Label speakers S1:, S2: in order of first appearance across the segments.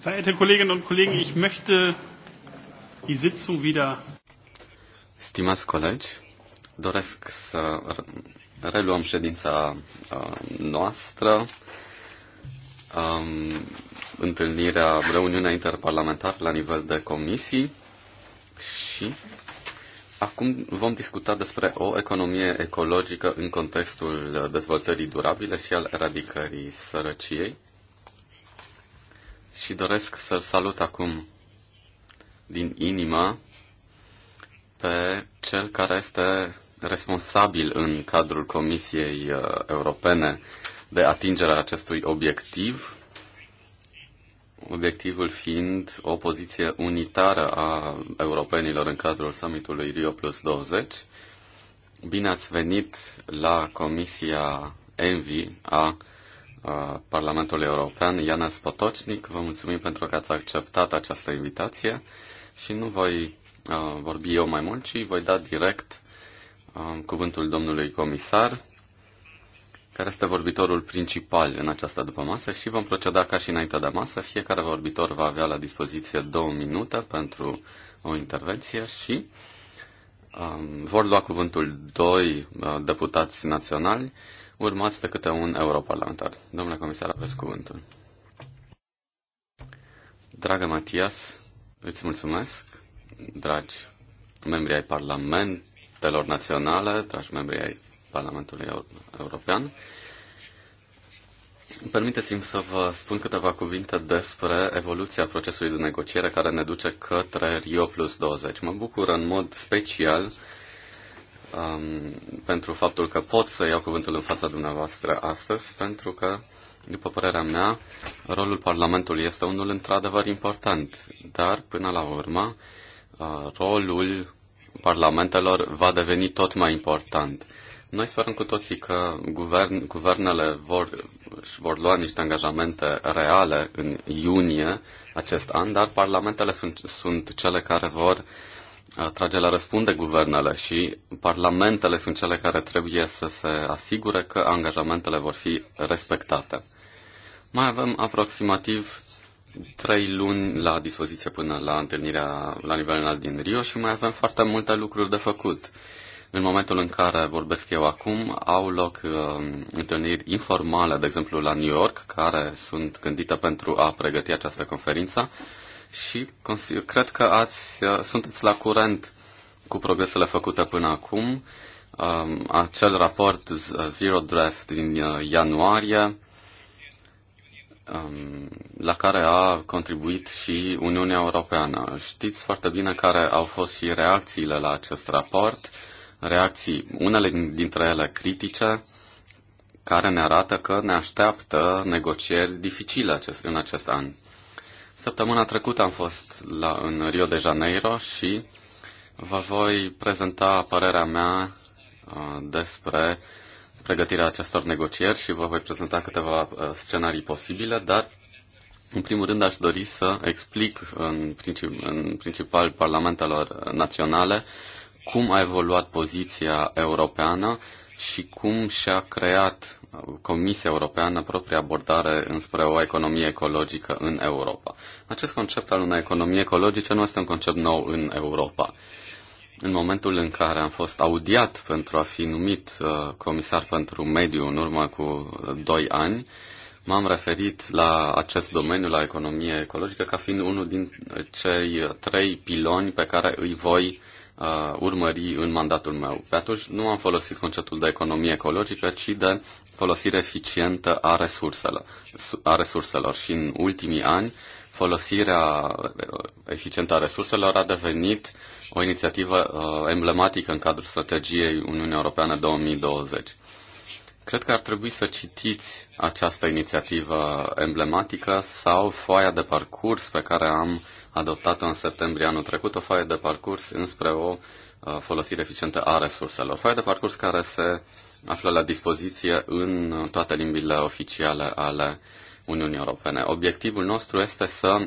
S1: Verehrte Kolleginnen und Kollegen, ich möchte die Sitzung wieder.
S2: Stimați colegi, doresc să reluăm ședința uh, noastră. Um, întâlnirea, reuniunea interparlamentară la nivel de comisii și Acum vom discuta despre o economie ecologică în contextul dezvoltării durabile și al eradicării sărăciei și doresc să-l salut acum din inimă pe cel care este responsabil în cadrul Comisiei uh, Europene de atingerea acestui obiectiv, obiectivul fiind o poziție unitară a europenilor în cadrul summitului Rio Plus 20. Bine ați venit la Comisia Envi a Parlamentului European, Iana Spotocnic. Vă mulțumim pentru că ați acceptat această invitație și nu voi vorbi eu mai mult, ci voi da direct cuvântul domnului comisar, care este vorbitorul principal în această dupămasă și vom proceda ca și înainte de masă. Fiecare vorbitor va avea la dispoziție două minute pentru o intervenție și um, vor lua cuvântul doi uh, deputați naționali urmați de câte un europarlamentar. Domnule comisar, aveți cuvântul. Dragă Matias, îți mulțumesc, dragi membri ai Parlamentelor Naționale, dragi membri ai Parlamentului European. Permiteți-mi să vă spun câteva cuvinte despre evoluția procesului de negociere care ne duce către Rio Plus 20. Mă bucur în mod special um, pentru faptul că pot să iau cuvântul în fața dumneavoastră astăzi, pentru că, după părerea mea, rolul Parlamentului este unul într-adevăr important, dar, până la urmă, uh, rolul parlamentelor va deveni tot mai important. Noi sperăm cu toții că guvern, guvernele vor, își vor lua niște angajamente reale în iunie acest an, dar parlamentele sunt, sunt cele care vor uh, trage la răspunde guvernele și parlamentele sunt cele care trebuie să se asigure că angajamentele vor fi respectate. Mai avem aproximativ trei luni la dispoziție până la întâlnirea la nivel înalt din Rio și mai avem foarte multe lucruri de făcut. În momentul în care vorbesc eu acum, au loc uh, întâlniri informale, de exemplu la New York, care sunt gândite pentru a pregăti această conferință și cred că ați, uh, sunteți la curent cu progresele făcute până acum. Um, acel raport uh, Zero Draft din uh, ianuarie, um, la care a contribuit și Uniunea Europeană. Știți foarte bine care au fost și reacțiile la acest raport, reacții, unele dintre ele critice, care ne arată că ne așteaptă negocieri dificile acest, în acest an. Săptămâna trecută am fost la, în Rio de Janeiro și vă voi prezenta părerea mea uh, despre pregătirea acestor negocieri și vă voi prezenta câteva uh, scenarii posibile, dar în primul rând aș dori să explic în, princip, în principal parlamentelor naționale cum a evoluat poziția europeană și cum și-a creat Comisia Europeană propria abordare înspre o economie ecologică în Europa. Acest concept al unei economii ecologice nu este un concept nou în Europa. În momentul în care am fost audiat pentru a fi numit uh, comisar pentru mediu în urmă cu doi ani, m-am referit la acest domeniu, la economie ecologică, ca fiind unul din cei trei piloni pe care îi voi uh, urmări în mandatul meu. Pe atunci nu am folosit conceptul de economie ecologică, ci de folosire eficientă a resurselor, a resurselor și în ultimii ani folosirea eficientă a resurselor a devenit o inițiativă uh, emblematică în cadrul strategiei Uniunii Europeană 2020. Cred că ar trebui să citiți această inițiativă emblematică sau foaia de parcurs pe care am adoptat-o în septembrie anul trecut, o foaie de parcurs înspre o uh, folosire eficientă a resurselor. Foaia de parcurs care se află la dispoziție în toate limbile oficiale ale Uniunii Europene. Obiectivul nostru este să uh,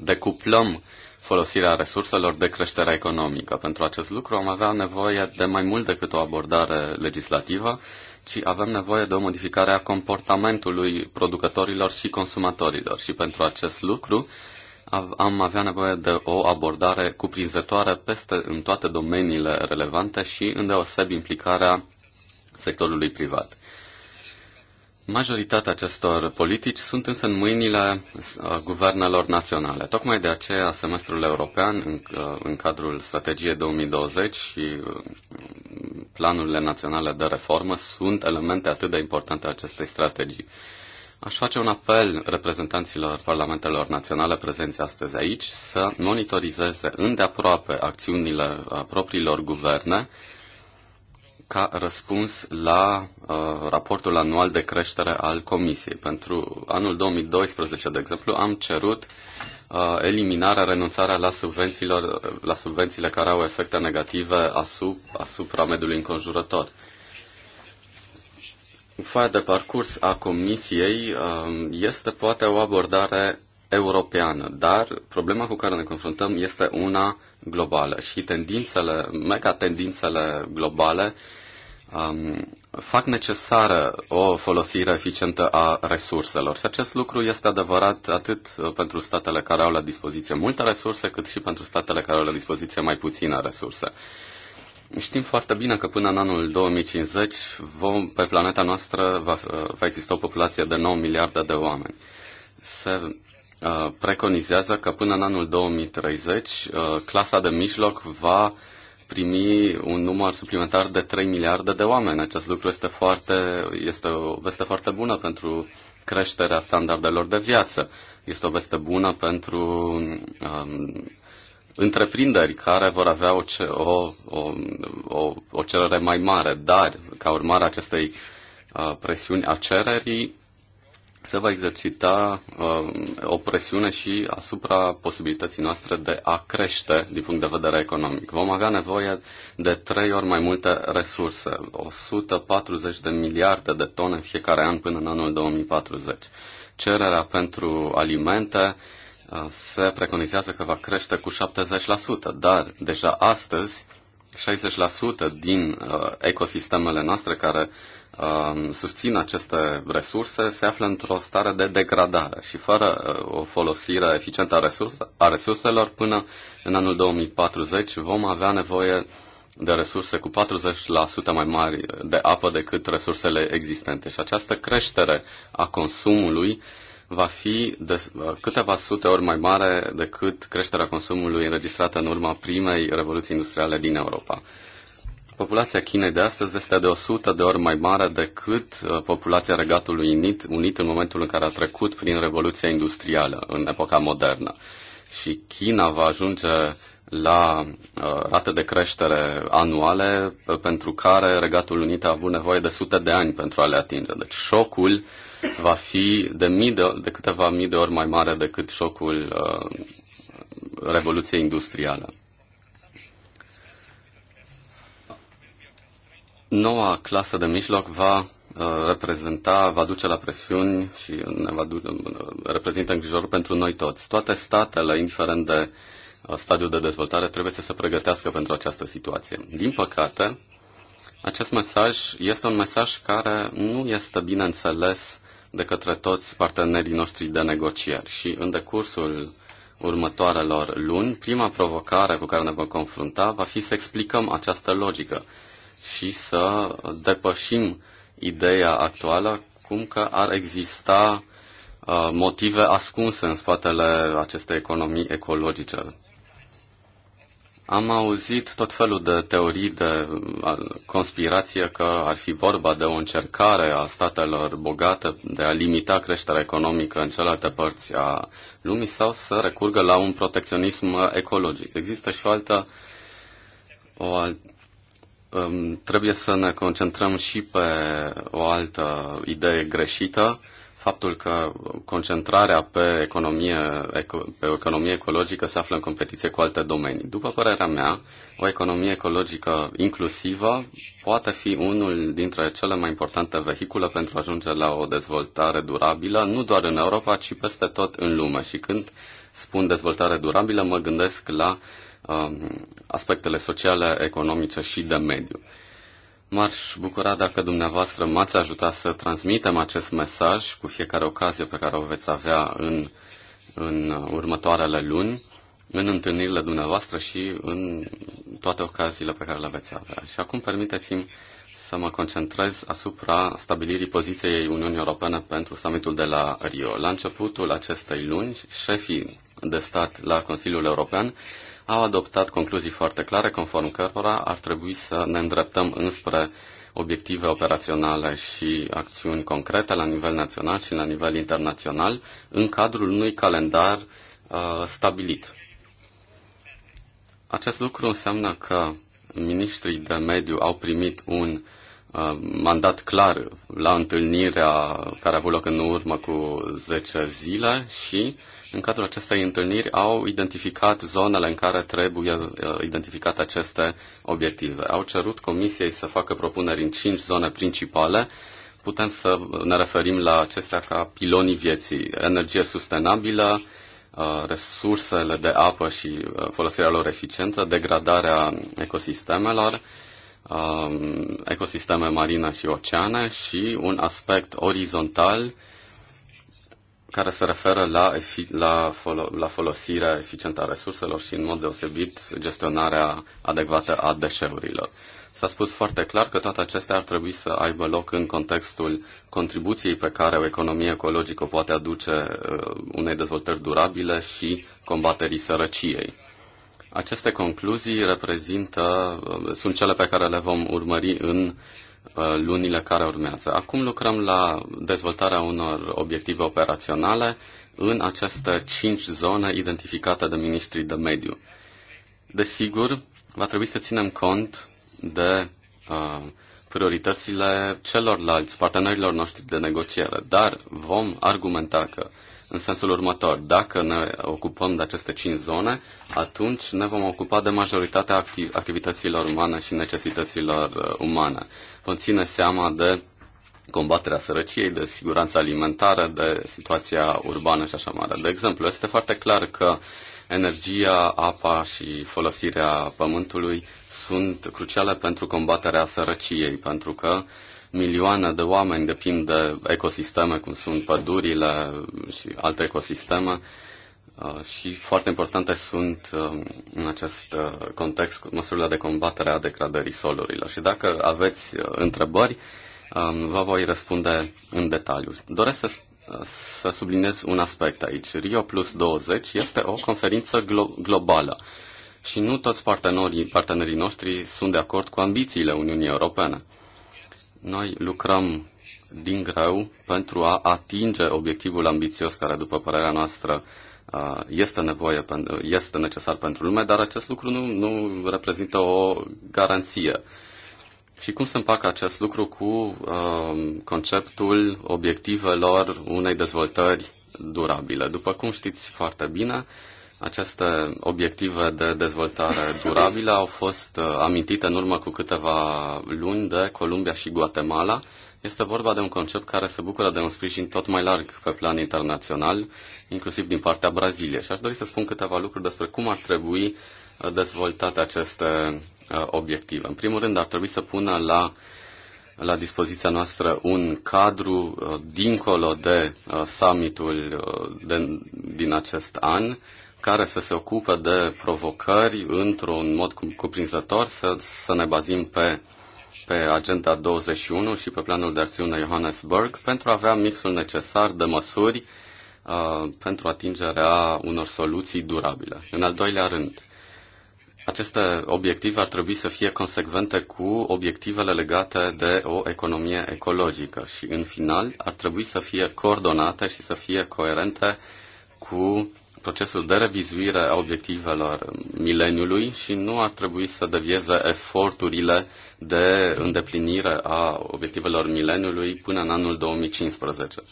S2: decuplăm folosirea resurselor de creștere economică. Pentru acest lucru am avea nevoie de mai mult decât o abordare legislativă, ci avem nevoie de o modificare a comportamentului producătorilor și consumatorilor. Și pentru acest lucru am avea nevoie de o abordare cuprinzătoare peste în toate domeniile relevante și îndeoseb implicarea sectorului privat. Majoritatea acestor politici sunt însă în mâinile uh, guvernelor naționale. Tocmai de aceea semestrul european în, uh, în cadrul strategiei 2020 și uh, planurile naționale de reformă sunt elemente atât de importante acestei strategii. Aș face un apel reprezentanților parlamentelor naționale prezenți astăzi aici să monitorizeze îndeaproape acțiunile propriilor guverne ca răspuns la uh, raportul anual de creștere al Comisiei. Pentru anul 2012, de exemplu, am cerut uh, eliminarea, renunțarea la, subvențiilor, uh, la subvențiile care au efecte negative asupra, asupra mediului înconjurător. Foaia de parcurs a Comisiei uh, este poate o abordare europeană, dar problema cu care ne confruntăm este una globale și tendințele, mega tendințele globale um, fac necesară o folosire eficientă a resurselor. Și acest lucru este adevărat atât pentru statele care au la dispoziție multe resurse, cât și pentru statele care au la dispoziție mai puține resurse. Știm foarte bine că până în anul 2050 vom, pe planeta noastră va, va exista o populație de 9 miliarde de oameni. Se Uh, preconizează că până în anul 2030 uh, clasa de mijloc va primi un număr suplimentar de 3 miliarde de oameni. Acest lucru este, foarte, este o veste foarte bună pentru creșterea standardelor de viață. Este o veste bună pentru um, întreprinderi care vor avea o, o, o, o cerere mai mare, dar ca urmare a acestei uh, presiuni a cererii, se va exercita uh, o presiune și asupra posibilității noastre de a crește din punct de vedere economic. Vom avea nevoie de trei ori mai multe resurse, 140 de miliarde de tone în fiecare an până în anul 2040. Cererea pentru alimente uh, se preconizează că va crește cu 70%, dar deja astăzi 60% din uh, ecosistemele noastre care uh, Um, susțin aceste resurse se află într-o stare de degradare și fără uh, o folosire eficientă a, resurse, a resurselor până în anul 2040 vom avea nevoie de resurse cu 40% mai mari de apă decât resursele existente și această creștere a consumului va fi de uh, câteva sute ori mai mare decât creșterea consumului înregistrată în urma primei revoluții industriale din Europa. Populația Chinei de astăzi este de 100 de ori mai mare decât uh, populația Regatului Unit, unit în momentul în care a trecut prin Revoluția Industrială, în epoca modernă. Și China va ajunge la uh, rate de creștere anuale uh, pentru care Regatul Unit a avut nevoie de sute de ani pentru a le atinge. Deci șocul va fi de, mii de, de câteva mii de ori mai mare decât șocul uh, Revoluției Industriale. Noua clasă de mijloc va uh, reprezenta, va duce la presiuni și ne va du uh, reprezintă îngrijorări pentru noi toți. Toate statele, indiferent de uh, stadiul de dezvoltare, trebuie să se pregătească pentru această situație. Din păcate, acest mesaj este un mesaj care nu este bine înțeles de către toți partenerii noștri de negocieri și în decursul următoarelor luni, prima provocare cu care ne vom confrunta va fi să explicăm această logică și să depășim ideea actuală cum că ar exista uh, motive ascunse în spatele acestei economii ecologice. Am auzit tot felul de teorii de uh, conspirație că ar fi vorba de o încercare a statelor bogate de a limita creșterea economică în celelalte părți a lumii sau să recurgă la un protecționism ecologic. Există și o altă, o, trebuie să ne concentrăm și pe o altă idee greșită, faptul că concentrarea pe economie, pe economie ecologică se află în competiție cu alte domenii. După părerea mea, o economie ecologică inclusivă poate fi unul dintre cele mai importante vehicule pentru a ajunge la o dezvoltare durabilă, nu doar în Europa, ci peste tot în lume. Și când spun dezvoltare durabilă, mă gândesc la uh, Um, aspectele sociale, economice și de mediu. M-aș bucura dacă dumneavoastră m-ați ajuta să transmitem acest mesaj cu fiecare ocazie pe care o veți avea în, în următoarele luni, în întâlnirile dumneavoastră și în toate ocaziile pe care le veți avea. Și acum permiteți-mi să mă concentrez asupra stabilirii poziției Uniunii Europene pentru summitul de la Rio. La începutul acestei luni, șefii de stat la Consiliul European au adoptat concluzii foarte clare conform cărora ar trebui să ne îndreptăm înspre obiective operaționale și acțiuni concrete la nivel național și la nivel internațional în cadrul unui calendar uh, stabilit. Acest lucru înseamnă că ministrii de mediu au primit un uh, mandat clar la întâlnirea care a avut loc în urmă cu 10 zile și uh, în cadrul acestei întâlniri au identificat zonele în care trebuie uh, identificate aceste obiective. Au cerut Comisiei să facă propuneri în cinci zone principale. Putem să ne referim la acestea ca pilonii vieții, energie sustenabilă, uh, resursele de apă și uh, folosirea lor eficientă, degradarea ecosistemelor, um, ecosisteme marine și oceane și un aspect orizontal care se referă la, la, folo- la folosirea eficientă a resurselor și, în mod deosebit, gestionarea adecvată a deșeurilor. S-a spus foarte clar că toate acestea ar trebui să aibă loc în contextul contribuției pe care o economie ecologică poate aduce uh, unei dezvoltări durabile și combaterii sărăciei. Aceste concluzii reprezintă, uh, sunt cele pe care le vom urmări în Uh, lunile care urmează. Acum lucrăm la dezvoltarea unor obiective operaționale în aceste cinci zone identificate de ministrii de mediu. Desigur, va trebui să ținem cont de uh, prioritățile celorlalți partenerilor noștri de negociere, dar vom argumenta că în sensul următor, dacă ne ocupăm de aceste cinci zone, atunci ne vom ocupa de majoritatea activ- activităților umane și necesităților uh, umane. Vom ține seama de combaterea sărăciei, de siguranța alimentară, de situația urbană și așa mai De exemplu, este foarte clar că uh, energia, apa și folosirea pământului sunt cruciale pentru combaterea sărăciei, pentru că milioane de oameni depind de ecosisteme, cum sunt pădurile și alte ecosisteme, uh, și foarte importante sunt uh, în acest uh, context măsurile de combatere a degradării solurilor. Și dacă aveți întrebări, um, vă voi răspunde în detaliu. Doresc să să subliniez un aspect aici. Rio Plus 20 este o conferință glo- globală și nu toți partenerii, partenerii noștri sunt de acord cu ambițiile Uniunii Europene. Noi lucrăm din greu pentru a atinge obiectivul ambițios care, după părerea noastră, este, nevoie, este necesar pentru lume, dar acest lucru nu, nu reprezintă o garanție. Și cum se împacă acest lucru cu uh, conceptul obiectivelor unei dezvoltări durabile? După cum știți foarte bine, aceste obiective de dezvoltare durabilă au fost uh, amintite în urmă cu câteva luni de Columbia și Guatemala. Este vorba de un concept care se bucură de un sprijin tot mai larg pe plan internațional, inclusiv din partea Braziliei. Și aș dori să spun câteva lucruri despre cum ar trebui uh, dezvoltate aceste Uh, obiective. În primul rând, ar trebui să pună la la dispoziția noastră un cadru uh, dincolo de uh, summitul din, din acest an care să se ocupe de provocări într-un mod cuprinzător, să, să ne bazim pe, pe Agenda 21 și pe planul de acțiune Johannesburg pentru a avea mixul necesar de măsuri uh, pentru atingerea unor soluții durabile. În al doilea rând, uh, aceste obiective ar trebui să fie consecvente cu obiectivele legate de o economie ecologică și, în final, ar trebui să fie coordonate și să fie coerente cu procesul de revizuire a obiectivelor mileniului și nu ar trebui să devieze eforturile de îndeplinire a obiectivelor mileniului până în anul 2015.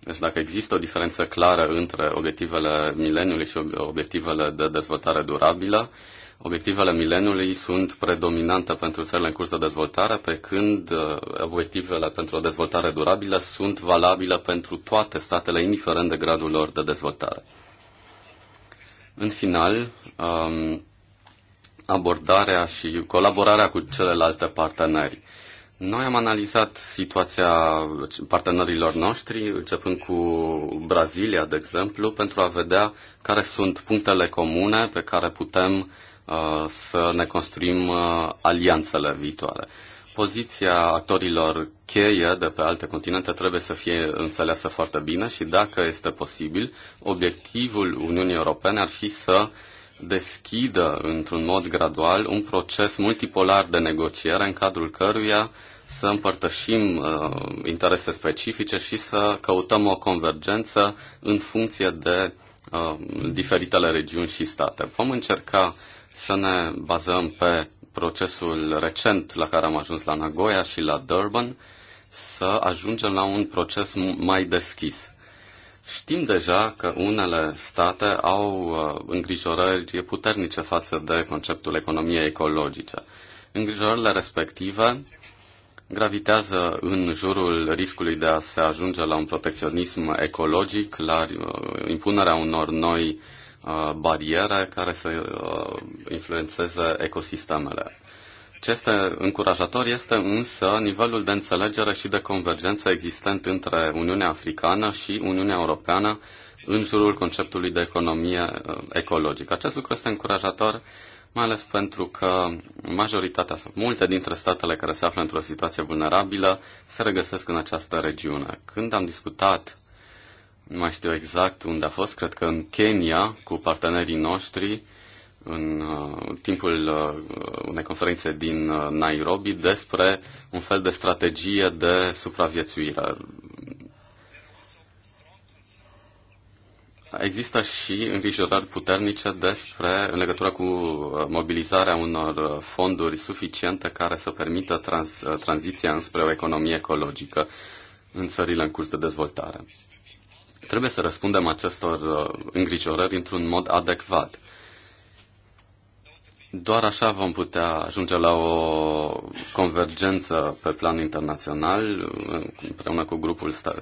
S2: Deci dacă există o diferență clară între obiectivele mileniului și obiectivele de dezvoltare durabilă, Obiectivele mileniului sunt predominante pentru țările în curs de dezvoltare, pe când uh, obiectivele pentru o dezvoltare durabilă sunt valabile pentru toate statele, indiferent de gradul lor de dezvoltare. În final, um, abordarea și colaborarea cu celelalte parteneri. Noi am analizat situația partenerilor noștri, începând cu Brazilia, de exemplu, pentru a vedea care sunt punctele comune pe care putem Uh, să ne construim uh, alianțele viitoare. Poziția actorilor cheie de pe alte continente trebuie să fie înțeleasă foarte bine și, dacă este posibil, obiectivul Uniunii Europene ar fi să deschidă într-un mod gradual un proces multipolar de negociere în cadrul căruia să împărtășim uh, interese specifice și să căutăm o convergență în funcție de uh, diferitele regiuni și state. Vom încerca uh, să ne bazăm pe procesul recent la care am ajuns la Nagoya și la Durban, să ajungem la un proces mai deschis. Știm deja că unele state au uh, îngrijorări puternice față de conceptul economiei ecologice. Îngrijorările respective gravitează în jurul riscului de a se ajunge la un protecționism ecologic, la uh, impunerea unor noi uh, Uh, bariere care să uh, influențeze ecosistemele. Ce este încurajator este însă nivelul de înțelegere și de convergență existent între Uniunea Africană și Uniunea Europeană în jurul conceptului de economie uh, ecologică. Acest lucru este încurajator mai ales pentru că majoritatea sau multe dintre statele care se află într-o situație vulnerabilă se regăsesc în această regiune. Când am discutat nu mai știu exact unde a fost, cred că în Kenya, cu partenerii noștri, în uh, timpul uh, unei conferințe din uh, Nairobi, despre un fel de strategie de supraviețuire. Există și îngrijorări puternice despre, în legătură cu uh, mobilizarea unor uh, fonduri suficiente care să permită trans, uh, tranziția înspre o economie ecologică în țările în curs de dezvoltare. Trebuie să răspundem acestor uh, îngrijorări într-un mod adecvat. Doar așa vom putea ajunge la o convergență pe plan internațional, împreună cu grupul sta-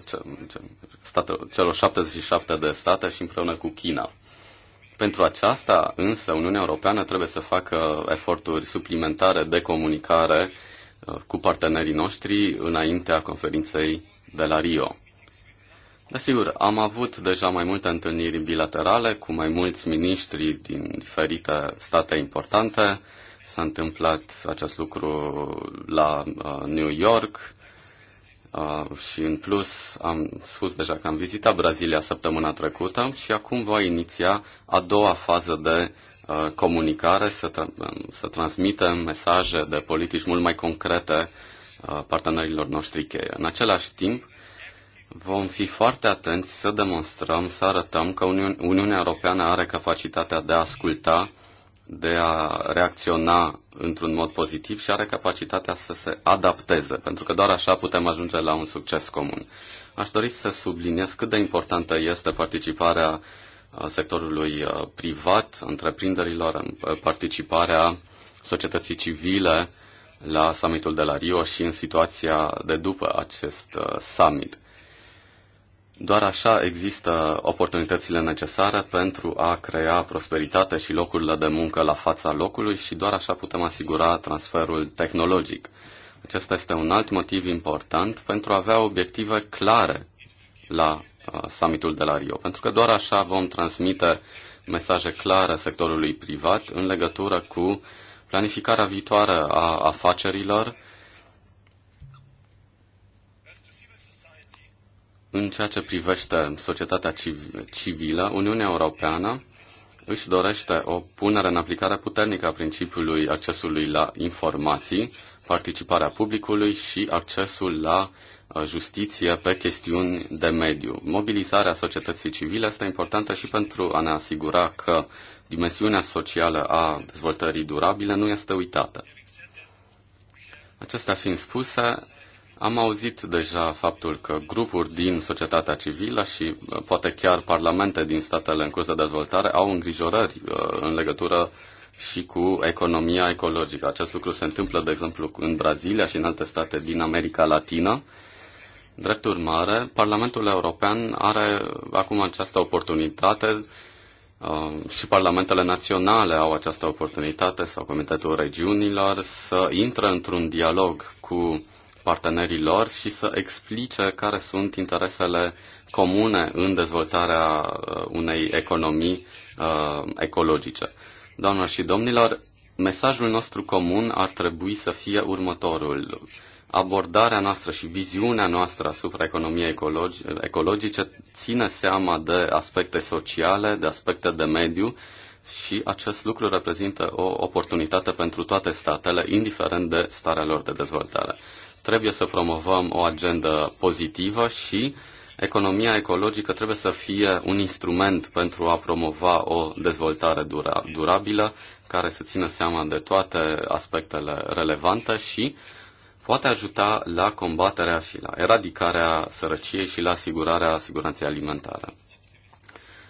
S2: state, celor 77 de state și împreună cu China. Pentru aceasta, însă, Uniunea Europeană trebuie să facă eforturi suplimentare de comunicare uh, cu partenerii noștri înaintea conferinței de la Rio. Desigur, da, am avut deja mai multe întâlniri bilaterale cu mai mulți miniștri din diferite state importante. S-a întâmplat acest lucru la uh, New York uh, și în plus am spus deja că am vizitat Brazilia săptămâna trecută și acum voi iniția a doua fază de uh, comunicare, să, tra- um, să transmitem mesaje de politici mult mai concrete uh, partenerilor noștri cheie. În același timp, Vom fi foarte atenți să demonstrăm, să arătăm că Uni- Uniunea Europeană are capacitatea de a asculta, de a reacționa într-un mod pozitiv și are capacitatea să se adapteze, pentru că doar așa putem ajunge la un succes comun. Aș dori să subliniez cât de importantă este participarea uh, sectorului uh, privat, întreprinderilor, uh, participarea societății civile la summitul de la Rio și în situația de după acest summit. Doar așa există oportunitățile necesare pentru a crea prosperitate și locurile de muncă la fața locului și doar așa putem asigura transferul tehnologic. Acesta este un alt motiv important pentru a avea obiective clare la uh, summitul de la Rio, pentru că doar așa vom transmite mesaje clare sectorului privat în legătură cu planificarea viitoare a afacerilor, În ceea ce privește societatea civilă, Uniunea Europeană își dorește o punere în aplicare puternică a principiului accesului la informații, participarea publicului și accesul la uh, justiție pe chestiuni de mediu. Mobilizarea societății civile este importantă și pentru a ne asigura că dimensiunea socială a dezvoltării durabile nu este uitată. Acestea fiind spuse, am auzit deja faptul că grupuri din societatea civilă și uh, poate chiar parlamente din statele în curs de dezvoltare au îngrijorări uh, în legătură și cu economia ecologică. Acest lucru se întâmplă, de exemplu, în Brazilia și în alte state din America Latină. Drept urmare, Parlamentul European are acum această oportunitate uh, și parlamentele naționale au această oportunitate sau Comitetul Regiunilor să intre într-un dialog cu Partenerii lor și să explice care sunt interesele comune în dezvoltarea uh, unei economii uh, ecologice. Doamnelor și domnilor, mesajul nostru comun ar trebui să fie următorul. Abordarea noastră și viziunea noastră asupra economiei ecologi- ecologice ține seama de aspecte sociale, de aspecte de mediu și acest lucru reprezintă o oportunitate pentru toate statele, indiferent de starea lor de dezvoltare trebuie să promovăm o agendă pozitivă și economia ecologică trebuie să fie un instrument pentru a promova o dezvoltare dura- durabilă care să țină seama de toate aspectele relevante și poate ajuta la combaterea și la eradicarea sărăciei și la asigurarea siguranței alimentare.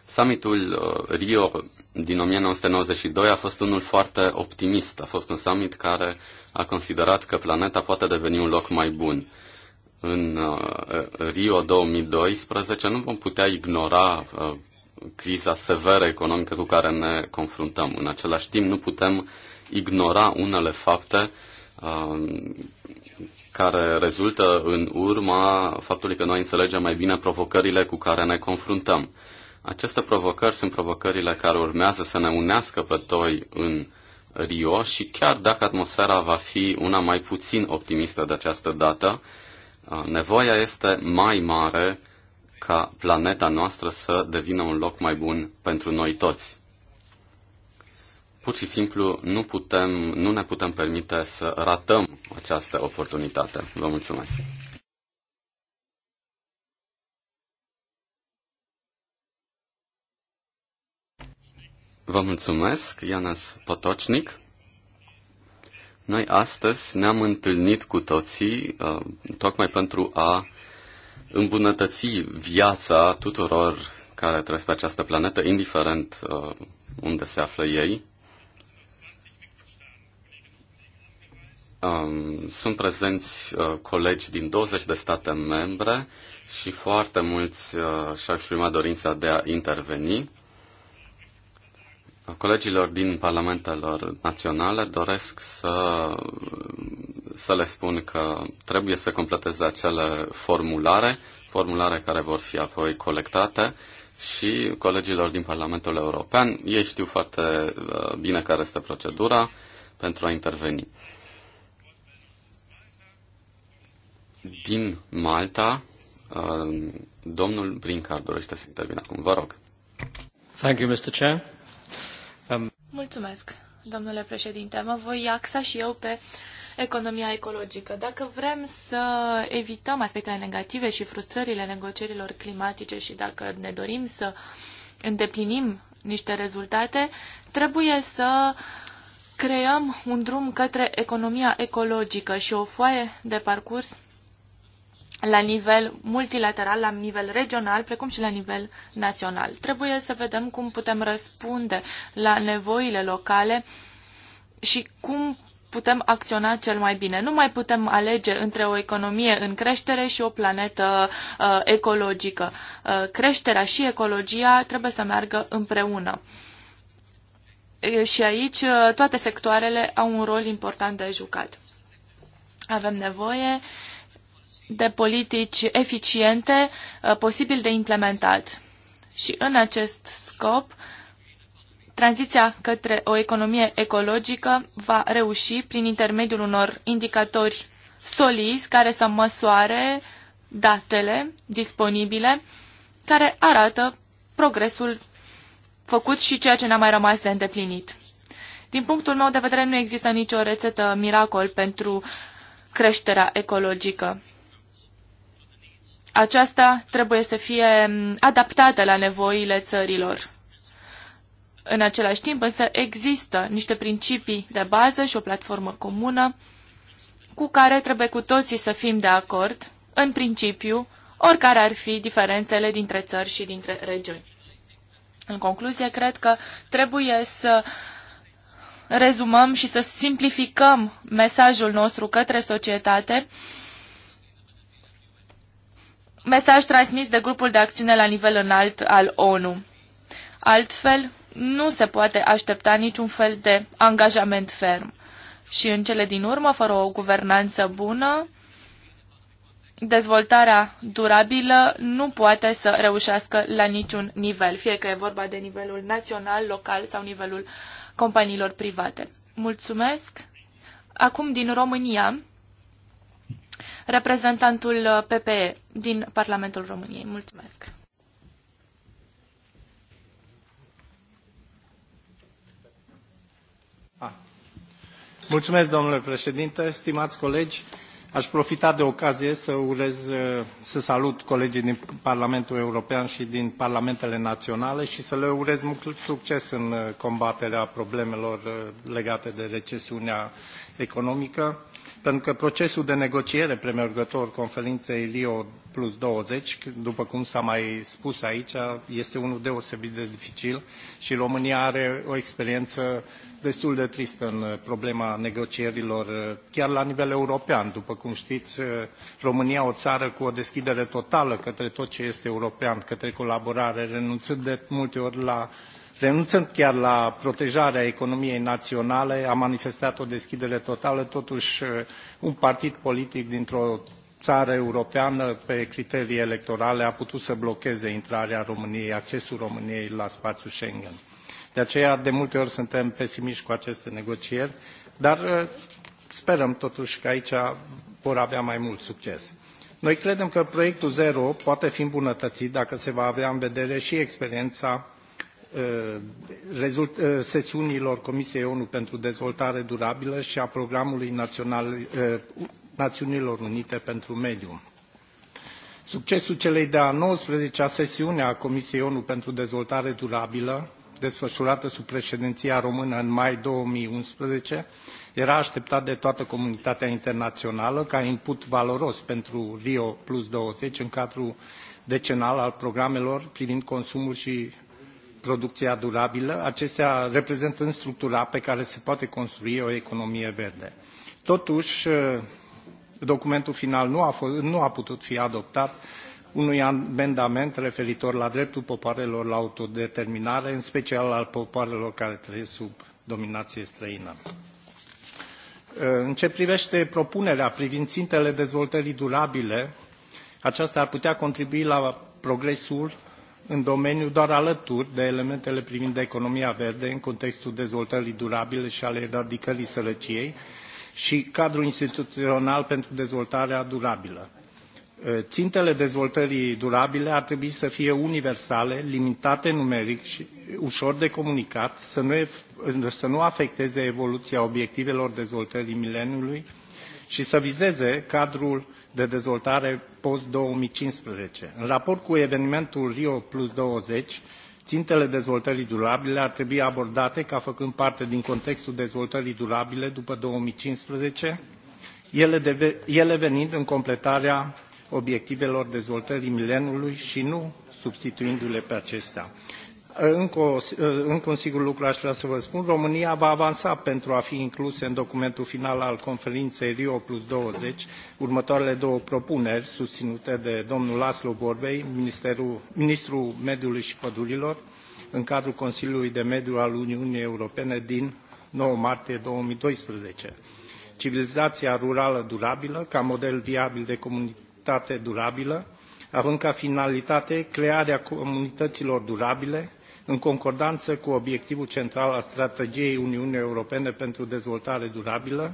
S2: Summitul uh, Rio din 1992 a fost unul foarte optimist. A fost un summit care a considerat că planeta poate deveni un loc mai bun. În uh, Rio 2012 nu vom putea ignora uh, criza severă economică cu care ne confruntăm. În același timp, nu putem ignora unele fapte uh, care rezultă în urma faptului că noi înțelegem mai bine provocările cu care ne confruntăm. Aceste provocări sunt provocările care urmează să ne unească pe toi în Rio și chiar dacă atmosfera va fi una mai puțin optimistă de această dată, nevoia este mai mare ca planeta noastră să devină un loc mai bun pentru noi toți. Pur și simplu nu, putem, nu ne putem permite să ratăm această oportunitate. Vă mulțumesc! Vă mulțumesc, Ionas Potocnic. Noi astăzi ne-am întâlnit cu toții uh, tocmai pentru a îmbunătăți viața tuturor care trăiesc pe această planetă, indiferent uh, unde se află ei. Um, sunt prezenți uh, colegi din 20 de state membre și foarte mulți și-au exprimat dorința de a interveni. Colegilor din parlamentelor naționale doresc să, să le spun că trebuie să completeze acele formulare, formulare care vor fi apoi colectate și colegilor din Parlamentul European, ei știu foarte uh, bine care este procedura pentru a interveni. Din Malta, uh, domnul Brincard dorește să intervină acum. Vă rog.
S3: Thank you, Mr. Chair.
S2: Um,
S4: Mulțumesc, domnule președinte. Mă voi axa și eu pe economia ecologică. Dacă vrem să evităm aspectele negative și frustrările negocierilor climatice și dacă ne dorim să îndeplinim niște rezultate, trebuie să creăm un drum către economia ecologică și o foaie de parcurs la nivel multilateral, la nivel regional, precum și la nivel național. Trebuie să vedem cum putem răspunde la nevoile locale și cum putem acționa cel mai bine. Nu mai putem alege între o economie în creștere și o planetă uh, ecologică. Uh, creșterea și ecologia trebuie să meargă împreună. Și aici uh, toate sectoarele au un rol important de jucat. Avem nevoie uh, de politici eficiente uh, posibil de implementat. Și în acest scop, tranziția către o economie ecologică va reuși prin intermediul unor indicatori solizi care să măsoare datele disponibile care arată progresul făcut și ceea ce n-a mai rămas de îndeplinit. Din punctul meu de vedere, nu există nicio rețetă miracol pentru creșterea ecologică aceasta trebuie să fie adaptată la nevoile țărilor. În același timp, însă, există niște principii de bază și o platformă comună cu care trebuie cu toții să fim de acord, în principiu, oricare ar fi diferențele dintre țări și dintre regiuni. În concluzie, cred că trebuie să rezumăm și să simplificăm mesajul nostru către societate uh, mesaj transmis de grupul de acțiune la nivel înalt al ONU. Altfel, nu se poate aștepta niciun fel de angajament ferm. Și în cele din urmă, fără o guvernanță bună, dezvoltarea durabilă nu poate să reușească la niciun nivel, fie că e vorba de nivelul național, local sau nivelul companiilor private. Mulțumesc! Acum din România, reprezentantul uh, PPE din Parlamentul României. Mulțumesc!
S3: Ah. Mulțumesc, domnule președinte, stimați colegi. Aș profita de ocazie să urez, uh, să salut colegii din Parlamentul European și din Parlamentele Naționale și să le urez mult succes în uh, combaterea problemelor legate de recesiunea economică pentru că procesul de negociere premergător conferinței Rio plus 20, după cum s-a mai spus aici, este unul deosebit de dificil și România are o experiență destul de tristă în problema negocierilor, chiar la nivel european. După cum știți, România, o țară cu o deschidere totală către tot ce este european, către colaborare, renunțând de multe ori la uh, renunțând chiar la protejarea economiei naționale, a manifestat o deschidere totală, totuși uh, un partid politic dintr-o țară europeană pe criterii electorale a putut să blocheze intrarea României, accesul României la spațiul Schengen. De aceea, de multe ori suntem pesimiști cu aceste negocieri, dar uh, sperăm totuși că aici vor avea mai mult succes. Noi credem că proiectul zero poate fi îmbunătățit dacă se va avea în vedere și experiența Uh, uh, sesiunilor Comisiei ONU pentru Dezvoltare Durabilă și a Programului Național, uh, Națiunilor Unite pentru Mediu. Succesul celei de-a 19-a sesiune a Comisiei ONU pentru Dezvoltare Durabilă, desfășurată sub președinția română în mai 2011, era așteptat de toată comunitatea internațională ca input valoros pentru Rio Plus 20 în cadrul decenal al programelor privind consumul și producția durabilă, acestea reprezentând structura pe care se poate construi o economie verde. Totuși, uh, documentul final nu a, fost, nu a putut fi adoptat unui amendament referitor la dreptul popoarelor la autodeterminare, în special al popoarelor care trăiesc sub dominație străină. Uh, în ce privește propunerea privind țintele dezvoltării durabile, aceasta ar putea contribui la progresul în domeniu doar alături de elementele privind economia verde în contextul dezvoltării durabile și al eradicării sărăciei și cadrul instituțional pentru dezvoltarea durabilă. Eh, țintele dezvoltării durabile ar trebui să fie universale, limitate numeric și ușor de comunicat, să nu, să nu afecteze evoluția obiectivelor dezvoltării mileniului și să vizeze cadrul de dezvoltare post-2015. În raport cu evenimentul Rio Plus 20, țintele dezvoltării durabile ar trebui abordate ca făcând parte din contextul dezvoltării durabile după 2015, ele, deve, ele venind în completarea obiectivelor dezvoltării mileniului și nu substituindu-le pe acestea. Încă, o, uh, încă un singur lucru aș vrea să vă spun. România va avansa pentru a fi inclusă în documentul final al conferinței Rio plus 20 următoarele două propuneri susținute de domnul Laslo Borbei, ministrul mediului și pădurilor, în cadrul Consiliului de Mediu al Uniunii Europene din 9 martie 2012. Civilizația rurală durabilă, ca model viabil de comunitate durabilă, având ca finalitate crearea comunităților durabile, în concordanță cu obiectivul central al strategiei Uniunii Europene pentru dezvoltare durabilă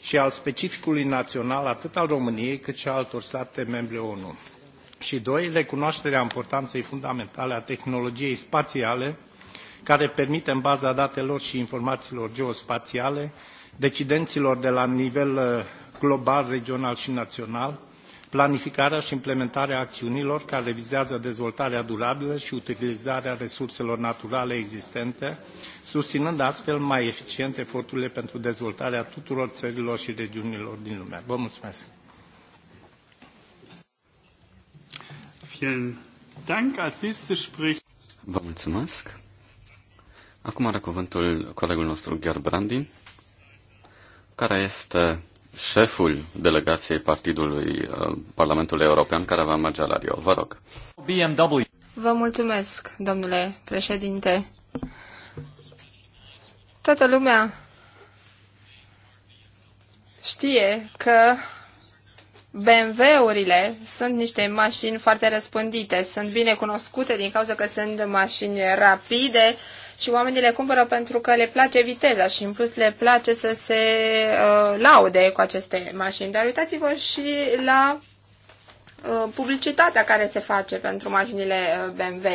S3: și al specificului național atât al României cât și al altor state membre ONU. Și doi, recunoașterea importanței fundamentale a tehnologiei spațiale, care permite în baza datelor și informațiilor geospațiale decidenților de la nivel uh, global, regional și național planificarea și implementarea acțiunilor care vizează dezvoltarea durabilă și utilizarea resurselor naturale existente, susținând astfel mai eficient eforturile pentru dezvoltarea tuturor țărilor și regiunilor din lume. Vă mulțumesc!
S2: Vă mulțumesc! Acum are cuvântul colegul nostru Gerbrandin, care este șeful delegației Partidului uh, Parlamentului European care va merge la Rio. Vă rog.
S5: BMW. Vă mulțumesc, domnule președinte. Toată lumea știe că BMW-urile sunt niște mașini foarte răspândite, sunt bine cunoscute din cauza că sunt mașini rapide, și oamenii le cumpără pentru că le place viteza și în plus le place să se uh, laude cu aceste mașini. Dar uitați-vă și la uh, publicitatea care se face pentru mașinile uh, BMW.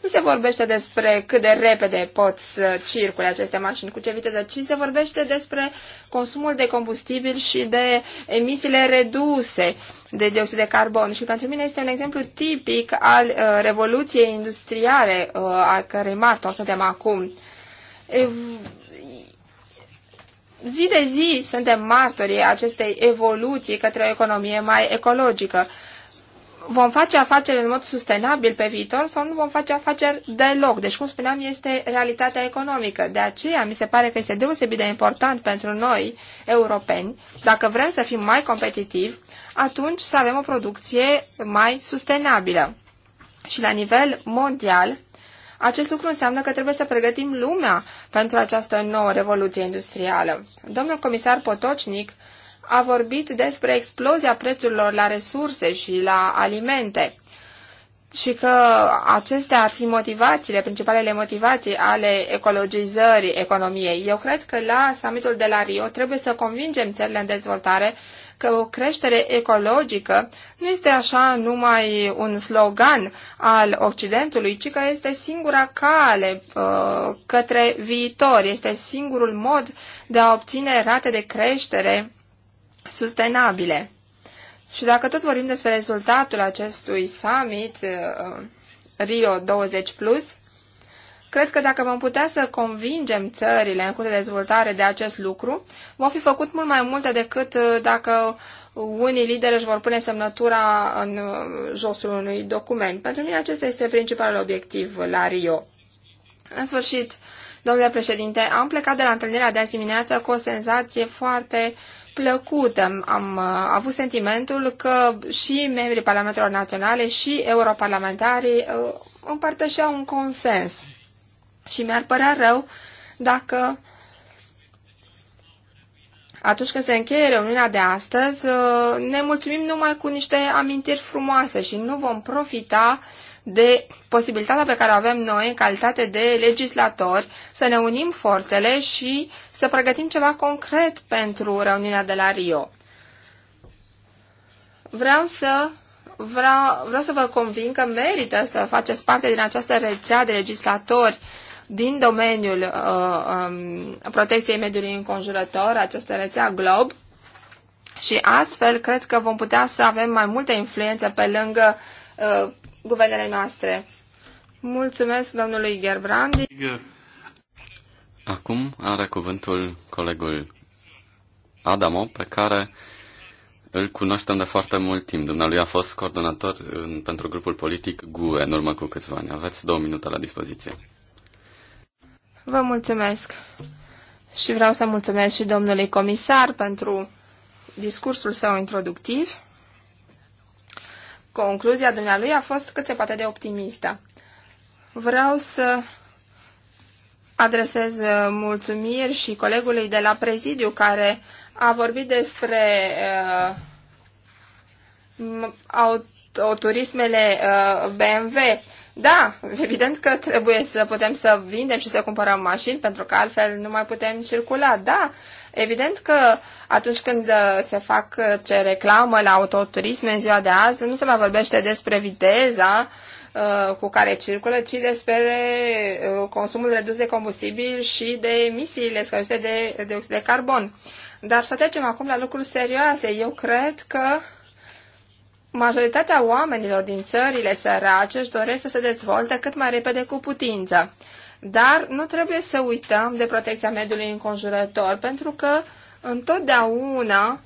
S5: Nu se vorbește despre cât de repede pot să circule aceste mașini, cu ce viteză, ci se vorbește despre consumul de combustibil și de emisiile reduse de dioxid de carbon. Și pentru mine este un exemplu tipic al uh, revoluției industriale uh, a cărei martor suntem acum. E, zi de zi suntem martorii acestei evoluții către o economie mai ecologică vom face afaceri în mod sustenabil pe viitor sau nu vom face afaceri deloc. Deci, cum spuneam, este realitatea economică. De aceea, mi se pare că este deosebit de important pentru noi, europeni, dacă vrem să fim mai competitivi, atunci să avem o producție mai sustenabilă. Și la nivel mondial, acest lucru înseamnă că trebuie să pregătim lumea pentru această nouă revoluție industrială. Domnul comisar Potocnic a vorbit despre explozia prețurilor la resurse și la alimente și că acestea ar fi motivațiile, principalele motivații ale ecologizării economiei. Eu cred că la summitul de la Rio trebuie să convingem țările în dezvoltare că o creștere ecologică nu este așa numai un slogan al Occidentului, ci că este singura cale uh, către viitor, este singurul mod de a obține rate de creștere sustenabile. Și dacă tot vorbim despre rezultatul acestui summit uh, Rio 20 Plus, cred că dacă vom putea să convingem țările în curs de dezvoltare de acest lucru, vom fi făcut mult mai multe decât uh, dacă unii lideri își vor pune semnătura în uh, josul unui document. Pentru mine acesta este principalul obiectiv la Rio. În sfârșit, uh, Domnule președinte, am plecat de la întâlnirea de azi dimineață cu o senzație foarte plăcută. Am uh, avut sentimentul că și membrii Parlamentelor Naționale și europarlamentarii uh, împărtășeau un consens. Și mi-ar părea rău dacă atunci când se încheie reuniunea de astăzi, uh, ne mulțumim numai cu niște amintiri frumoase și nu vom profita de posibilitatea pe care o avem noi în calitate de legislatori să ne unim forțele și să pregătim ceva concret pentru reuniunea de la Rio. Vreau să vreau, vreau să vă convin că merită să faceți parte din această rețea de legislatori din domeniul uh, um, protecției mediului înconjurător, această rețea GLOB, și astfel cred că vom putea să avem mai multă influență pe lângă uh, guvernele noastre. Mulțumesc domnului Gerbrandi.
S2: Acum are cuvântul colegul Adamo, pe care îl cunoaștem de foarte mult timp. Dumnealui a fost coordonator în, pentru grupul politic GUE în urmă cu câțiva ani. Aveți două minute la dispoziție.
S5: Vă mulțumesc și vreau să mulțumesc și domnului comisar pentru discursul său introductiv concluzia dumnealui a fost cât se poate de optimistă. Vreau să adresez uh, mulțumiri și colegului de la prezidiu care a vorbit despre uh, autoturismele uh, BMW. Da, evident că trebuie să putem să vindem și să cumpărăm mașini, pentru că altfel nu mai putem circula. Da, uh, Evident că atunci când uh, se fac uh, ce reclamă la autoturisme în ziua de azi, nu se mai vorbește despre viteza uh, cu care circulă, ci despre consumul redus de combustibil și de emisiile scăzute de dioxid de carbon. Dar să trecem acum la lucruri serioase. Eu cred că majoritatea oamenilor din țările sărace își doresc să se dezvolte cât mai repede cu putință. Dar nu trebuie să uităm de protecția mediului înconjurător, pentru că întotdeauna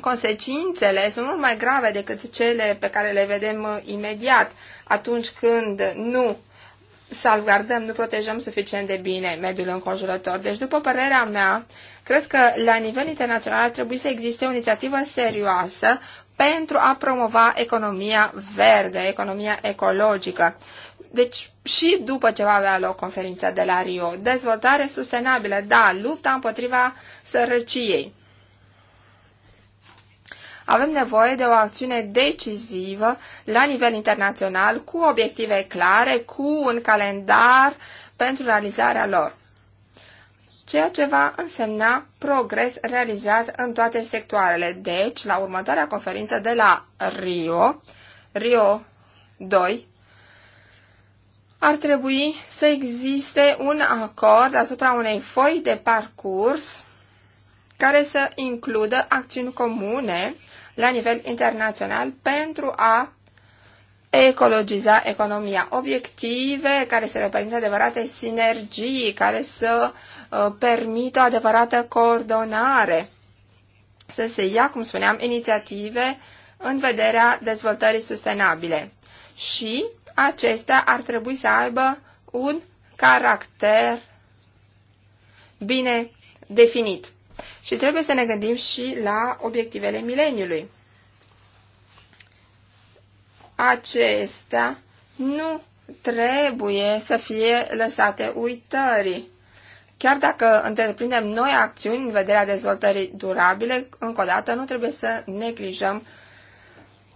S5: consecințele sunt mult mai grave decât cele pe care le vedem uh, imediat atunci când nu salvgardăm, nu protejăm suficient de bine mediul înconjurător. Deci, după părerea mea, cred că la nivel internațional ar trebui să existe o inițiativă serioasă pentru a promova economia verde, economia ecologică. Deci și după ce va avea loc conferința de la Rio, dezvoltare sustenabilă, da, lupta împotriva sărăciei. Avem nevoie de o acțiune decisivă la nivel internațional, cu obiective clare, cu un calendar pentru realizarea lor ceea ce va însemna progres realizat în toate sectoarele. Deci, la următoarea conferință de la Rio, Rio 2, ar trebui să existe un acord asupra unei foi de parcurs care să includă acțiuni comune la nivel internațional pentru a ecologiza economia. Obiective care să reprezintă adevărate sinergii, care să uh, permită o adevărată coordonare, să se ia, cum spuneam, inițiative în vederea dezvoltării sustenabile. Și acestea ar trebui să aibă un caracter bine definit. Și trebuie să ne gândim și la obiectivele mileniului. Acestea nu trebuie să fie lăsate uitării. Chiar dacă întreprindem noi acțiuni în vederea dezvoltării durabile, încă o dată nu trebuie să neglijăm uh,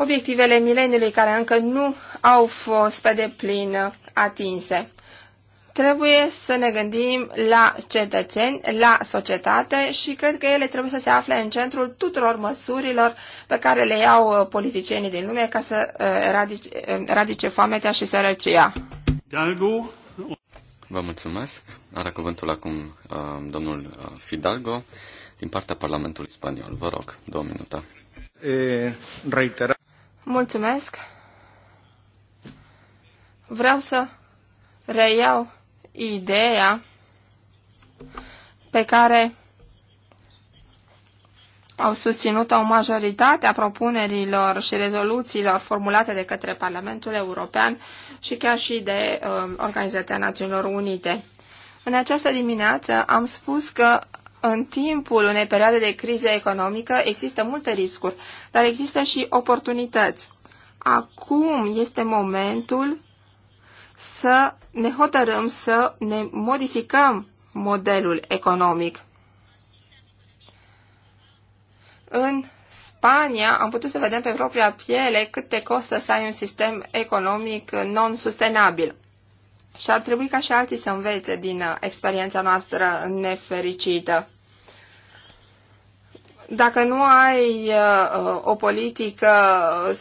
S5: obiectivele mileniului care încă nu au fost pe deplin atinse. Trebuie să ne gândim la cetățeni, la societate și cred că ele trebuie să se afle în centrul tuturor măsurilor pe care le iau uh, politicienii din lume ca să uh, radice, uh, radice foametea și sărăcia.
S2: Fidalgo. Vă mulțumesc. Are cuvântul acum domnul Fidalgo din partea Parlamentului Spaniol. Vă rog, două minute.
S1: E,
S3: eh, reitera.
S5: Mulțumesc. Vreau să reiau ideea pe care au susținut-o majoritate a propunerilor și rezoluțiilor formulate de către Parlamentul European și chiar și de uh, Organizația Națiunilor Unite. În această dimineață am spus că în timpul unei perioade de criză economică există multe riscuri, dar există și oportunități. Acum este momentul să ne hotărâm să ne modificăm modelul economic. În Spania am putut să vedem pe propria piele cât te costă să ai un sistem economic non-sustenabil. Și ar trebui ca și alții să învețe din uh, experiența noastră nefericită. Dacă nu ai uh, uh, o politică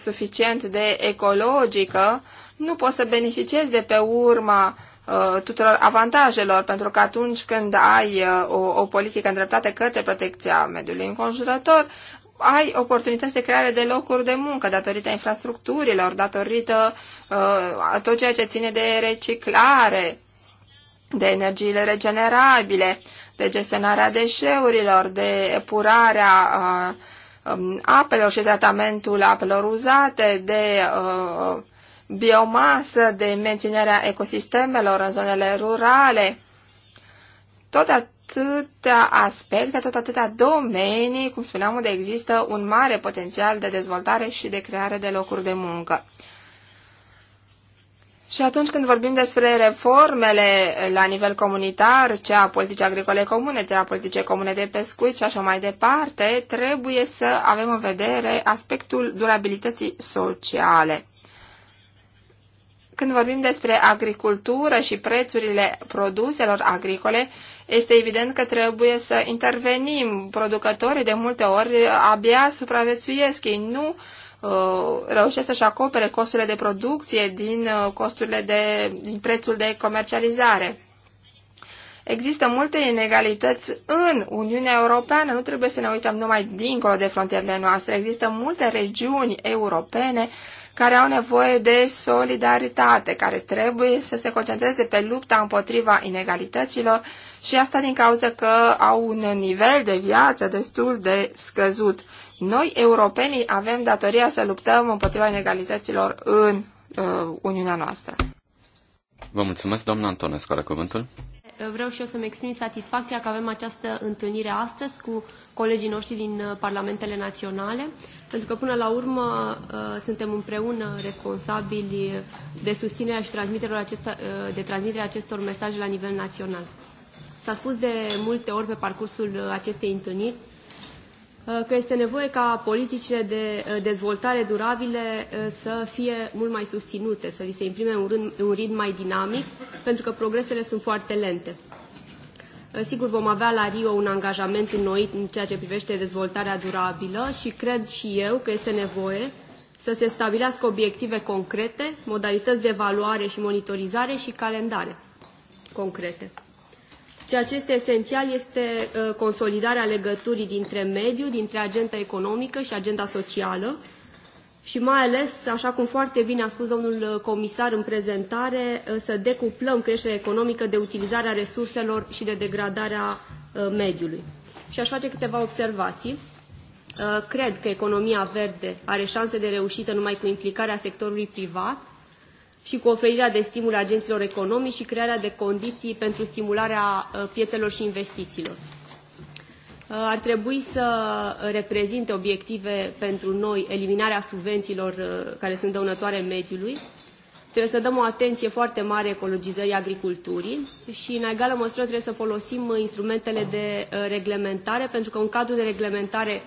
S5: suficient de ecologică, nu poți să beneficiezi de pe urma uh, tuturor avantajelor, pentru că atunci când ai uh, o, o politică îndreptată către protecția mediului înconjurător, ai oportunități de creare de locuri de muncă datorită infrastructurilor, datorită uh, tot ceea ce ține de reciclare, de energiile regenerabile, de gestionarea deșeurilor, de epurarea uh, um, apelor și tratamentul apelor uzate, de uh, biomasă, de menținerea ecosistemelor în zonele rurale. Tot atâtea aspecte, tot atâtea domenii, cum spuneam, unde există un mare potențial de dezvoltare și de creare de locuri de muncă. Și atunci când vorbim despre reformele la nivel comunitar, cea a politicii agricole comune, cea a politicii comune de pescuit și așa mai departe, trebuie să avem în vedere aspectul durabilității sociale. Când vorbim despre agricultură și prețurile produselor agricole, este evident că trebuie să intervenim. Producătorii de multe ori abia supraviețuiesc. Ei nu uh, reușesc să-și acopere costurile de producție din uh, costurile de, din prețul de comercializare. Există multe inegalități în Uniunea Europeană, nu trebuie să ne uităm numai dincolo de frontierele noastre. Există multe regiuni europene care au nevoie de solidaritate, care trebuie să se concentreze pe lupta împotriva inegalităților și asta din cauza că au un nivel de viață destul de scăzut. Noi, europenii, avem datoria să luptăm împotriva inegalităților în uh, Uniunea noastră.
S2: Vă mulțumesc, doamna Antonescu, are cuvântul.
S6: Vreau și eu să-mi exprim satisfacția că avem această întâlnire astăzi cu colegii noștri din uh, Parlamentele Naționale, pentru că până la urmă uh, suntem împreună responsabili de susținerea și transmiterea acestor, uh, de transmiterea acestor mesaje la nivel național. S-a spus de multe ori pe parcursul uh, acestei întâlniri uh, că este nevoie ca politicile de uh, dezvoltare durabile să fie mult mai susținute, să li se imprime un, rând, un ritm mai dinamic, pentru că progresele sunt foarte lente. Sigur, vom avea la Rio un angajament înnoit în ceea ce privește dezvoltarea durabilă și cred și eu că este nevoie să se stabilească obiective concrete, modalități de evaluare și monitorizare și calendare concrete. Ceea ce este esențial este uh, consolidarea legăturii dintre mediu, dintre agenda economică și agenda socială și mai ales, așa cum foarte bine a spus domnul uh, comisar în prezentare, uh, să decuplăm creșterea economică de utilizarea resurselor și de degradarea mediului. Și aș face câteva observații. Cred că economia verde are șanse de reușită numai cu implicarea sectorului privat, și cu oferirea de stimul agenților economici și crearea de condiții pentru stimularea uh, piețelor și investițiilor. Uh, ar trebui să reprezinte obiective pentru noi eliminarea subvențiilor uh, care sunt dăunătoare mediului. Trebuie să dăm o atenție foarte mare ecologizării agriculturii și, în egală măsură, trebuie să folosim instrumentele de reglementare, pentru că un cadru de reglementare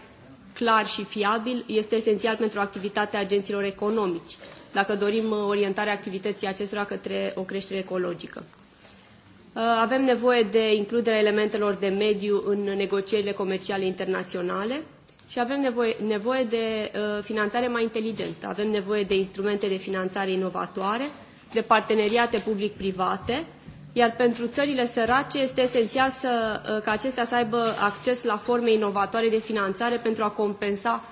S6: clar și fiabil este esențial pentru activitatea agenților economici dacă dorim uh, orientarea activității acestora către o creștere ecologică. Uh, avem nevoie de includerea elementelor de mediu în negocierile comerciale internaționale și avem nevoie, nevoie de uh, finanțare mai inteligentă. Avem nevoie de instrumente de finanțare inovatoare, de parteneriate public-private, iar pentru țările sărace este esențial să, ca acestea să aibă acces la forme inovatoare de finanțare pentru a compensa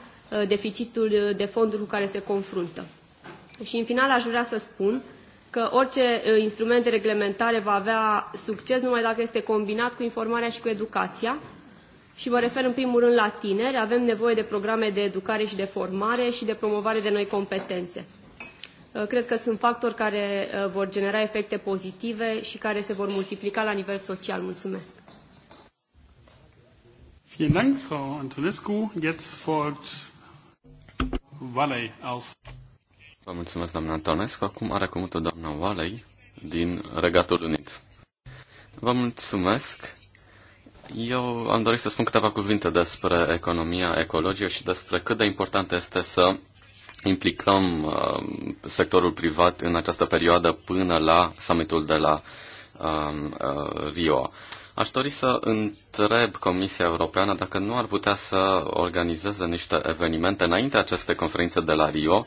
S6: deficitul de fonduri cu care se confruntă. Și în final aș vrea să spun că orice instrument de reglementare va avea succes numai dacă este combinat cu informarea și cu educația. Și mă refer în primul rând la tineri. Avem nevoie de programe de educare și de formare și de promovare de noi competențe. Cred că sunt factori care vor genera efecte pozitive și care se vor multiplica la nivel social. Mulțumesc!
S1: Vielen Dank, Frau Antonescu. Jetzt folgt Valley aus.
S2: Vă mulțumesc, doamna Antonescu. Acum are cuvântul doamna Walei din Regatul Unit. Vă mulțumesc. Eu am dorit să spun câteva cuvinte despre economia ecologică și despre cât de important este să implicăm uh, sectorul privat în această perioadă până la summitul de la uh, uh, Rio. Aș dori să întreb Comisia Europeană dacă nu ar putea să organizeze niște evenimente înainte acestei conferințe de la Rio,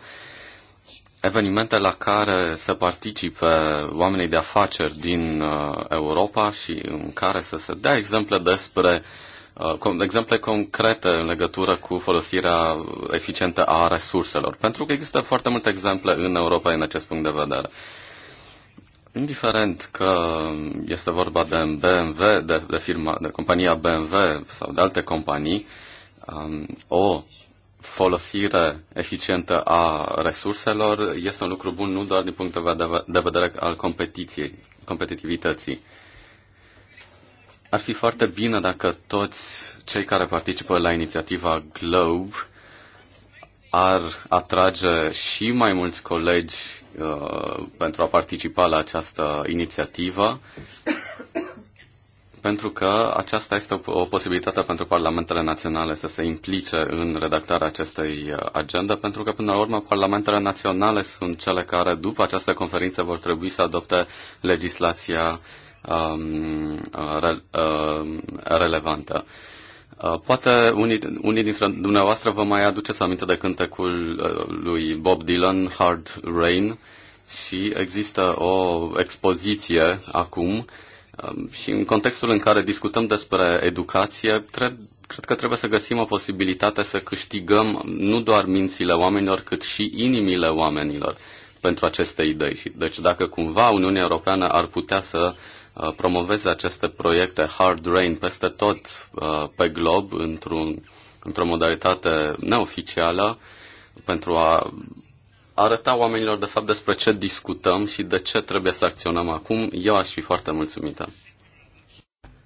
S2: evenimente la care să participe oamenii de afaceri din uh, Europa și în care să se dea exemple despre uh, exemple concrete în legătură cu folosirea eficientă a resurselor, pentru că există foarte multe exemple în Europa în acest punct de vedere. Indiferent că este vorba de BMW, de, de firma, de compania BMW sau de alte companii, um, o folosire eficientă a resurselor este un lucru bun nu doar din punct de vedere al competiției, competitivității. Ar fi foarte bine dacă toți cei care participă la inițiativa Globe ar atrage și mai mulți colegi uh, pentru a participa la această inițiativă pentru că aceasta este o, o posibilitate pentru parlamentele naționale să se implice în redactarea acestei uh, agende, pentru că, până la urmă, parlamentele naționale sunt cele care, după această conferință, vor trebui să adopte legislația um, uh, re, um, relevantă. Poate unii, unii dintre dumneavoastră vă mai aduceți aminte de cântecul lui Bob Dylan, Hard Rain, și există o expoziție acum uh, Um, și în contextul în care discutăm despre educație, cred, cred că trebuie să găsim o posibilitate să câștigăm nu doar mințile oamenilor, cât și inimile oamenilor pentru aceste idei. deci dacă cumva Uniunea Europeană ar putea să uh, promoveze aceste proiecte hard rain peste tot uh, pe glob într-un, într-o modalitate neoficială pentru a arăta oamenilor de fapt despre ce discutăm și de ce trebuie să acționăm acum, eu aș fi foarte mulțumită.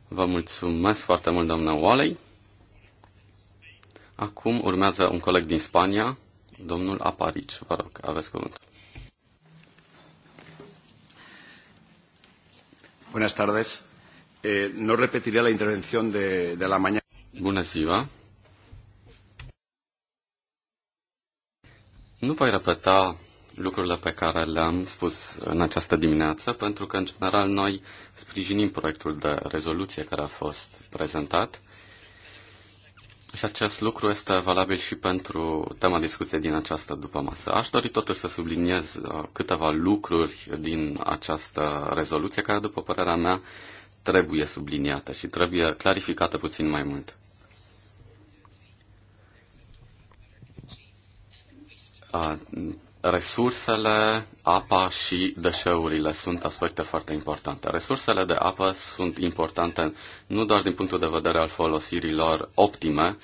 S2: Vă mulțumesc foarte mult, doamna Oalei. Acum urmează un coleg din Spania, domnul Aparici. Vă rog, aveți cuvântul. Buenas tardes. Eh, no repetiré la intervención de, de la mañana. Bună ziua. Nu voi repeta lucrurile pe care le-am spus în această dimineață, pentru că, în general, noi sprijinim proiectul de rezoluție care a fost prezentat și acest lucru este valabil și pentru tema discuției din această după masă. Aș dori totuși să subliniez uh, câteva lucruri din această rezoluție care, după părerea mea, trebuie subliniată și trebuie clarificată puțin mai mult. Resursele, apa și deșeurile sunt aspecte foarte importante. Resursele de apă sunt importante nu doar din punctul de vedere al folosirii lor optime,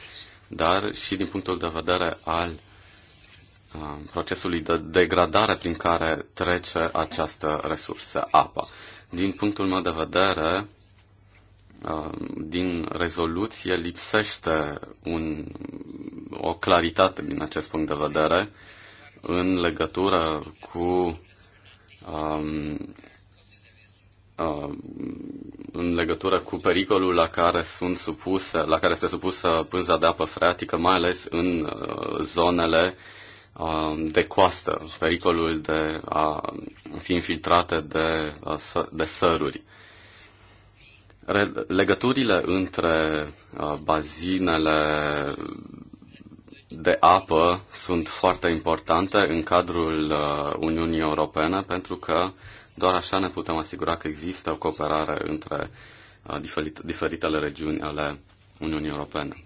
S2: dar și din punctul de vedere al procesului de degradare prin care trece această resursă, apa. Din punctul meu de vedere, din rezoluție lipsește un, o claritate din acest punct de vedere în legătură cu um, um, în legătură cu pericolul la care sunt supuse, la care este supusă pânza de apă freatică, mai ales în uh, zonele um, de coastă, pericolul de a fi infiltrate de, uh, de săruri. Legăturile între uh, bazinele de apă sunt foarte importante în cadrul uh, Uniunii Europene pentru că doar așa ne putem asigura că există o cooperare între uh, diferitele regiuni ale Uniunii Europene.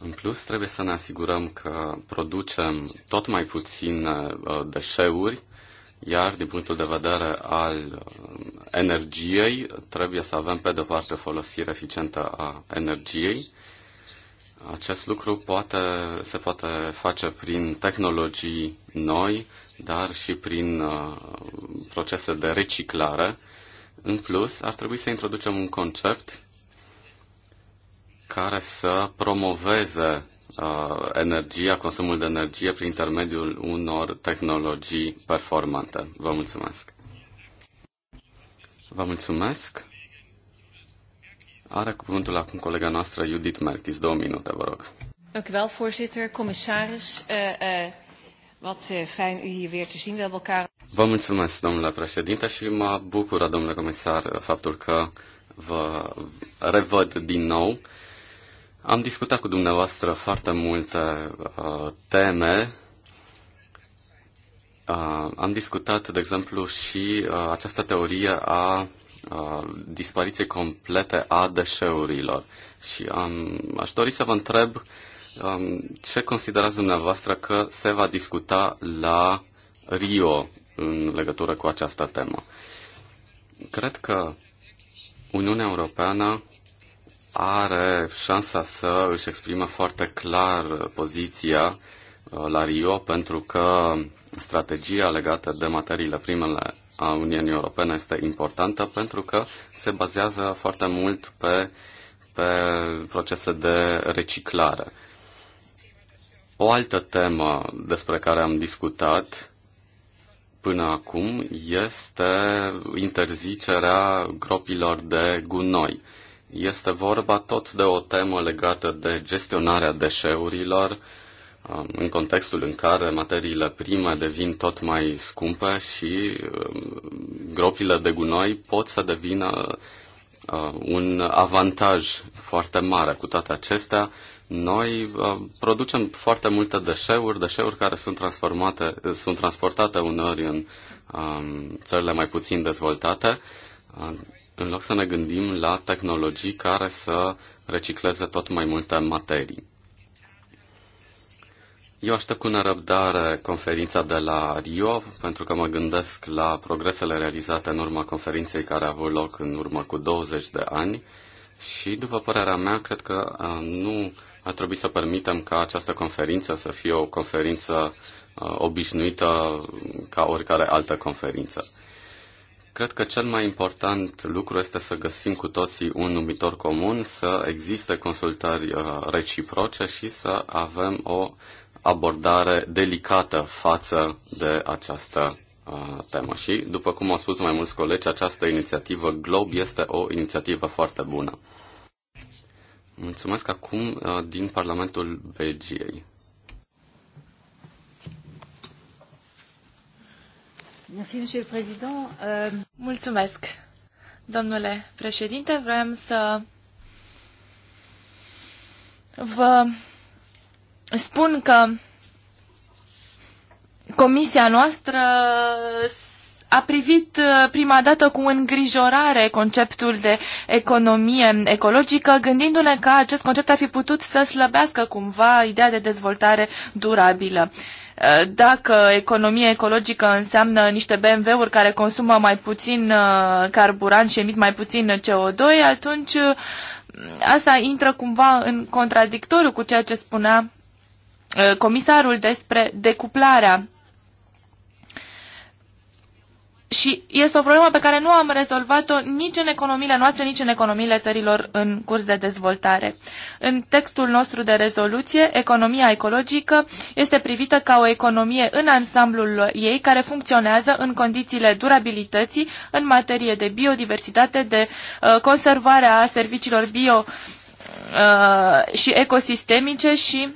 S2: În plus, trebuie să ne asigurăm că producem tot mai puțin uh, deșeuri, iar din punctul de vedere al energiei, trebuie să avem pe de parte folosire eficientă a energiei acest lucru poate, se poate face prin tehnologii noi, dar și prin uh, procese de reciclare. În plus, ar trebui să introducem un concept care să promoveze uh, energia, consumul de energie prin intermediul unor tehnologii performante. Vă mulțumesc! Vă mulțumesc! Are cuvântul acum colega noastră Judith Merkis. Două minute, vă rog.
S6: Dank u wel,
S4: voorzitter. Commissaris, uh, uh, wat uh, fijn u hier weer te zien. We hebben elkaar...
S2: Vă mulțumesc, domnule președinte, și mă bucură, domnule comisar, faptul că vă revăd din nou. Am discutat cu dumneavoastră foarte multe uh, teme. Uh, am discutat, de exemplu, și uh, această teorie a Uh, dispariție complete a deșeurilor. Și am, aș dori să vă întreb um, ce considerați dumneavoastră că se va discuta la Rio în legătură cu această temă. Cred că Uniunea Europeană are șansa să își exprime foarte clar poziția uh, la Rio pentru că strategia legată de materiile primele a Uniunii Europene este importantă pentru că se bazează foarte mult pe, pe procese de reciclare. O altă temă despre care am discutat până acum este interzicerea gropilor de gunoi. Este vorba tot de o temă legată de gestionarea deșeurilor, în contextul în care materiile prime devin tot mai scumpe și um, gropile de gunoi pot să devină uh, un avantaj foarte mare. Cu toate acestea, noi uh, producem foarte multe deșeuri, deșeuri care sunt, transformate, uh, sunt transportate uneori în um, țările mai puțin dezvoltate, în loc să ne gândim la tehnologii care să recicleze tot mai multe materii. Eu aștept cu nerăbdare conferința de la Rio, pentru că mă gândesc la progresele realizate în urma conferinței care a avut loc în urmă cu 20 de ani și, după părerea mea, cred că uh, nu ar trebui să permitem ca această conferință să fie o conferință uh, obișnuită ca oricare altă conferință. Cred că cel mai important lucru este să găsim cu toții un numitor comun, să existe consultări uh, reciproce și să avem o abordare delicată față de această uh, temă. Și, după cum au spus mai mulți colegi, această inițiativă Globe este o inițiativă foarte bună. Mulțumesc acum uh, din Parlamentul Belgiei.
S4: Euh, Mulțumesc, domnule președinte. Vreau să vă spun că comisia noastră a privit uh, prima dată cu îngrijorare conceptul de economie ecologică, gândindu-ne că acest concept ar fi putut să slăbească cumva ideea de dezvoltare durabilă. Uh, dacă economie ecologică înseamnă niște BMW-uri care consumă mai puțin uh, carburant și emit mai puțin CO2, atunci asta intră cumva în contradictoriu cu ceea ce spunea Uh, comisarul despre decuplarea. Și este o problemă pe care nu am rezolvat-o nici în economiile noastre, nici în economiile țărilor în curs de dezvoltare. În textul nostru de rezoluție, economia ecologică este privită ca o economie în ansamblul ei care funcționează în condițiile durabilității în materie de biodiversitate, de uh, conservare a serviciilor bio uh, și ecosistemice și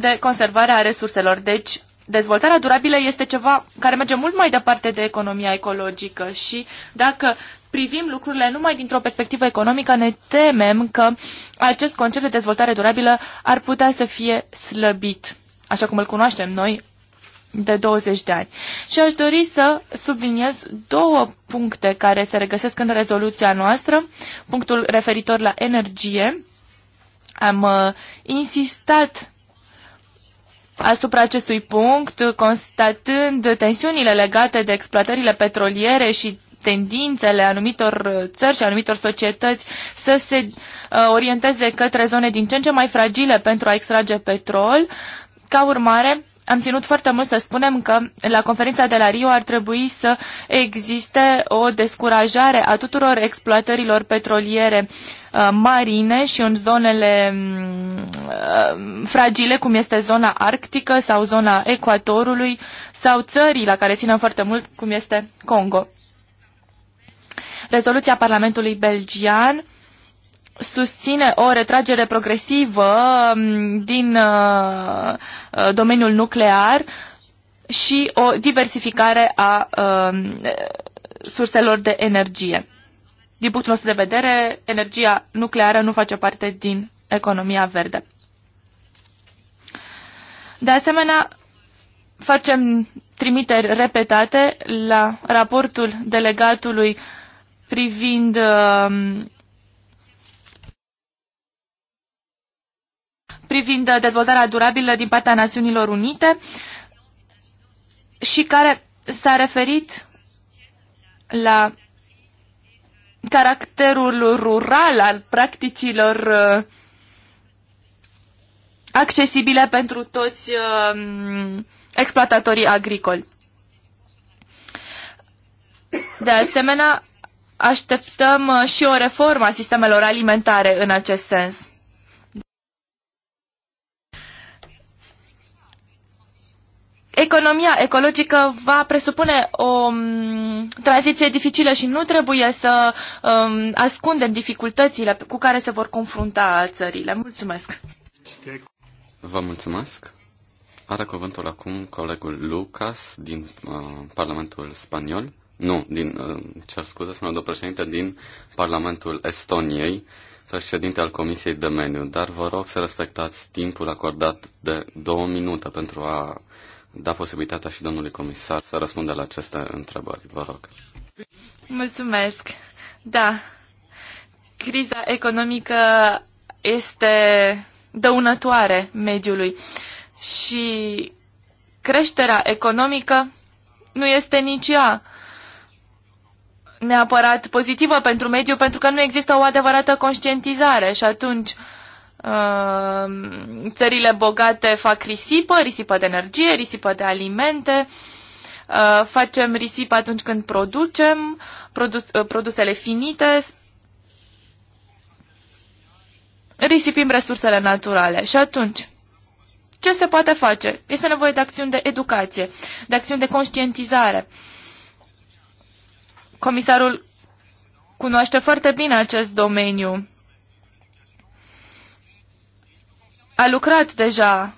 S4: de conservare a resurselor. Deci, dezvoltarea durabilă este ceva care merge mult mai departe de economia ecologică și dacă privim lucrurile numai dintr-o perspectivă economică, ne temem că acest concept de dezvoltare durabilă ar putea să fie slăbit, așa cum îl cunoaștem noi de 20 de ani. Și aș dori să subliniez două puncte care se regăsesc în rezoluția noastră, punctul referitor la energie. Am uh, insistat asupra acestui punct, constatând tensiunile legate de exploatările petroliere și tendințele anumitor țări și anumitor societăți să se uh, orienteze către zone din ce în ce mai fragile pentru a extrage petrol. Ca urmare, am ținut foarte mult să spunem că la conferința de la Rio ar trebui să existe o descurajare a tuturor exploatărilor petroliere uh, marine și în zonele mm, uh, fragile, cum este zona arctică sau zona ecuatorului sau țării la care ținem foarte mult, cum este Congo. Rezoluția Parlamentului Belgian susține o retragere progresivă mm, din uh, uh, domeniul nuclear și o diversificare a uh, surselor de energie. Din punctul nostru de vedere, energia nucleară nu face parte din economia verde. De asemenea, facem trimiteri repetate la raportul delegatului privind uh, privind dezvoltarea durabilă din partea Națiunilor Unite și care s-a referit la caracterul rural al practicilor uh, accesibile pentru toți um, exploatatorii agricoli. De asemenea, așteptăm uh, și o reformă a sistemelor alimentare în acest sens. economia ecologică va presupune o mm, tranziție dificilă și nu trebuie să um, ascundem dificultățile cu care se vor confrunta țările. Mulțumesc!
S2: Vă mulțumesc! Are cuvântul acum colegul Lucas din uh, Parlamentul Spaniol. Nu, din, uh, cer scuze, sunt domnul președinte, din Parlamentul Estoniei, președinte al Comisiei de Meniu. Dar vă rog să respectați timpul acordat de două minute pentru a da posibilitatea și domnului comisar să răspundă la aceste întrebări. Vă rog.
S4: Mulțumesc. Da. Criza economică este dăunătoare mediului și creșterea economică nu este nici ea neapărat pozitivă pentru mediu, pentru că nu există o adevărată conștientizare și atunci uh, Uh, țările bogate fac risipă, risipă de energie, risipă de alimente, uh, facem risipă atunci când producem produs, uh, produsele finite, risipim resursele naturale. Și atunci, ce se poate face? Este nevoie de acțiuni de educație, de acțiuni de conștientizare. Comisarul cunoaște foarte bine acest domeniu a lucrat deja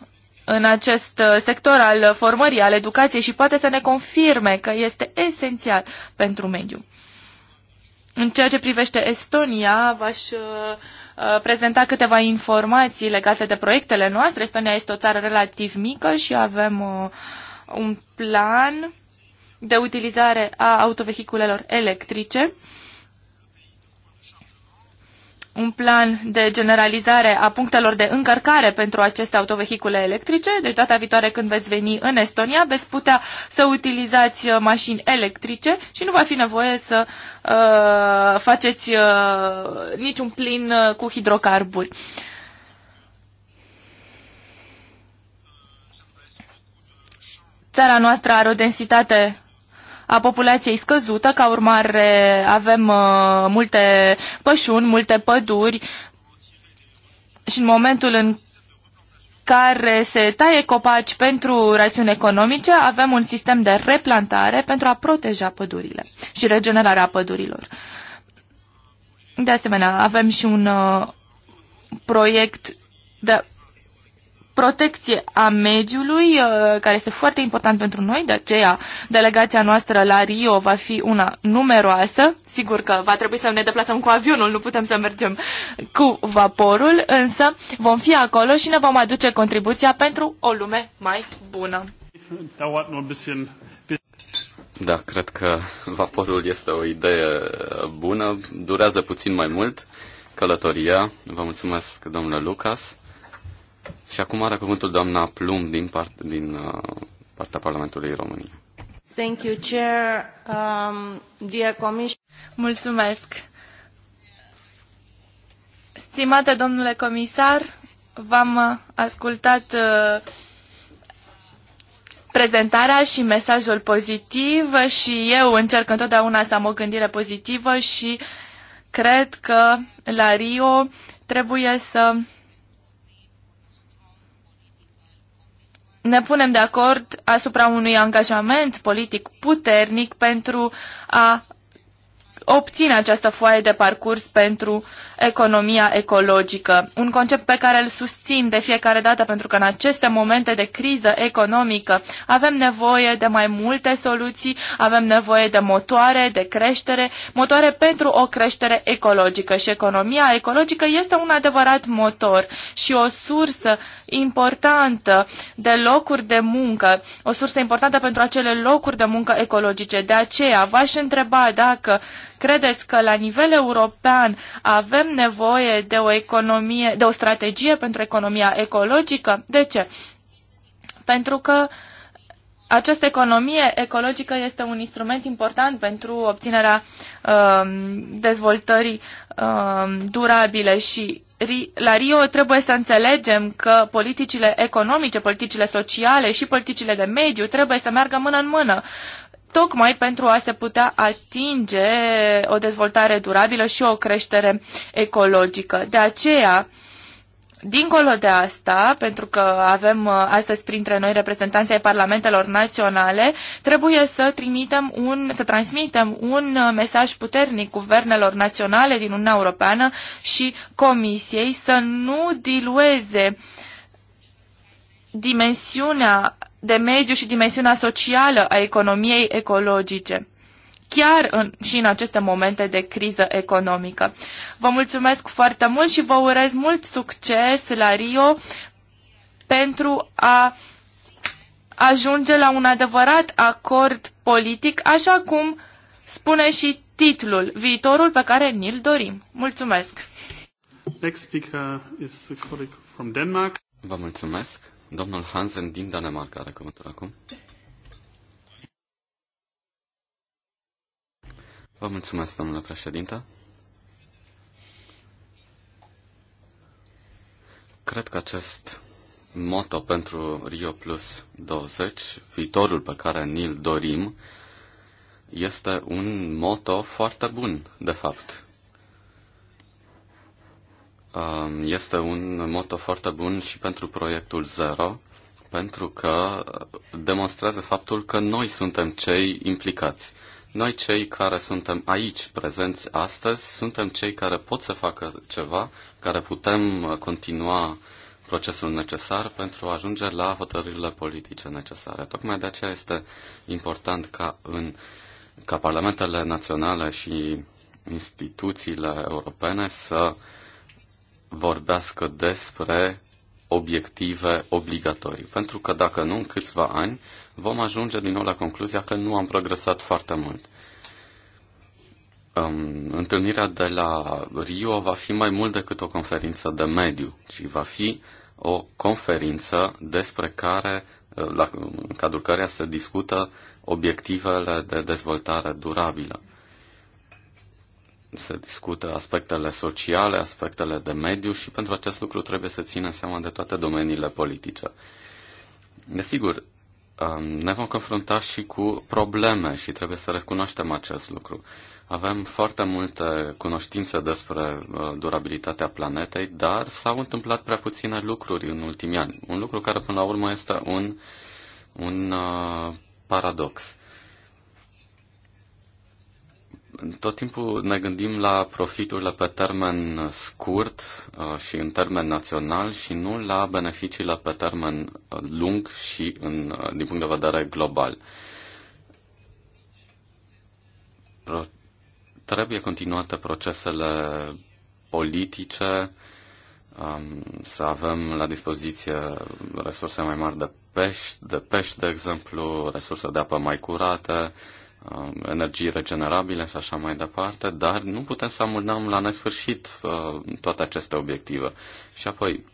S4: în acest uh, sector al formării, al educației și poate să ne confirme că este esențial pentru mediu. În ceea ce privește Estonia, v-aș uh, uh, prezenta câteva informații legate de proiectele noastre. Estonia este o țară relativ mică și avem un plan de utilizare a autovehiculelor electrice un plan de generalizare a punctelor de încărcare pentru aceste autovehicule electrice. Deci data viitoare când veți veni în Estonia, veți putea să utilizați uh, mașini electrice și nu va fi nevoie să uh, faceți uh, niciun plin uh, cu hidrocarburi. Țara noastră are o densitate a populației scăzută, ca urmare avem uh, multe pășuni, multe păduri și în momentul în care se taie copaci pentru rațiuni economice, avem un sistem de replantare pentru a proteja pădurile și regenerarea pădurilor. De asemenea, avem și un uh, proiect de protecție a mediului, uh, care este foarte important pentru noi, de aceea delegația noastră la Rio va fi una numeroasă. Sigur că va trebui să ne deplasăm cu avionul, nu putem să mergem cu vaporul, însă vom fi acolo și ne vom aduce contribuția pentru o lume mai
S1: bună.
S2: Da, cred că vaporul este o idee bună, durează puțin mai mult călătoria. Vă mulțumesc, domnule Lucas. Și acum are cuvântul doamna Plum din, part, din uh, partea Parlamentului României.
S3: Thank you, Chair.
S4: Um, dear Commission. Mulțumesc. Stimate domnule comisar, v-am uh, ascultat uh, prezentarea și mesajul pozitiv și eu încerc întotdeauna să am o gândire pozitivă și cred că la Rio trebuie să ne punem de acord asupra unui angajament politic puternic pentru a obține această foaie de parcurs pentru economia ecologică. Un concept pe care îl susțin de fiecare dată pentru că în aceste momente de criză economică avem nevoie de mai multe soluții, avem nevoie de motoare, de creștere, motoare pentru o creștere ecologică și economia ecologică este un adevărat motor și o sursă importantă de locuri de muncă, o sursă importantă pentru acele locuri de muncă ecologice. De aceea v-aș întreba dacă Credeți că la nivel european avem nevoie de o economie, de o strategie pentru economia ecologică? De ce? Pentru că această economie ecologică este un instrument important pentru obținerea um, dezvoltării um, durabile și la Rio trebuie să înțelegem că politicile economice, politicile sociale și politicile de mediu trebuie să meargă mână în mână tocmai pentru a se putea atinge o dezvoltare durabilă și o creștere ecologică. De aceea, Dincolo de asta, pentru că avem uh, astăzi printre noi reprezentanții ai parlamentelor naționale, trebuie să trimitem un, să transmitem un uh, mesaj puternic guvernelor naționale din Uniunea Europeană și Comisiei să nu dilueze dimensiunea de mediu și dimensiunea socială a economiei ecologice chiar în, și în aceste momente de criză economică. Vă mulțumesc foarte mult și vă urez mult succes la Rio pentru a ajunge la un adevărat acord politic, așa cum spune și titlul, viitorul pe care ni-l dorim. Mulțumesc!
S1: Next speaker is a colleague from Denmark.
S2: Vă mulțumesc! Domnul Hansen din Danemarca are cuvântul acum. Vă mulțumesc, domnule președinte. Cred că acest moto pentru Rio Plus 20, viitorul pe care ni-l dorim, este un moto foarte bun, de fapt. Um, este un moto foarte bun și pentru proiectul Zero, pentru că demonstrează faptul că noi suntem cei implicați. Noi cei care suntem aici, prezenți astăzi, suntem cei care pot să facă ceva, care putem continua procesul necesar pentru a ajunge la hotărârile politice necesare. Tocmai de aceea este important ca, în, ca parlamentele naționale și instituțiile europene să uh, vorbească despre obiective obligatorii. Pentru că dacă nu, în câțiva ani vom ajunge din nou la concluzia că nu am progresat foarte mult. Um, întâlnirea de la Rio va fi mai mult decât o conferință de mediu, ci va fi o conferință despre care, la, în cadrul căreia se discută obiectivele de dezvoltare durabilă se discută aspectele sociale, aspectele de mediu și pentru acest lucru trebuie să țină seama de toate domeniile politice. Desigur, ne vom confrunta și cu probleme și trebuie să recunoaștem acest lucru. Avem foarte multe cunoștințe despre uh, durabilitatea planetei, dar s-au întâmplat prea puține lucruri în ultimii ani. Un lucru care până la urmă este un, un uh, paradox tot timpul ne gândim la profiturile pe termen scurt uh, și în termen național și nu la beneficiile pe termen uh, lung și în, uh, din punct de vedere global. Pro- trebuie continuate procesele politice, um, să avem la dispoziție resurse mai mari de pești, de pești, de exemplu, resurse de apă mai curate, Uh, energii regenerabile și așa mai departe, dar nu putem să amânăm la nesfârșit uh, toate aceste obiective. Și apoi,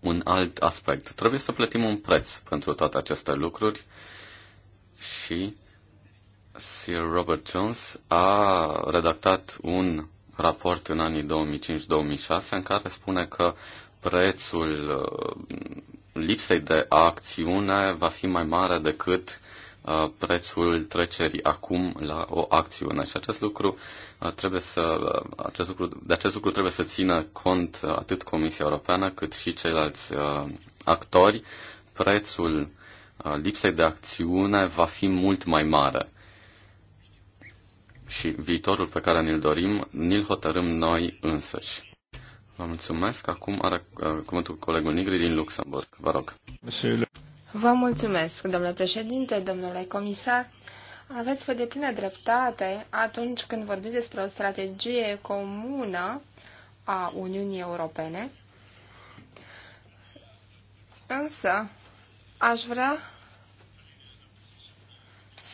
S2: un alt aspect. Trebuie să plătim un preț pentru toate aceste lucruri și Sir Robert Jones a redactat un raport în anii 2005-2006 în care spune că prețul uh, lipsei de acțiune va fi mai mare decât Uh, prețul trecerii acum la o acțiune. Și acest lucru uh, trebuie să, uh, acest lucru, de acest lucru trebuie să țină cont atât Comisia Europeană cât și ceilalți actori. Prețul lipsei de acțiune va fi mult mai mare. Și viitorul pe care ne-l dorim, ne-l hotărâm noi însăși. Vă mulțumesc. Acum are uh, cuvântul colegul Nigri din Luxemburg. Vă rog.
S3: Monsieur.
S5: Vă mulțumesc, domnule președinte, domnule comisar. Aveți pe deplină dreptate atunci când vorbiți despre o strategie comună a Uniunii Europene. Însă, aș vrea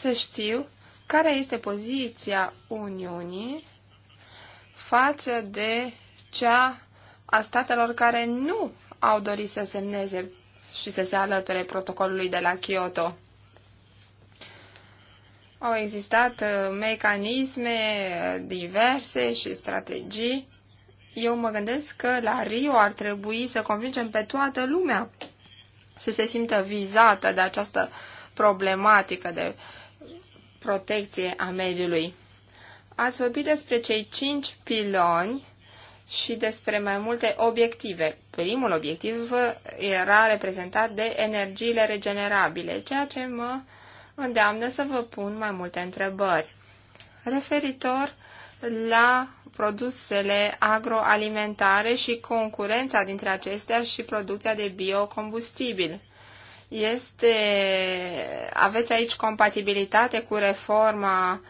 S5: să știu care este poziția Uniunii față de cea a statelor care nu au dorit să semneze și să se alăture protocolului de la Kyoto. Au existat uh, mecanisme uh, diverse și strategii. Eu mă gândesc că la Rio ar trebui să convingem pe toată lumea să se simtă vizată de această problematică de protecție a mediului. Ați vorbit despre cei cinci piloni și despre mai multe obiective primul obiectiv era reprezentat de energiile regenerabile, ceea ce mă îndeamnă să vă pun mai multe întrebări. Referitor la produsele agroalimentare și concurența dintre acestea și producția de biocombustibil. Este, aveți aici compatibilitate cu reforma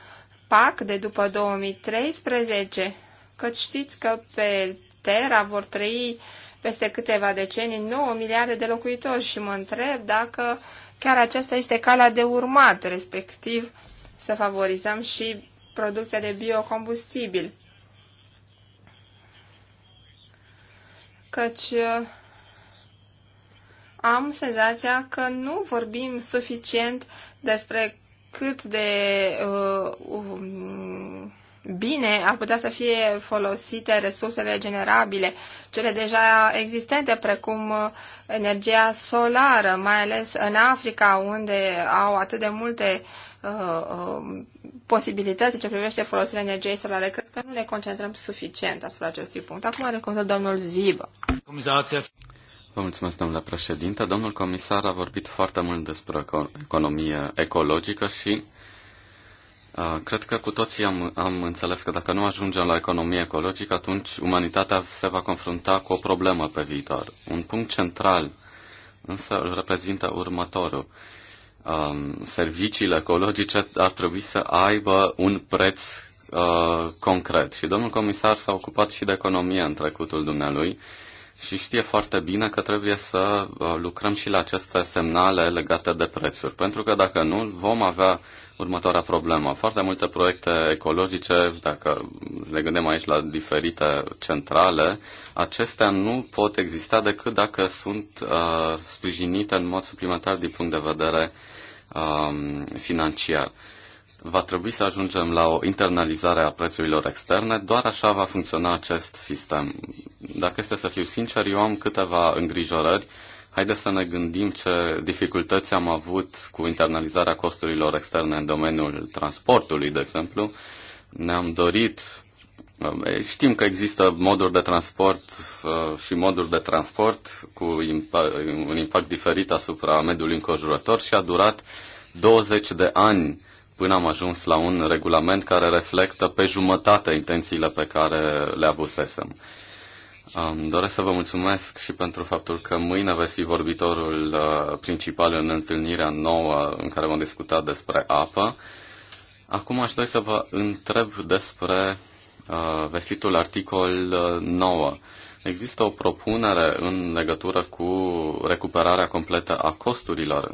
S5: PAC de după 2013, Că știți că pe Terra vor trăi peste câteva decenii 9 miliarde de locuitori și mă întreb dacă chiar aceasta este calea de urmat, respectiv să favorizăm și producția de biocombustibil. Căci uh, am senzația că nu vorbim suficient despre cât de uh, uh, bine ar putea să fie folosite resursele generabile, cele deja existente, precum uh, energia solară, mai ales în Africa, unde au atât de multe uh, um, posibilități în ce privește folosirea energiei solare. Cred că nu ne concentrăm suficient asupra acestui punct. Acum are cuvântul domnul Zibă.
S2: Vă mulțumesc, domnule președinte. Domnul comisar a vorbit foarte mult despre economie ecologică și Cred că cu toții am, am înțeles că dacă nu ajungem la economie ecologică, atunci umanitatea se va confrunta cu o problemă pe viitor. Un punct central însă îl reprezintă următorul. Um, serviciile ecologice ar trebui să aibă un preț uh, concret. Și domnul comisar s-a ocupat și de economie în trecutul dumnealui și știe foarte bine că trebuie să lucrăm și la aceste semnale legate de prețuri. Pentru că dacă nu, vom avea următoarea problemă. Foarte multe proiecte ecologice, dacă ne gândim aici la diferite centrale, acestea nu pot exista decât dacă sunt uh, sprijinite în mod suplimentar din punct de vedere um, financiar. Va trebui să ajungem la o internalizare a prețurilor externe, doar așa va funcționa acest sistem. Dacă este să fiu sincer, eu am câteva îngrijorări uh, Haideți să ne gândim ce dificultăți am avut cu internalizarea costurilor externe în domeniul transportului, de exemplu. Ne-am dorit eh, eh, Știm că există moduri de transport eh, și moduri de transport cu un impact diferit asupra mediului înconjurător și a durat 20 de ani până am ajuns la un regulament care reflectă pe jumătate intențiile pe care le avusesem doresc să vă mulțumesc și pentru faptul că mâine veți fi vorbitorul uh, principal în întâlnirea nouă în care vom discuta despre apă. Acum aș dori să vă întreb despre uh, vestitul articol 9. Uh, există o propunere în legătură cu recuperarea completă a costurilor,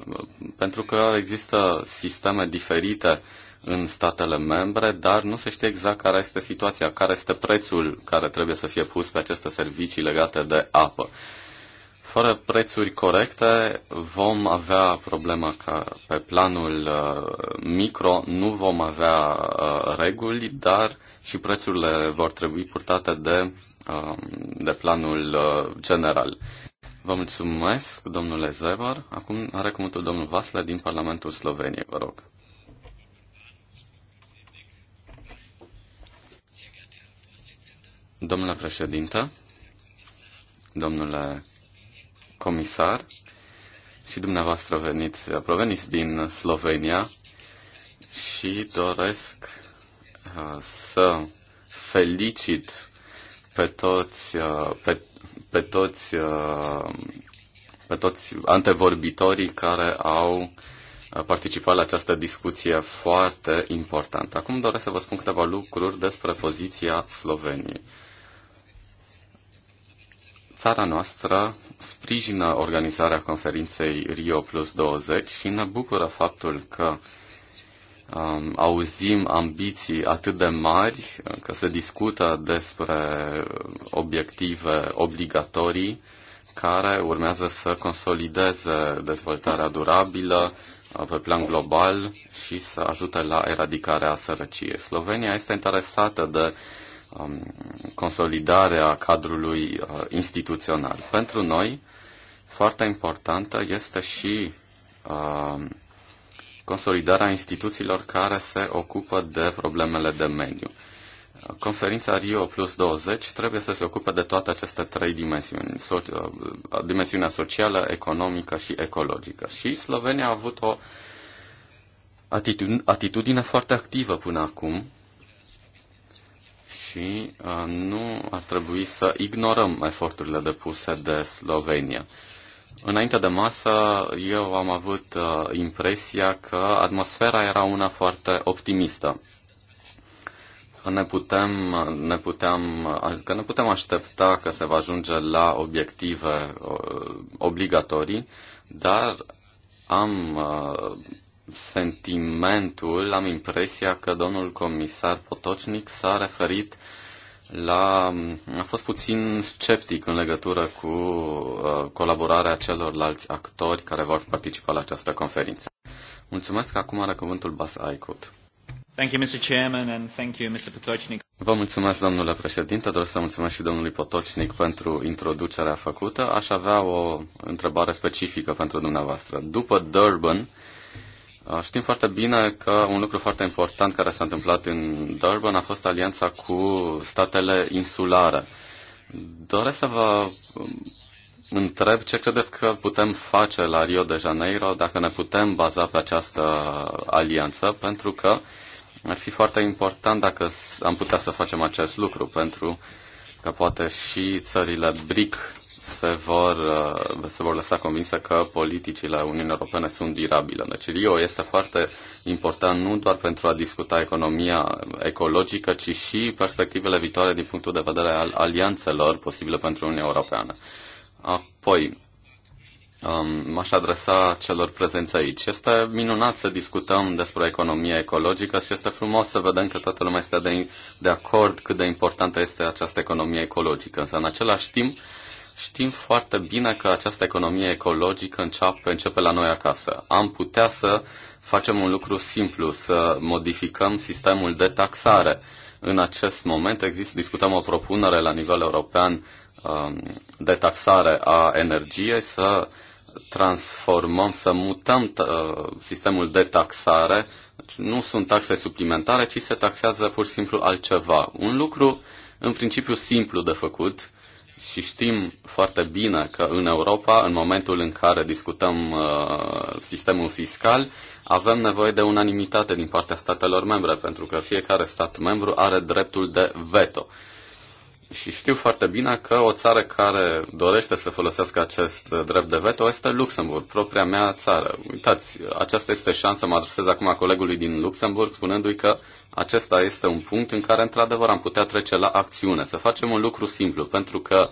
S2: pentru că există sisteme diferite în statele membre, dar nu se știe exact care este situația, care este prețul care trebuie să fie pus pe aceste servicii legate de apă. Fără prețuri corecte vom avea problema că pe planul uh, micro nu vom avea uh, reguli, dar și prețurile vor trebui purtate de, uh, de planul general. Vă mulțumesc, domnule Zevar. Acum are cuvântul domnul Vasle din Parlamentul Sloveniei, vă rog. Domnule președinte, domnule comisar, și dumneavoastră veniți, proveniți din Slovenia și doresc uh, să felicit pe toți, uh, pe, pe toți, uh, pe toți antevorbitorii care au participat la această discuție foarte importantă. Acum doresc să vă spun câteva lucruri despre poziția Sloveniei. Țara noastră sprijină organizarea conferinței Rio Plus 20 și ne bucură faptul că um, auzim ambiții atât de mari, că se discută despre obiective obligatorii care urmează să consolideze dezvoltarea durabilă uh, pe plan global și să ajute la eradicarea sărăciei. Slovenia este interesată de uh, Um, consolidarea cadrului uh, instituțional. Pentru noi, foarte importantă este și um, consolidarea instituțiilor care se ocupă de problemele de mediu. Conferința Rio plus 20 trebuie să se ocupe de toate aceste trei dimensiuni, so- uh, dimensiunea socială, economică și ecologică. Și Slovenia a avut o atitudine foarte activă până acum și uh, nu ar trebui să ignorăm eforturile depuse de Slovenia. Înainte de masă, eu am avut uh, impresia că atmosfera era una foarte optimistă. Că ne putem, ne puteam, că ne putem aștepta că se va ajunge la obiective uh, obligatorii, dar am sentimentul, am impresia că domnul comisar Potocnic s-a referit la, a fost puțin sceptic în legătură cu uh, colaborarea celorlalți actori care vor participa la această conferință. Mulțumesc, acum are cuvântul Bas Aikut. Thank you, Mr.
S1: Chairman, and thank you, Mr. Potocnic.
S2: Vă mulțumesc, domnule președinte, doresc să mulțumesc și domnului Potocnic pentru introducerea făcută. Aș avea o întrebare specifică pentru dumneavoastră. După Durban, Uh, știm foarte bine că un lucru foarte important care s-a întâmplat în Durban a fost alianța cu statele insulare. Doresc să vă um, întreb ce credeți că putem face la Rio de Janeiro dacă ne putem baza pe această alianță, pentru că ar fi foarte important dacă am putea să facem acest lucru, pentru că poate și țările BRIC se vor, uh, se vor lăsa convinsă că politicile Uniunii Europene sunt durabile. Deci Rio este foarte important nu doar pentru a discuta economia ecologică, ci și perspectivele viitoare din punctul de vedere al alianțelor posibile pentru Uniunea Europeană. Apoi, um, m-aș adresa celor prezenți aici. Este minunat să discutăm despre economia ecologică și este frumos să vedem că toată lumea este de, de acord cât de importantă este această economie ecologică. Însă, în același timp, Știm foarte bine că această economie ecologică începe, începe la noi acasă. Am putea să facem un lucru simplu, să modificăm sistemul de taxare. În acest moment există, discutăm o propunere la nivel european um, de taxare a energiei, să transformăm, să mutăm uh, sistemul de taxare. Deci nu sunt taxe suplimentare, ci se taxează pur și simplu altceva. Un lucru în principiu simplu de făcut, și știm foarte bine că în Europa, în momentul în care discutăm uh, sistemul fiscal, avem nevoie de unanimitate din partea statelor membre, pentru că fiecare stat membru are dreptul de veto. Și știu foarte bine că o țară care dorește să folosească acest uh, drept de veto este Luxemburg, propria mea țară. Uitați, aceasta este șansa, mă adresez acum colegului din Luxemburg, spunându-i că uh, acesta este un punct în care, într-adevăr, am putea trece la acțiune, să facem un lucru simplu, pentru că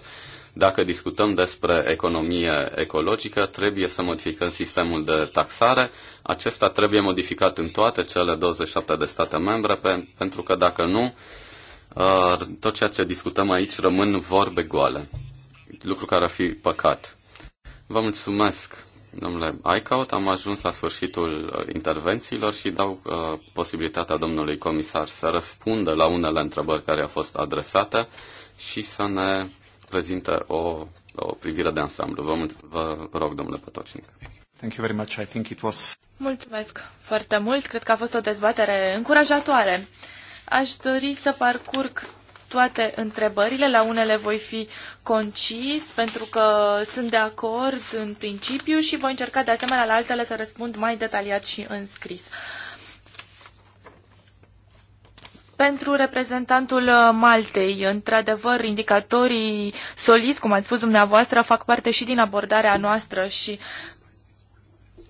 S2: dacă discutăm despre economie ecologică, trebuie să modificăm sistemul de taxare. Acesta trebuie modificat în toate cele 27 de state membre, pe, pentru că dacă nu, uh, tot ceea ce discutăm aici rămân vorbe goale, lucru care ar fi păcat. Vă mulțumesc! Domnule Aicaut, am ajuns la sfârșitul uh, intervențiilor și dau uh, posibilitatea domnului comisar să răspundă la unele întrebări care au fost adresate și să ne prezinte o, o privire de ansamblu. Vă, vă rog, domnule Pătocinic. Thank you
S3: very much. I think it was...
S4: Mulțumesc foarte mult. Cred că a fost o dezbatere încurajatoare. Aș dori să parcurg toate întrebările. La unele voi fi concis pentru că sunt de acord în principiu și voi încerca de asemenea la altele să răspund mai detaliat și în scris. Pentru reprezentantul uh, Maltei, într-adevăr, indicatorii solizi, cum ați spus dumneavoastră, fac parte și din abordarea noastră și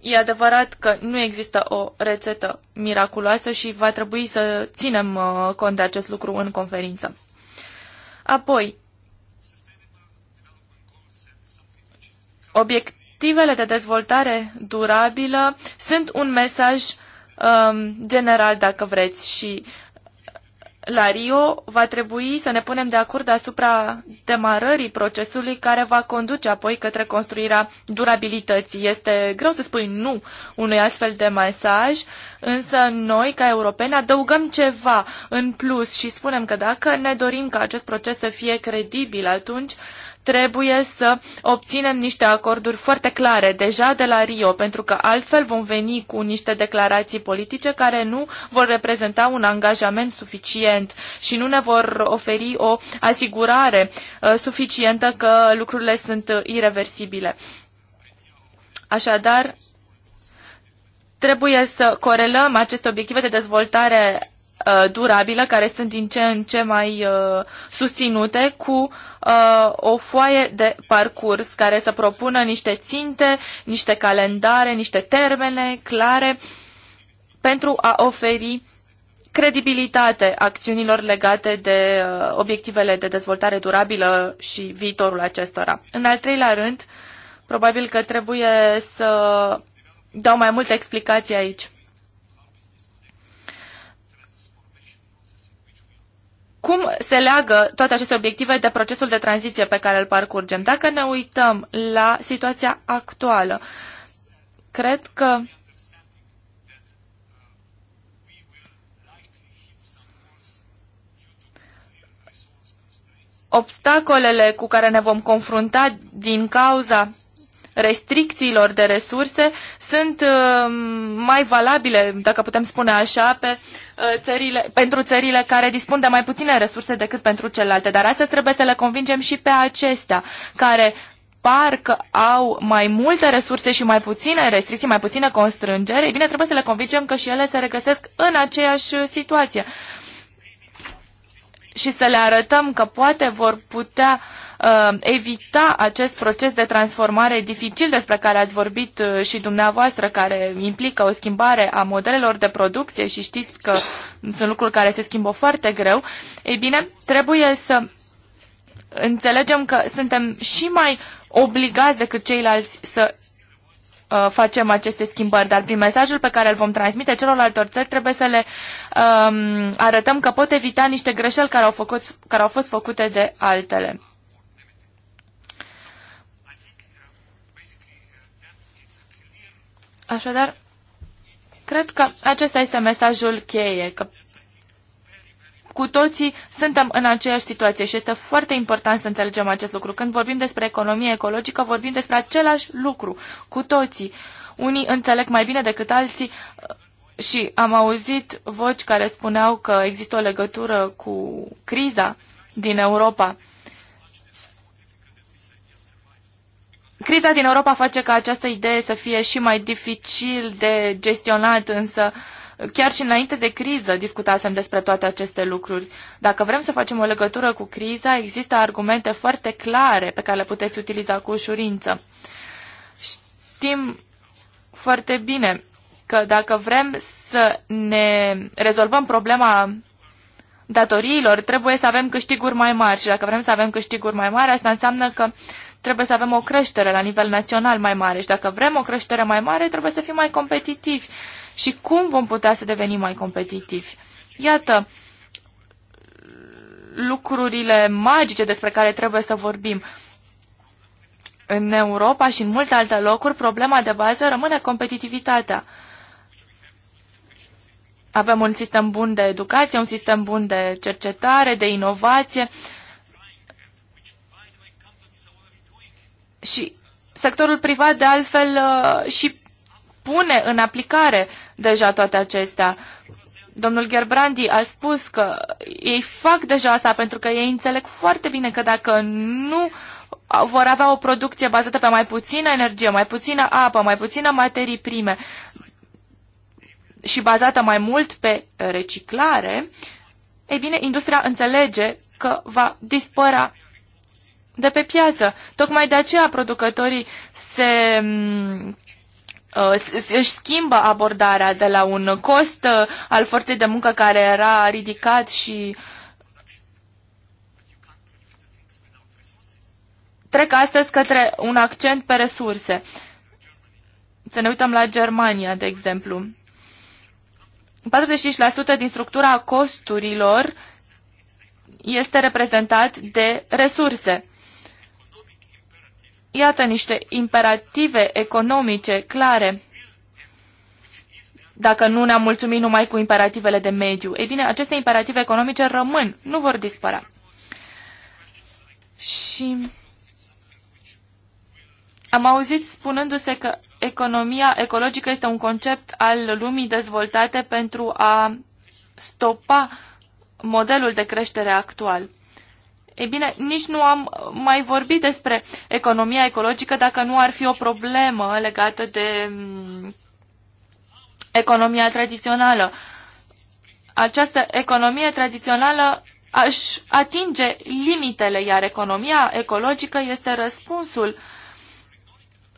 S4: e adevărat că nu există o rețetă miraculoasă și va trebui să ținem uh, cont de acest lucru în conferință. Apoi, obiectivele de dezvoltare durabilă sunt un mesaj um, general, dacă vreți, și la Rio, va trebui să ne punem de acord asupra demarării procesului care va conduce apoi către construirea durabilității. Este greu să spui nu unui astfel de mesaj, însă noi, ca europeni, adăugăm ceva în plus și spunem că dacă ne dorim ca acest proces să fie credibil, atunci trebuie să obținem niște acorduri foarte clare deja de la Rio, pentru că altfel vom veni cu niște declarații politice care nu vor reprezenta un angajament suficient și nu ne vor oferi o asigurare uh, suficientă că lucrurile sunt irreversibile. Așadar, trebuie să corelăm aceste obiective de dezvoltare Uh, durabilă, care sunt din ce în ce mai uh, susținute, cu uh, o foaie de parcurs care să propună niște ținte, niște calendare, niște termene clare pentru a oferi credibilitate acțiunilor legate de obiectivele de dezvoltare durabilă și viitorul acestora. În al treilea rând, probabil că trebuie să dau mai multe explicații aici. cum se leagă toate aceste obiective de procesul de tranziție pe care îl parcurgem? Dacă ne uităm la situația actuală, cred că obstacolele cu care ne vom confrunta din cauza restricțiilor de resurse sunt uh, mai valabile, dacă putem spune așa, pe uh, țările, pentru țările care dispun de mai puține resurse decât pentru celelalte. Dar astăzi trebuie să le convingem și pe acestea, care parcă au mai multe resurse și mai puține restricții, mai puține constrângeri, bine, trebuie să le convingem că și ele se regăsesc în aceeași situație. Și să le arătăm că poate vor putea uh, uh, evita acest proces de transformare dificil despre care ați vorbit uh, și dumneavoastră, care implică o schimbare a modelelor de producție și știți că sunt lucruri care se schimbă foarte greu, ei bine, trebuie să înțelegem că suntem și mai obligați decât ceilalți să uh, facem aceste schimbări, dar prin mesajul pe care îl vom transmite celorlaltor țări trebuie să le um, arătăm că pot evita niște greșeli care au, făcut, care au fost făcute de altele. Așadar, cred că acesta este mesajul cheie, că cu toții suntem în aceeași situație și este foarte important să înțelegem acest lucru. Când vorbim despre economie ecologică, vorbim despre același lucru, cu toții. Unii înțeleg mai bine decât alții și am auzit voci care spuneau că există o legătură cu criza din Europa. Criza din Europa face ca această idee să fie și mai dificil de gestionat, însă chiar și înainte de criză discutasem despre toate aceste lucruri. Dacă vrem să facem o legătură cu criza, există argumente foarte clare pe care le puteți utiliza cu ușurință. Știm foarte bine că dacă vrem să ne rezolvăm problema datoriilor, trebuie să avem câștiguri mai mari și dacă vrem să avem câștiguri mai mari, asta înseamnă că uh, trebuie să avem o creștere la nivel național mai mare și dacă vrem o creștere mai mare, trebuie să fim mai competitivi. Și cum vom putea să devenim mai competitivi? Iată lucrurile magice despre care trebuie să vorbim. În Europa și în multe alte locuri, problema de bază rămâne competitivitatea. Avem un sistem bun de educație, un sistem bun de cercetare, de inovație, uh, Și sectorul privat, de altfel, uh, și pune în aplicare deja toate acestea. Domnul Gerbrandi a spus că ei fac deja asta pentru că ei înțeleg foarte bine că dacă nu vor avea o producție bazată pe mai puțină energie, mai puțină apă, mai puțină materii prime și bazată mai mult pe reciclare, ei bine, industria înțelege că va dispărea de pe piață. Tocmai de aceea producătorii se mm, uh, își schimbă abordarea de la un cost uh, al forței de muncă care era ridicat și trec astăzi către un accent pe resurse. Să ne uităm la Germania, de exemplu. 45% din structura costurilor este reprezentat de resurse iată niște imperative economice clare. Dacă nu ne-am mulțumit numai cu imperativele de mediu, ei bine, aceste imperative economice rămân, nu vor dispărea. Și am auzit spunându-se că economia ecologică este un concept al lumii dezvoltate pentru a stopa modelul de creștere actual. Ei bine, nici nu am mai vorbit despre economia ecologică dacă nu ar fi o problemă legată de mm, economia tradițională. Această economie tradițională aș atinge limitele, iar economia ecologică este răspunsul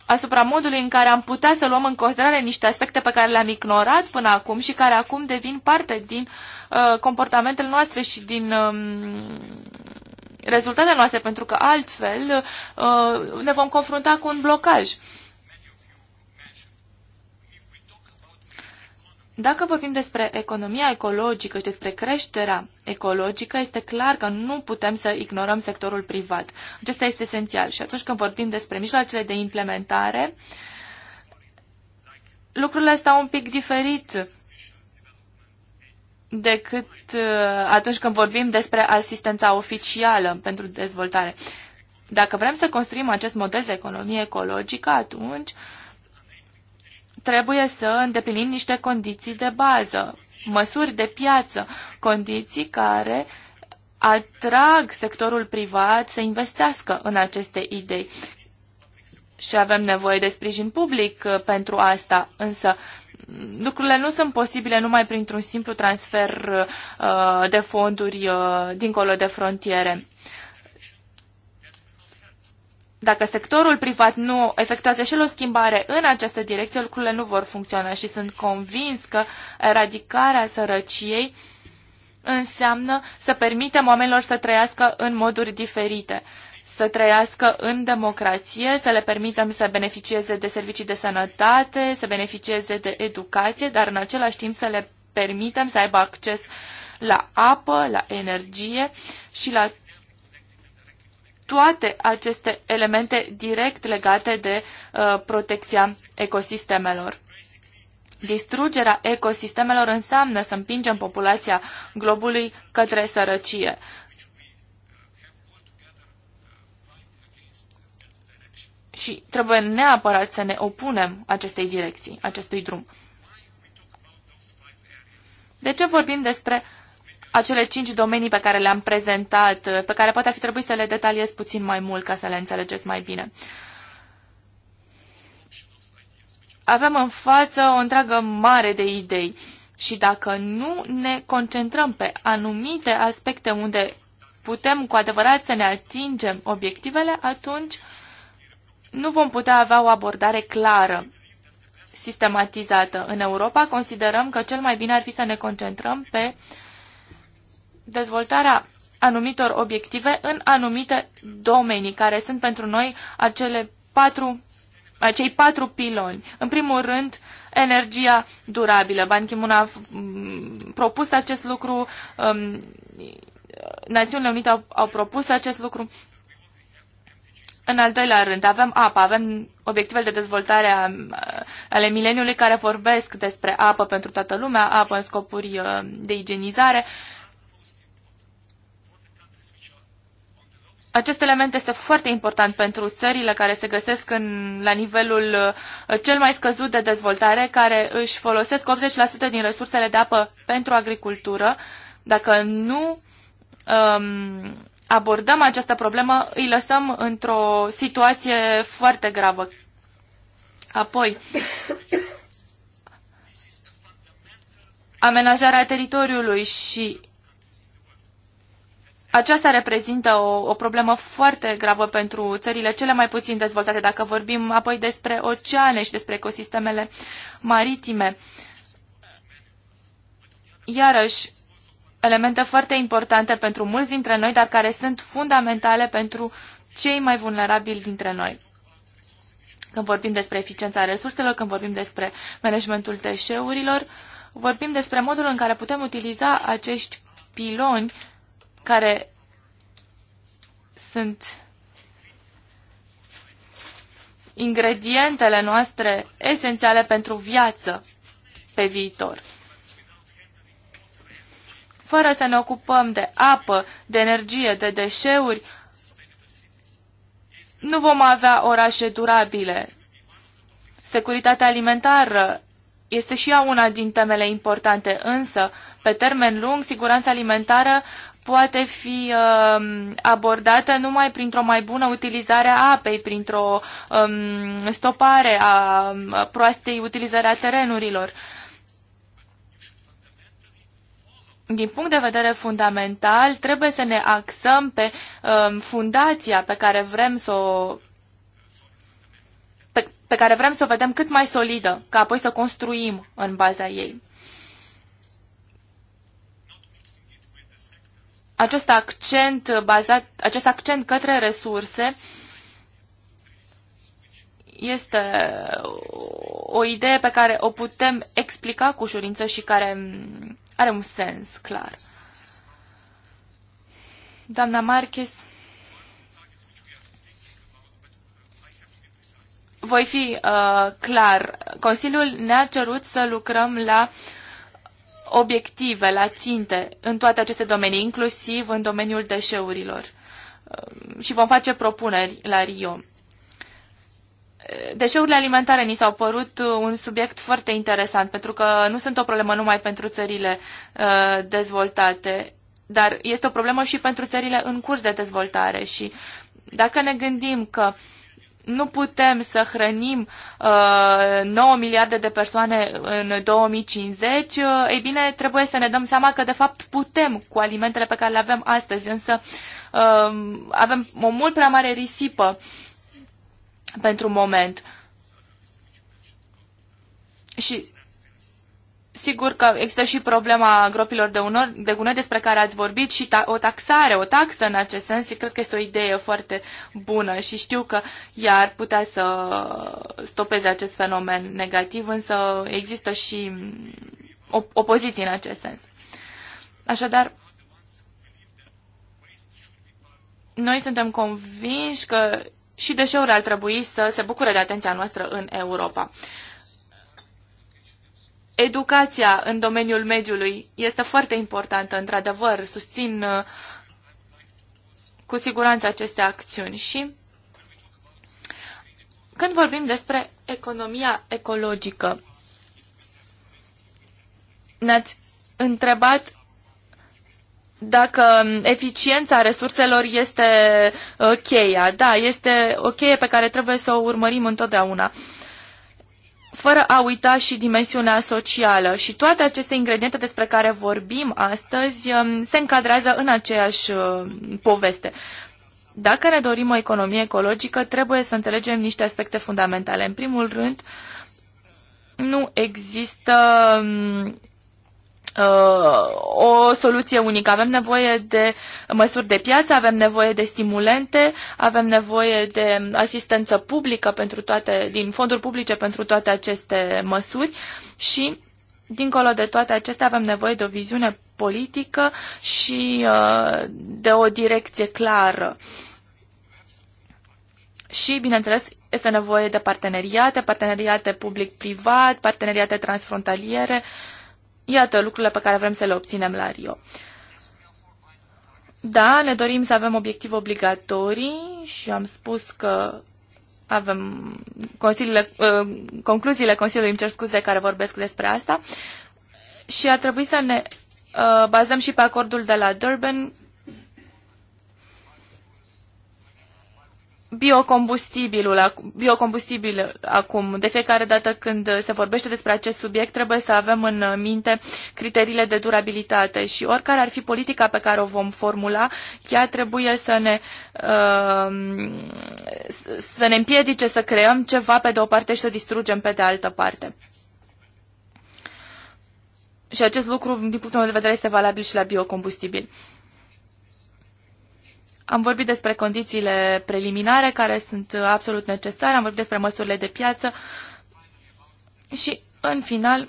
S4: asupra modului în care am putea să luăm în considerare niște aspecte pe care le-am ignorat până acum și care acum devin parte din uh, comportamentele noastre și din Uh, rezultatele noastre, pentru că altfel uh, ne vom confrunta cu un blocaj. Dacă vorbim despre economia ecologică și despre creșterea ecologică, este clar că nu putem să ignorăm sectorul privat. Acesta este esențial. Și atunci când vorbim despre mijloacele de implementare, lucrurile stau un pic diferit decât uh, atunci când vorbim despre asistența oficială pentru dezvoltare. Dacă vrem să construim acest model de economie ecologică, atunci trebuie să îndeplinim niște condiții de bază, măsuri de piață, condiții care atrag sectorul privat să investească în aceste idei. Și avem nevoie de sprijin public uh, pentru asta, însă lucrurile nu sunt posibile numai printr-un simplu transfer uh, de fonduri uh, dincolo de frontiere. Dacă sectorul privat nu efectuează și el o schimbare în această direcție, lucrurile nu vor funcționa și sunt convins că eradicarea sărăciei înseamnă să permitem oamenilor să trăiască în moduri diferite. Uh, să trăiască în democrație, să le permitem să beneficieze de servicii de sănătate, să beneficieze de educație, dar în același timp să le permitem să aibă acces la apă, la energie și la toate aceste elemente direct legate de uh, protecția ecosistemelor. Distrugerea ecosistemelor înseamnă să împingem populația globului către sărăcie. și trebuie neapărat să ne opunem acestei direcții, acestui drum. De ce vorbim despre acele cinci domenii pe care le-am prezentat, pe care poate ar fi trebuit să le detaliez puțin mai mult ca să le înțelegeți mai bine? Avem în față o întreagă mare de idei și dacă nu ne concentrăm pe anumite aspecte unde putem cu adevărat să ne atingem obiectivele, atunci uh, nu vom putea avea o abordare clară, sistematizată. În Europa considerăm că cel mai bine ar fi să ne concentrăm pe dezvoltarea anumitor obiective în anumite domenii, care sunt pentru noi acele patru, acei patru piloni. În primul rând, energia durabilă. Ban Ki-moon a mm, propus acest lucru, um, Națiunile Unite au, au propus acest lucru. În al doilea rând, avem apa, avem obiectivele de dezvoltare a, ale mileniului care vorbesc despre apă pentru toată lumea, apă în scopuri uh, de igienizare. Acest element este foarte important pentru țările care se găsesc în, la nivelul uh, cel mai scăzut de dezvoltare, care își folosesc 80% din resursele de apă pentru agricultură. Dacă nu um, abordăm această problemă, îi lăsăm într-o situație foarte gravă. Apoi, amenajarea teritoriului și aceasta reprezintă o, o problemă foarte gravă pentru țările cele mai puțin dezvoltate, dacă vorbim apoi despre oceane și despre ecosistemele maritime. Iarăși, elemente foarte importante pentru mulți dintre noi, dar care sunt fundamentale pentru cei mai vulnerabili dintre noi. Când vorbim despre eficiența resurselor, când vorbim despre managementul deșeurilor, vorbim despre modul în care putem utiliza acești piloni care sunt ingredientele noastre esențiale pentru viață pe viitor fără să ne ocupăm de apă, de energie, de deșeuri, nu vom avea orașe durabile. Securitatea alimentară este și ea una din temele importante, însă, pe termen lung, siguranța alimentară poate fi um, abordată numai printr-o mai bună utilizare a apei, printr-o um, stopare a um, proastei utilizări a terenurilor. Uh, din punct de vedere fundamental, trebuie să ne axăm pe um, fundația pe care vrem să o pe, pe care vrem să o vedem cât mai solidă, ca apoi să construim în baza ei. Acest accent bazat, acest accent către resurse este o idee pe care o putem explica cu ușurință și care are un sens clar. Doamna Marches, voi fi uh, clar. Consiliul ne-a cerut să lucrăm la obiective, la ținte în toate aceste domenii, inclusiv în domeniul deșeurilor. Uh, și vom face propuneri la Rio. Deșeurile alimentare ni s-au părut uh, un subiect foarte interesant, pentru că nu sunt o problemă numai pentru țările uh, dezvoltate, dar este o problemă și pentru țările în curs de dezvoltare. Și dacă ne gândim că nu putem să hrănim 9 uh, miliarde de persoane în 2050, ei bine, trebuie să ne dăm seama că de fapt putem cu alimentele pe care le avem astăzi, însă avem o mult prea mare risipă pentru moment. Și sigur că există și problema gropilor de, unor, de gunoi despre care ați vorbit și ta, o taxare, o taxă în acest sens și cred că este o idee foarte bună și știu că ea ar putea să stopeze acest fenomen negativ, însă există și mm, op- opoziție în acest sens. Așadar, noi suntem convinși că și deșeuri ar trebui să se bucure de atenția noastră în Europa. Educația în domeniul mediului este foarte importantă, într-adevăr, susțin uh, cu siguranță aceste acțiuni și când vorbim despre economia ecologică, ne-ați întrebat dacă eficiența resurselor este uh, cheia. Da, este o cheie pe care trebuie să o urmărim întotdeauna fără a uita și dimensiunea socială. Și toate aceste ingrediente despre care vorbim astăzi um, se încadrează în aceeași uh, poveste. Dacă ne dorim o economie ecologică, trebuie să înțelegem niște aspecte fundamentale. În primul rând, nu există um, Uh, o soluție unică. Avem nevoie de măsuri de piață, avem nevoie de stimulente, avem nevoie de asistență publică pentru toate, din fonduri publice pentru toate aceste măsuri și Dincolo de toate acestea, avem nevoie de o viziune politică și uh, de o direcție clară. Și, bineînțeles, este nevoie de parteneriate, parteneriate public-privat, parteneriate transfrontaliere, uh, Iată lucrurile pe care vrem să le obținem la Rio. Da, ne dorim să avem obiective obligatorii și am spus că avem consiliile, uh, concluziile Consiliului, îmi cer scuze, care vorbesc despre asta și ar trebui să ne uh, bazăm și pe acordul de la Durban biocombustibilul, biocombustibil acum. De fiecare dată când se vorbește despre acest subiect, trebuie să avem în minte criteriile de durabilitate și oricare ar fi politica pe care o vom formula, ea trebuie să ne, uh, să ne împiedice să creăm ceva pe de o parte și să distrugem pe de altă parte. Și acest lucru, din punctul meu de vedere, este valabil și la biocombustibil. Am vorbit despre condițiile preliminare care sunt absolut necesare, am vorbit despre măsurile de piață și, în final,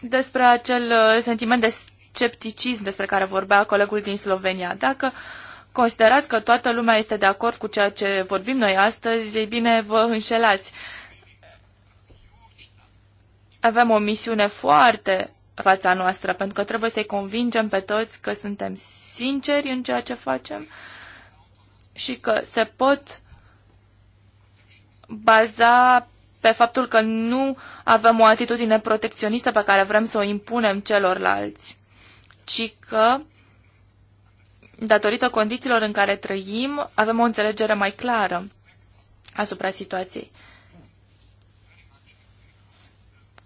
S4: despre acel uh, sentiment de scepticism despre care vorbea colegul din Slovenia. Dacă considerați că toată lumea este de acord cu ceea ce vorbim noi astăzi, ei bine, vă înșelați. Avem o misiune foarte fața noastră, pentru că trebuie să-i convingem pe toți că suntem sinceri în ceea ce facem și că se pot baza pe faptul că nu avem o atitudine protecționistă pe care vrem să o impunem celorlalți, ci că, datorită condițiilor în care trăim, avem o înțelegere mai clară asupra situației.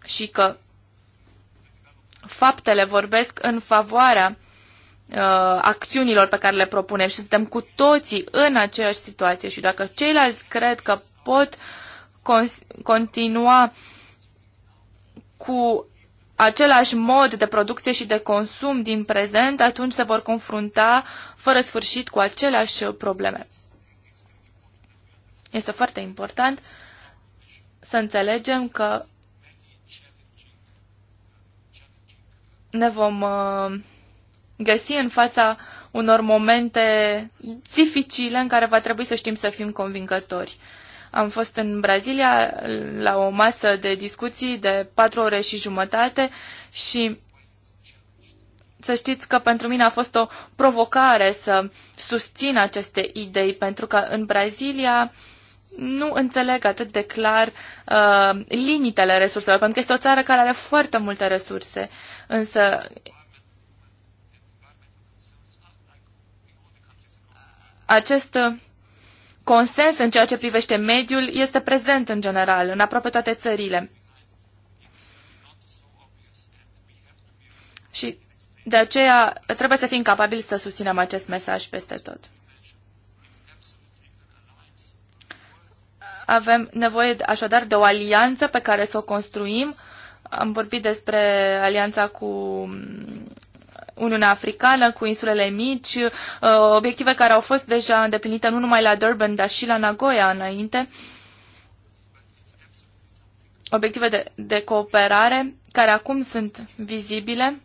S4: Și că faptele vorbesc în favoarea uh, acțiunilor pe care le propunem și suntem cu toții în aceeași situație și dacă ceilalți cred că pot continua cu același mod de producție și de consum din prezent, atunci se vor confrunta fără sfârșit cu aceleași probleme. Este foarte important să înțelegem că ne vom uh, găsi în fața unor momente dificile în care va trebui să știm să fim convingători. Am fost în Brazilia la o masă de discuții de patru ore și jumătate și să știți că pentru mine a fost o provocare să susțin aceste idei, pentru că în Brazilia nu înțeleg atât de clar uh, limitele resurselor, pentru că este o țară care are foarte multe resurse, însă acest uh, consens în ceea ce privește mediul este prezent în general, în aproape toate țările. Și de aceea trebuie să fim capabili să susținem acest mesaj peste tot. Avem nevoie așadar de o alianță pe care să o construim. Am vorbit despre alianța cu mm, Uniunea Africană, cu insulele mici, uh, obiective care au fost deja îndeplinite nu numai la Durban, dar și la Nagoya înainte. Obiective de, de cooperare care acum sunt vizibile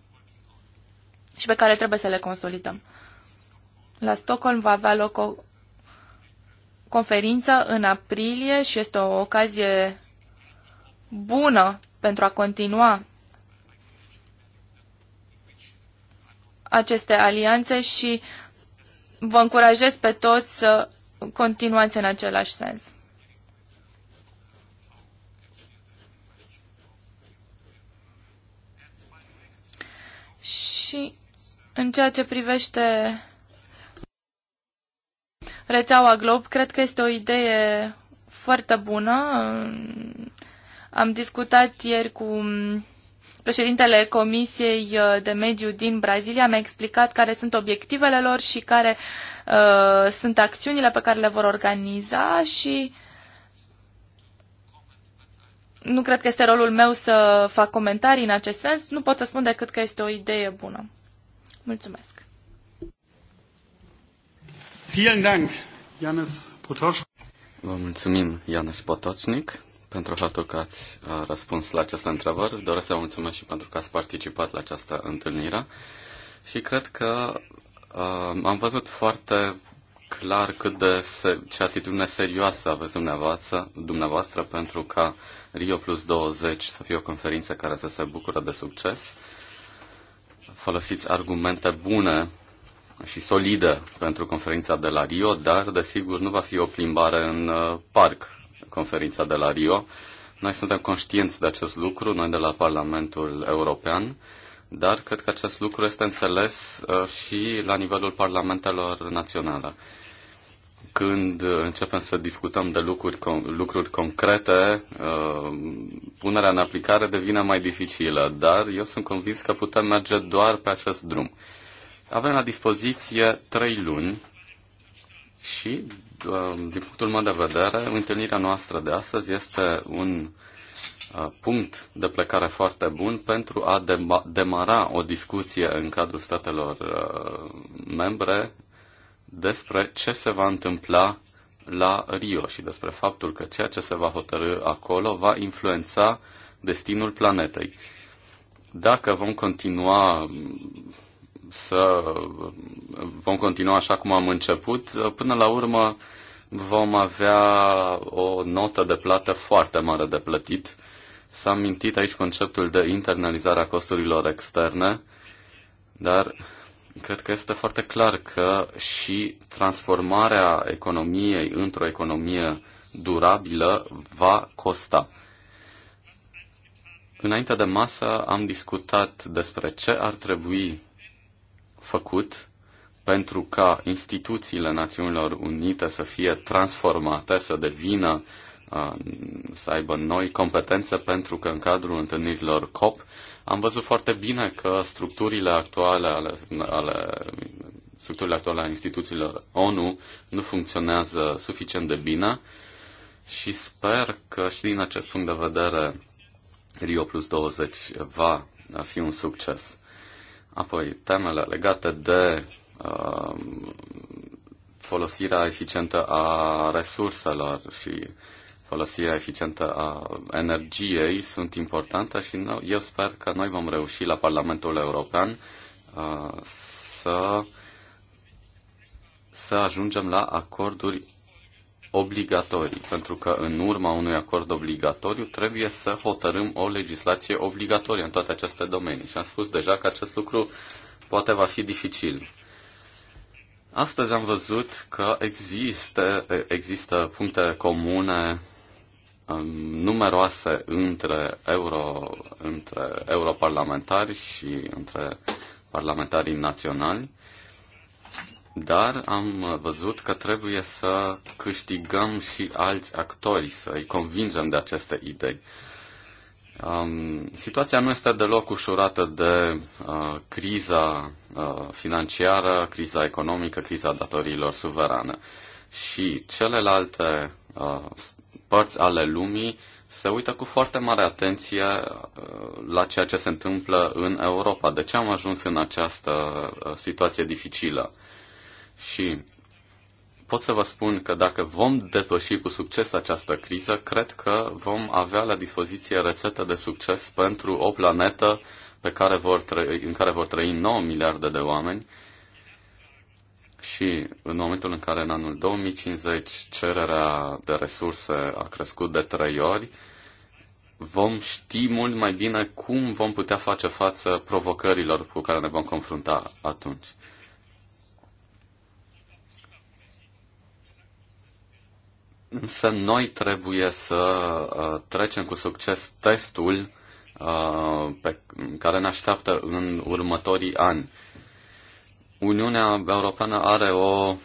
S4: și pe care trebuie să le consolidăm. La Stockholm va avea loc o conferință în aprilie și este o ocazie bună pentru a continua aceste alianțe și vă încurajez pe toți să continuați în același sens. Și în ceea ce privește rețeaua Glob, cred că este o idee foarte bună. Am discutat ieri cu președintele Comisiei uh, de Mediu din Brazilia, mi-a explicat care sunt obiectivele lor și care uh, sunt acțiunile pe care le vor organiza și nu cred că este rolul meu să fac comentarii în acest sens, nu pot să spun decât că este o idee bună. Mulțumesc!
S2: Vielen Dank, Janis Potoș. Vă mulțumim, Ianes Potocnic, pentru faptul că ați răspuns la această întrebare. Doresc să vă mulțumesc și pentru că ați participat la această întâlnire. Și cred că uh, am văzut foarte clar cât de se, ce atitudine serioasă aveți dumneavoastră, dumneavoastră pentru ca Rio Plus 20 să fie o conferință care să se bucură de succes. Folosiți argumente bune și solidă pentru conferința de la Rio, dar desigur nu va fi o plimbare în uh, parc conferința de la Rio. Noi suntem conștienți de acest lucru, noi de la Parlamentul European, dar cred că acest lucru este înțeles uh, și la nivelul parlamentelor naționale. Când uh, începem să discutăm de lucruri, lucruri concrete, punerea în aplicare devine mai dificilă, dar eu sunt convins că putem merge doar pe acest drum. Avem la dispoziție trei luni și, um, din punctul meu de vedere, întâlnirea noastră de astăzi este un uh, punct de plecare foarte bun pentru a demara o discuție în cadrul statelor uh, membre despre ce se va întâmpla la Rio și despre faptul că ceea ce se va hotărâ acolo va influența destinul planetei. Dacă vom continua să vom continua așa cum am început, până la urmă vom avea o notă de plată foarte mare de plătit. S-a mintit aici conceptul de internalizare a costurilor externe, dar cred că este foarte clar că și transformarea economiei într-o economie durabilă va costa. Înainte de masă am discutat despre ce ar trebui făcut pentru ca instituțiile Națiunilor Unite să fie transformate, să devină, uh, să aibă noi competențe, pentru că în cadrul întâlnirilor COP am văzut foarte bine că structurile actuale ale, ale structurile actuale a instituțiilor ONU nu funcționează suficient de bine și sper că și din acest punct de vedere Rio Plus 20 va fi un succes. Apoi, temele legate de uh, folosirea eficientă a resurselor și folosirea eficientă a energiei sunt importante și eu sper că noi vom reuși la Parlamentul European uh, să, să ajungem la acorduri obligatorii, pentru că în urma unui acord obligatoriu trebuie să hotărâm o legislație obligatorie în toate aceste domenii. Și am spus deja că acest lucru poate va fi dificil. Astăzi am văzut că există, există puncte comune um, numeroase între, euro, între europarlamentari și între parlamentarii naționali dar am uh, văzut că trebuie să câștigăm și alți actori, să-i convingem de aceste idei. Um, situația nu este deloc ușurată de uh, criza uh, financiară, criza economică, criza datoriilor suverane. Și celelalte uh, părți ale lumii se uită cu foarte mare atenție uh, la ceea ce se întâmplă în Europa. De ce am ajuns în această uh, situație dificilă? Uh, și pot să vă spun că dacă vom depăși cu succes această criză, cred că vom avea la dispoziție rețete de succes pentru o planetă pe care vor trăi, în care vor trăi 9 miliarde de oameni și în momentul în care în anul 2050 cererea de resurse a crescut de trei ori, vom ști mult mai bine cum vom putea face față provocărilor cu care ne vom confrunta atunci. Însă noi trebuie să uh, trecem cu succes testul uh, pe care ne așteaptă în următorii ani. Uniunea Europeană are o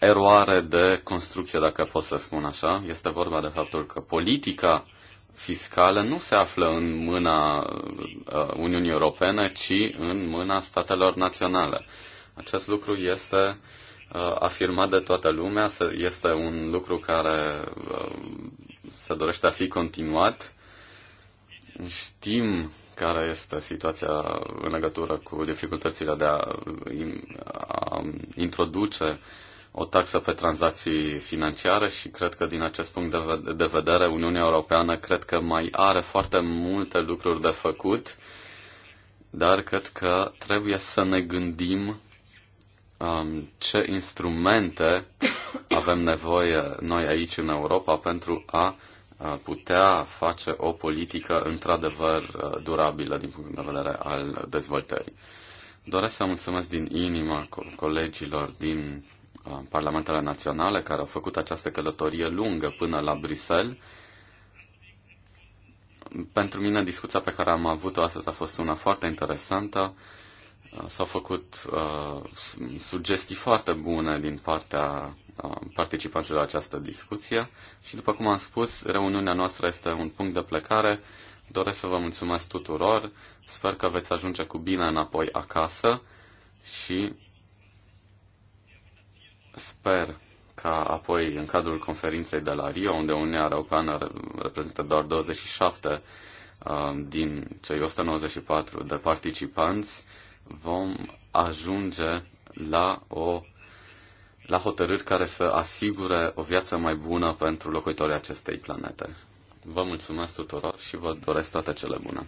S2: eroare de construcție, dacă pot să spun așa. Este vorba de faptul că politica fiscală nu se află în mâna uh, Uniunii Europene, ci în mâna statelor naționale. Acest lucru este uh, Uh, afirmat de toată lumea, este un lucru care uh, se dorește a fi continuat. Știm care este situația în legătură cu dificultățile de a, introduce o taxă pe tranzacții financiare și cred că din acest punct de vedere Uniunea Europeană cred că mai are foarte multe lucruri de făcut, dar cred că trebuie să ne gândim Um, ce instrumente avem nevoie noi aici în Europa pentru a uh, putea face o politică într-adevăr uh, durabilă din punct de vedere al dezvoltării. Doresc să mulțumesc din inimă colegilor din uh, Parlamentele Naționale care au făcut această călătorie lungă până la Bruxelles. Pentru mine discuția pe care am avut-o astăzi a fost una foarte interesantă. S-au făcut uh, sugestii foarte bune din partea uh, participanților la această discuție și, după cum am spus, reuniunea noastră este un punct de plecare. Doresc să vă mulțumesc tuturor, sper că veți ajunge cu bine înapoi acasă și sper ca apoi, în cadrul conferinței de la Rio, unde Uniunea Europeană reprezintă doar 27 uh, din cei 194 de participanți, vom ajunge la o la hotărâri care să asigure o viață mai bună pentru locuitorii acestei planete. Vă mulțumesc tuturor și vă doresc toate cele bune.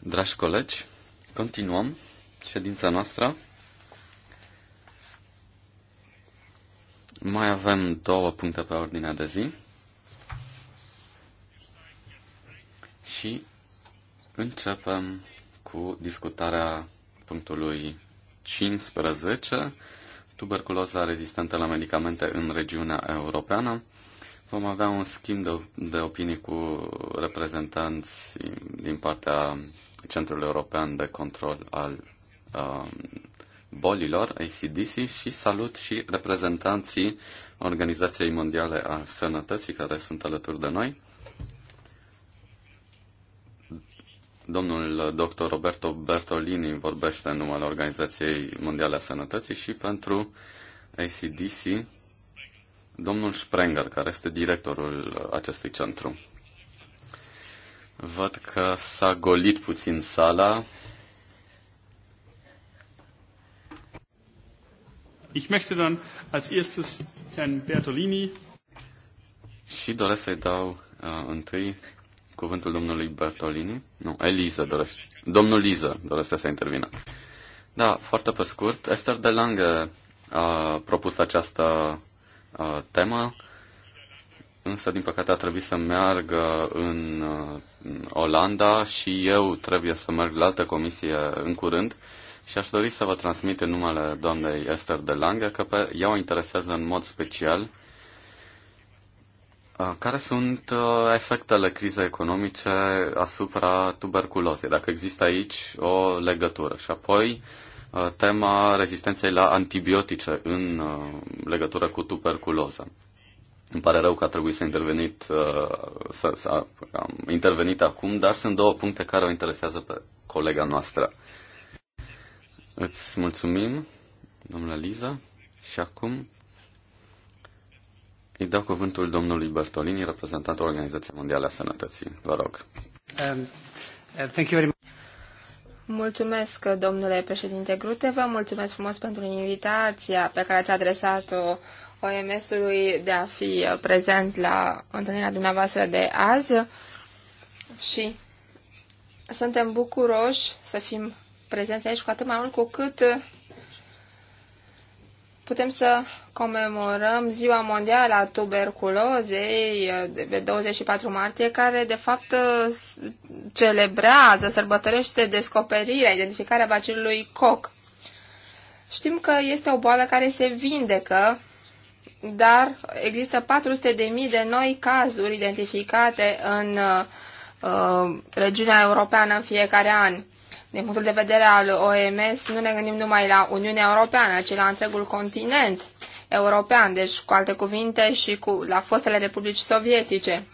S2: Dragi colegi, continuăm ședința noastră. Mai avem două puncte pe ordinea de zi. Și începem cu discutarea punctului 15, tuberculoza rezistentă la medicamente în regiunea europeană Vom avea un schimb de, de opinii cu reprezentanți din partea Centrului European de Control al um, bolilor, ACDC, și salut și reprezentanții Organizației Mondiale a Sănătății care sunt alături de noi. Domnul dr. Roberto Bertolini vorbește în numele Organizației Mondiale a Sănătății și pentru ACDC Domnul Sprenger, care este directorul uh, acestui centru. Văd că s-a golit puțin sala.
S1: Ich möchte dann als erstes Herrn Bertolini.
S2: Și doresc să-i dau uh, întâi cuvântul domnului Bertolini. Nu, Eliza dorește. Domnul Liza dorește să intervină. Da, foarte pe scurt. Esther de Lange a propus această uh, temă, însă din păcate a trebuit să meargă în, uh, în Olanda și eu trebuie să merg la altă comisie în curând și aș dori să vă transmit în numele doamnei Esther de Lange că pe ea o interesează în mod special uh, care sunt uh, efectele crizei economice asupra tuberculozei, dacă există aici o legătură. Și apoi, Uh, tema rezistenței la antibiotice în uh, legătură cu tuberculoză. Îmi pare rău că a trebuit să intervenit, uh, să, să am intervenit acum, dar sunt două puncte care o interesează pe colega noastră. Îți mulțumim, domnule Liza, și acum îi dau cuvântul domnului Bertolini, reprezentantul Organizației Mondiale a Sănătății. Vă rog.
S3: Um, uh, thank you very much.
S5: Mulțumesc, domnule președinte Grute, vă mulțumesc frumos pentru invitația pe care ați adresat-o OMS-ului de a fi prezent la întâlnirea dumneavoastră de azi și suntem bucuroși să fim prezenți aici cu atât mai mult cu cât putem să comemorăm Ziua Mondială a Tuberculozei de pe 24 martie, care de fapt celebrează, sărbătorește descoperirea, identificarea bacilului COC. Știm că este o boală care se vindecă, dar există 400.000 de noi cazuri identificate în uh, regiunea europeană în fiecare an. Din punctul de vedere al OMS, nu ne gândim numai la Uniunea Europeană, ci la întregul continent european, deci cu alte cuvinte și cu, la fostele republici sovietice.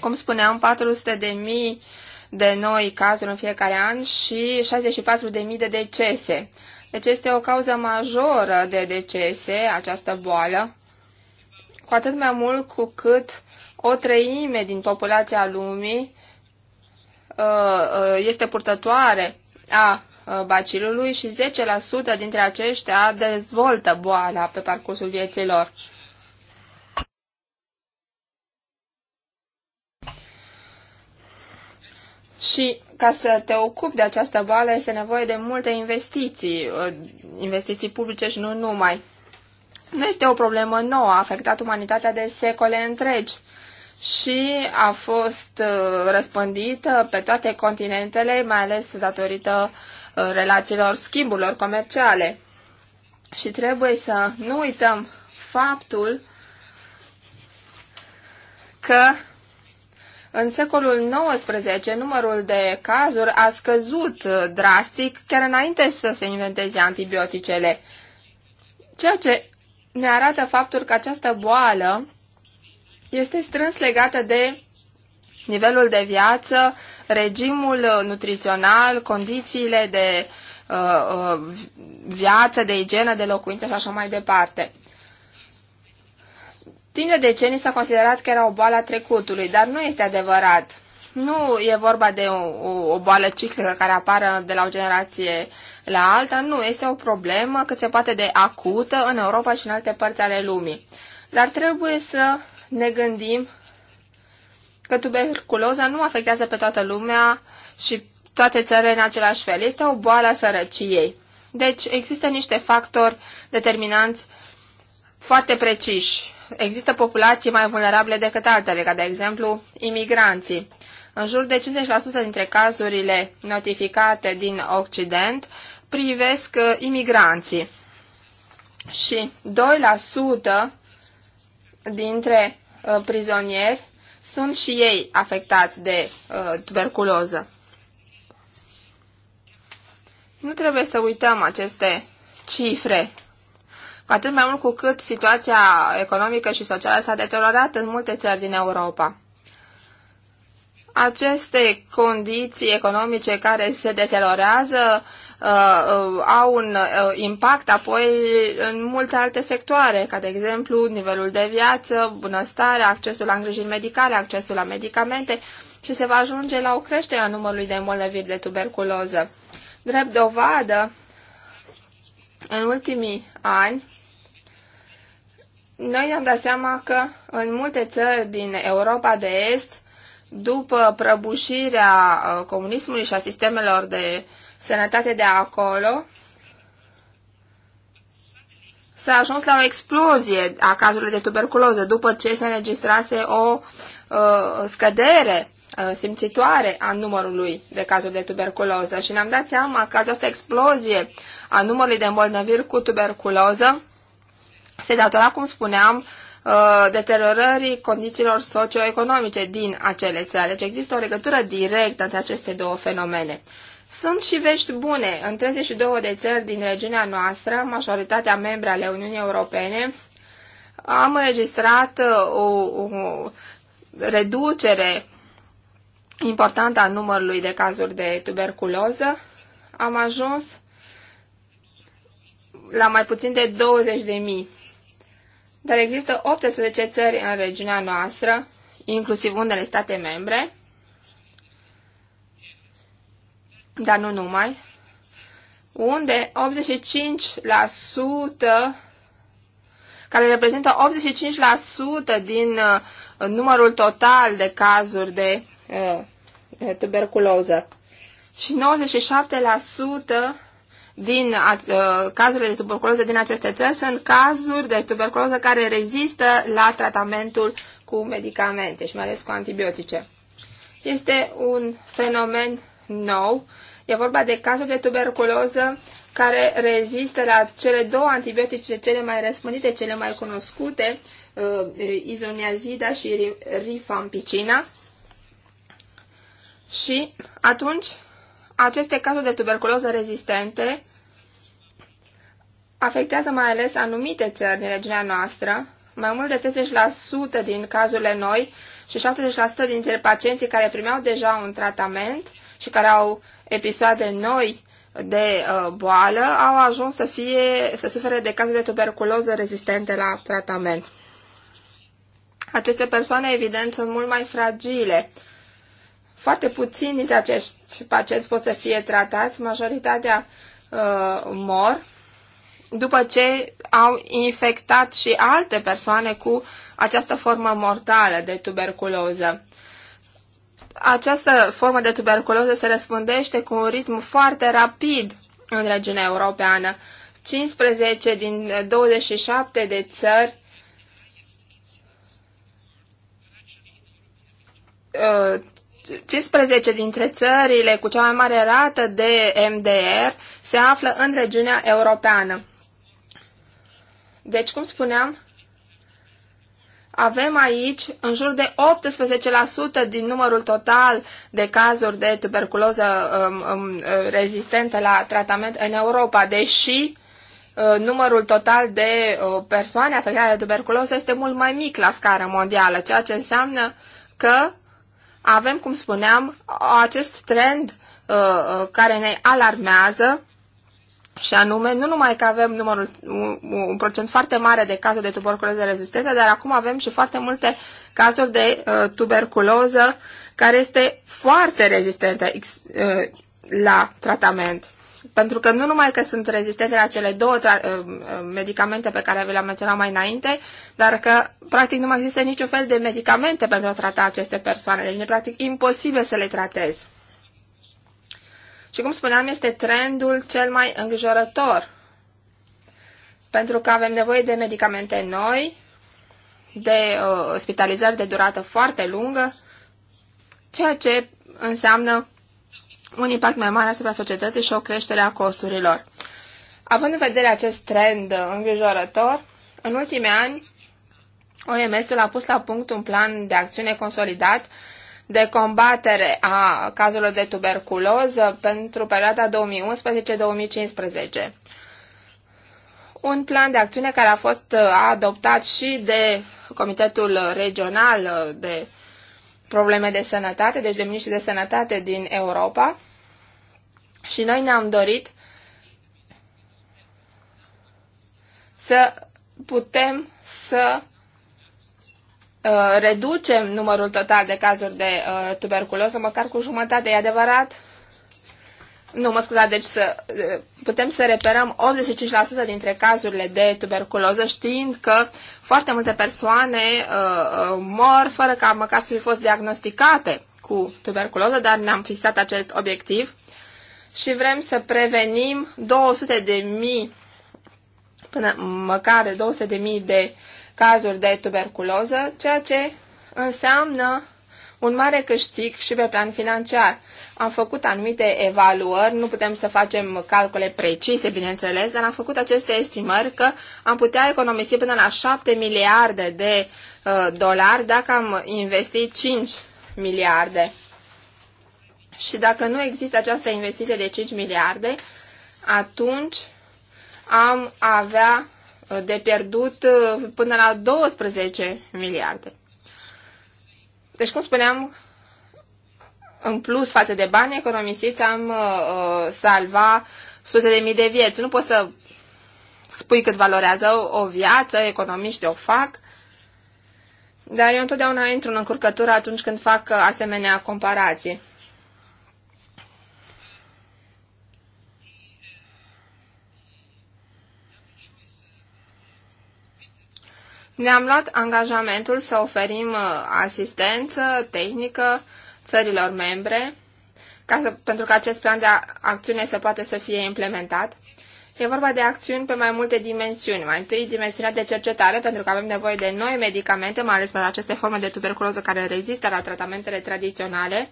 S5: Cum spuneam, 400 de mii de noi cazuri în fiecare an și 64 de mii de decese. Deci este o cauză majoră de decese, această boală, cu atât mai mult cu cât o treime din populația lumii Uh, uh, este purtătoare a uh, bacilului și 10% dintre aceștia dezvoltă boala pe parcursul vieții lor. Și ca să te ocupi de această boală este nevoie de multe investiții, investiții publice și nu numai. Nu este o problemă nouă, a afectat umanitatea de secole întregi și a fost uh, răspândită pe toate continentele, mai ales datorită uh, relațiilor schimburilor comerciale. Și trebuie să nu uităm faptul că în secolul XIX numărul de cazuri a scăzut uh, drastic chiar înainte să se inventeze antibioticele, ceea ce ne arată faptul că această boală este strâns legată de nivelul de viață, regimul nutrițional, condițiile de uh, uh, viață, de igienă, de locuință și așa mai departe. Timp de decenii s-a considerat că era o boală a trecutului, dar nu este adevărat. Nu e vorba de o, o boală ciclică care apare de la o generație la alta, nu, este o problemă cât se poate de acută în Europa și în alte părți ale lumii. Dar trebuie să ne gândim că tuberculoza nu afectează pe toată lumea și toate țările în același fel. Este o boală a sărăciei. Deci există niște factori determinanți foarte preciși. Există populații mai vulnerabile decât altele, ca de exemplu imigranții. În jur de 50% dintre cazurile notificate din Occident privesc uh, imigranții și 2% dintre uh, prizonieri sunt și ei afectați de uh, tuberculoză. Nu trebuie să uităm aceste cifre, atât mai mult cu cât situația economică și socială s-a deteriorat în multe țări din Europa. Aceste condiții economice care se deteriorează uh, au un uh, impact apoi în multe alte sectoare, ca de exemplu nivelul de viață, bunăstare, accesul la îngrijiri medicale, accesul la medicamente și se va ajunge la o creștere a numărului de îmbolnăviri de tuberculoză. Drept dovadă, în ultimii ani, noi ne-am dat seama că în multe țări din Europa de Est, după prăbușirea uh, comunismului și a sistemelor de sănătate de acolo, s-a ajuns la o explozie a cazurilor de tuberculoză după ce se înregistrase o uh, scădere uh, simțitoare a numărului de cazuri de tuberculoză și ne-am dat seama că această explozie a numărului de îmbolnăviri cu tuberculoză se datora, cum spuneam, uh, deteriorării condițiilor socioeconomice din acele țări. Deci există o legătură directă între aceste două fenomene. Sunt și vești bune. În 32 de țări din regiunea noastră, majoritatea membre ale Uniunii Europene, am înregistrat uh, o, o reducere importantă a numărului de cazuri de tuberculoză. Am ajuns la mai puțin de 20.000. Dar există 18 țări în regiunea noastră, inclusiv unele state membre, dar nu numai, unde 85%, care reprezintă 85% din uh, numărul total de cazuri de uh, uh tuberculoză și 97% din uh, cazurile de tuberculoză din aceste țări sunt cazuri de tuberculoză care rezistă la tratamentul cu medicamente și mai ales cu antibiotice. Este un fenomen nou E vorba de cazuri de tuberculoză care rezistă la cele două antibiotice cele mai răspândite, cele mai cunoscute, uh, izoniazida și rifampicina. Și atunci, aceste cazuri de tuberculoză rezistente afectează mai ales anumite țări din regiunea noastră. Mai mult de 30% din cazurile noi și 70% dintre pacienții care primeau deja un tratament și care au episoade noi de uh, boală au ajuns să, fie, să sufere de cazuri de tuberculoză rezistente la tratament. Aceste persoane, evident, sunt mult mai fragile. Foarte puțini dintre acești pacienți pot să fie tratați, majoritatea uh, mor după ce au infectat și alte persoane cu această formă mortală de tuberculoză. Această formă de tuberculoză se răspândește cu un ritm foarte rapid în regiunea europeană. 15 din 27 de țări uh, 15 dintre țările cu cea mai mare rată de MDR se află în regiunea europeană. Deci, cum spuneam, avem aici în jur de 18% din numărul total de cazuri de tuberculoză um, um, rezistentă la tratament în Europa, deși uh, numărul total de uh, persoane afectate de tuberculoză este mult mai mic la scară mondială, ceea ce înseamnă că avem, cum spuneam, acest trend uh, uh care ne alarmează și anume, nu numai că avem numărul, un, un procent foarte mare de cazuri de tuberculoză rezistentă, dar acum avem și foarte multe cazuri de uh, tuberculoză care este foarte rezistentă uh, la tratament. Pentru că nu numai că sunt rezistente la cele două uh, uh, medicamente pe care vi le-am menționat mai înainte, dar că practic nu mai există niciun fel de medicamente pentru a trata aceste persoane. Deci e practic imposibil să le tratezi. Și cum spuneam, este trendul cel mai îngrijorător, pentru că avem nevoie de medicamente noi, de uh, spitalizări de durată foarte lungă, ceea ce înseamnă un impact mai mare asupra societății și o creștere a costurilor. Având în vedere acest trend îngrijorător, în ultimii ani, OMS-ul a pus la punct un plan de acțiune consolidat de combatere a cazurilor de tuberculoză pentru perioada 2011-2015. Un plan de acțiune care a fost uh, adoptat și de Comitetul Regional uh, de Probleme de Sănătate, deci de Miniștri de Sănătate din Europa. Și noi ne-am dorit să putem să Uh, reducem numărul total de cazuri de uh, tuberculoză, măcar cu jumătate, e adevărat? Nu, mă scuzați, deci să, uh, putem să reperăm 85% dintre cazurile de tuberculoză, știind că foarte multe persoane uh, uh, mor fără ca măcar să fi fost diagnosticate cu tuberculoză, dar ne-am fixat acest obiectiv și vrem să prevenim 200.000, până măcar 200.000 de mii de cazuri de tuberculoză, ceea ce înseamnă un mare câștig și pe plan financiar. Am făcut anumite evaluări, nu putem să facem calcule precise, bineînțeles, dar am făcut aceste estimări că am putea economisi până la 7 miliarde de uh, dolari dacă am investit 5 miliarde. Și dacă nu există această investiție de 5 miliarde, atunci am avea de pierdut uh, până la 12 miliarde. Deci, cum spuneam, în plus față de bani economisiți am uh, uh salvat sute de mii de vieți. Nu poți să spui cât valorează o viață, economiști o fac, dar eu întotdeauna intru în încurcătură atunci când fac uh, asemenea comparații. Ne-am luat angajamentul să oferim uh, asistență tehnică țărilor membre ca să, pentru că acest plan de acțiune să poată să fie implementat. E vorba de acțiuni pe mai multe dimensiuni. Mai întâi, dimensiunea de cercetare, pentru că avem nevoie de noi medicamente, mai ales pentru aceste forme de tuberculoză care rezistă la tratamentele tradiționale,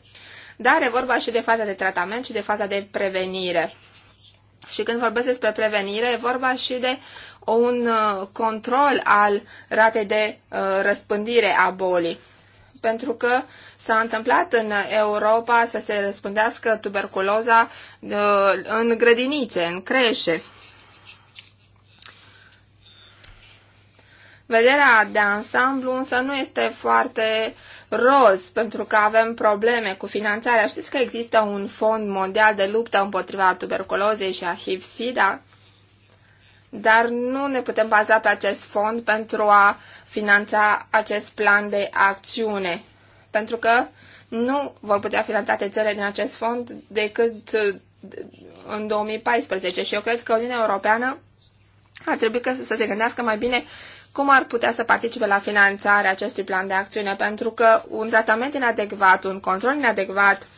S5: dar e vorba și de faza de tratament și de faza de prevenire. Și când vorbesc despre prevenire, e vorba și de un uh, control al ratei de uh, răspândire a bolii. Pentru că s-a întâmplat în Europa să se răspândească tuberculoza uh, în grădinițe, în creșe. Vederea de ansamblu însă nu este foarte roz, pentru că avem probleme cu finanțarea. Știți că există un fond mondial de luptă împotriva tuberculozei și a HIV-SIDA? dar nu ne putem baza pe acest fond pentru a finanța acest plan de acțiune, pentru că nu vor putea finanțate țările din acest fond decât uh, în 2014 și eu cred că Uniunea Europeană ar trebui să se gândească mai bine cum ar putea să participe la finanțarea acestui plan de acțiune, pentru că un tratament inadecvat, un control inadecvat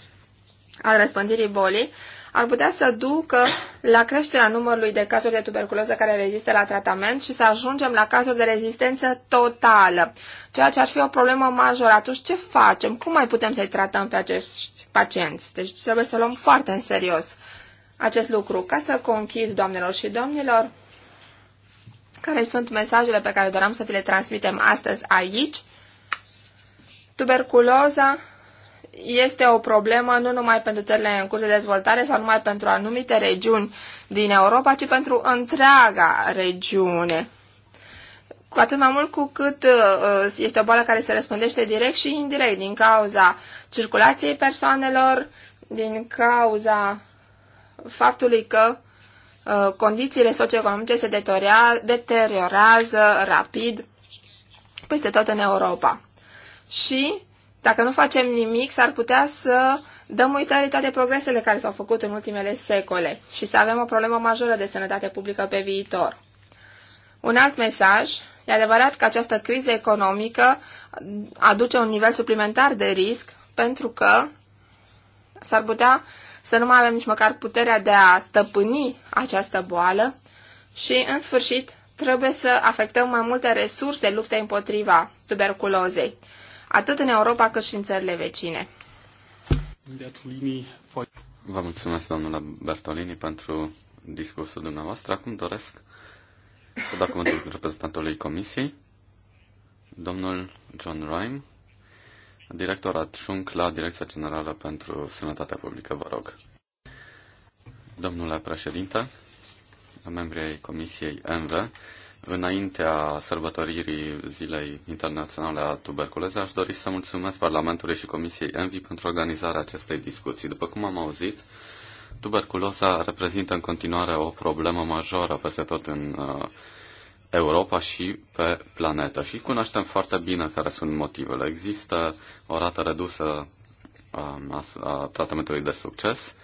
S5: al răspândirii bolii ar putea să ducă la creșterea numărului de cazuri de tuberculoză care rezistă la tratament și să ajungem la cazuri de rezistență totală, ceea ce ar fi o problemă majoră. Atunci ce facem? Cum mai putem să-i tratăm pe acești pacienți? Deci trebuie să luăm foarte în serios acest lucru. Ca să conchid, doamnelor și domnilor, care sunt mesajele pe care doream să vi le transmitem astăzi aici, tuberculoza este o problemă nu numai pentru țările în curs de dezvoltare sau numai pentru anumite regiuni din Europa, ci pentru întreaga regiune. Cu atât mai mult cu cât uh, uh, este o boală care se răspândește direct și indirect din cauza circulației persoanelor, din cauza faptului că uh, condițiile socioeconomice se deteriorează rapid peste tot în Europa. Și dacă nu facem nimic, s-ar putea să dăm uitare toate progresele care s-au făcut în ultimele secole și să avem o problemă majoră de sănătate publică pe viitor. Un alt mesaj, e adevărat că această criză economică aduce un nivel suplimentar de risc pentru că s-ar putea să nu mai avem nici măcar puterea de a stăpâni această boală și, în sfârșit, trebuie să afectăm mai multe resurse luptei împotriva tuberculozei atât în Europa cât și în țările vecine.
S2: Vă mulțumesc, domnule Bertolini, pentru discursul dumneavoastră. Acum doresc să dau cuvântul reprezentantului Comisiei, domnul John Ryan, director ad adjunct la Direcția Generală pentru Sănătatea Publică. Vă rog. Domnule președinte, membrii Comisiei MV, Înaintea sărbătoririi Zilei Internaționale a Tuberculezei, aș dori să mulțumesc Parlamentului și Comisiei ENVI pentru organizarea acestei discuții. După cum am auzit, tuberculoza reprezintă în continuare o problemă majoră peste tot în uh, Europa și pe planetă și cunoaștem foarte bine care sunt motivele. Există o rată redusă um, a tratamentului de succes,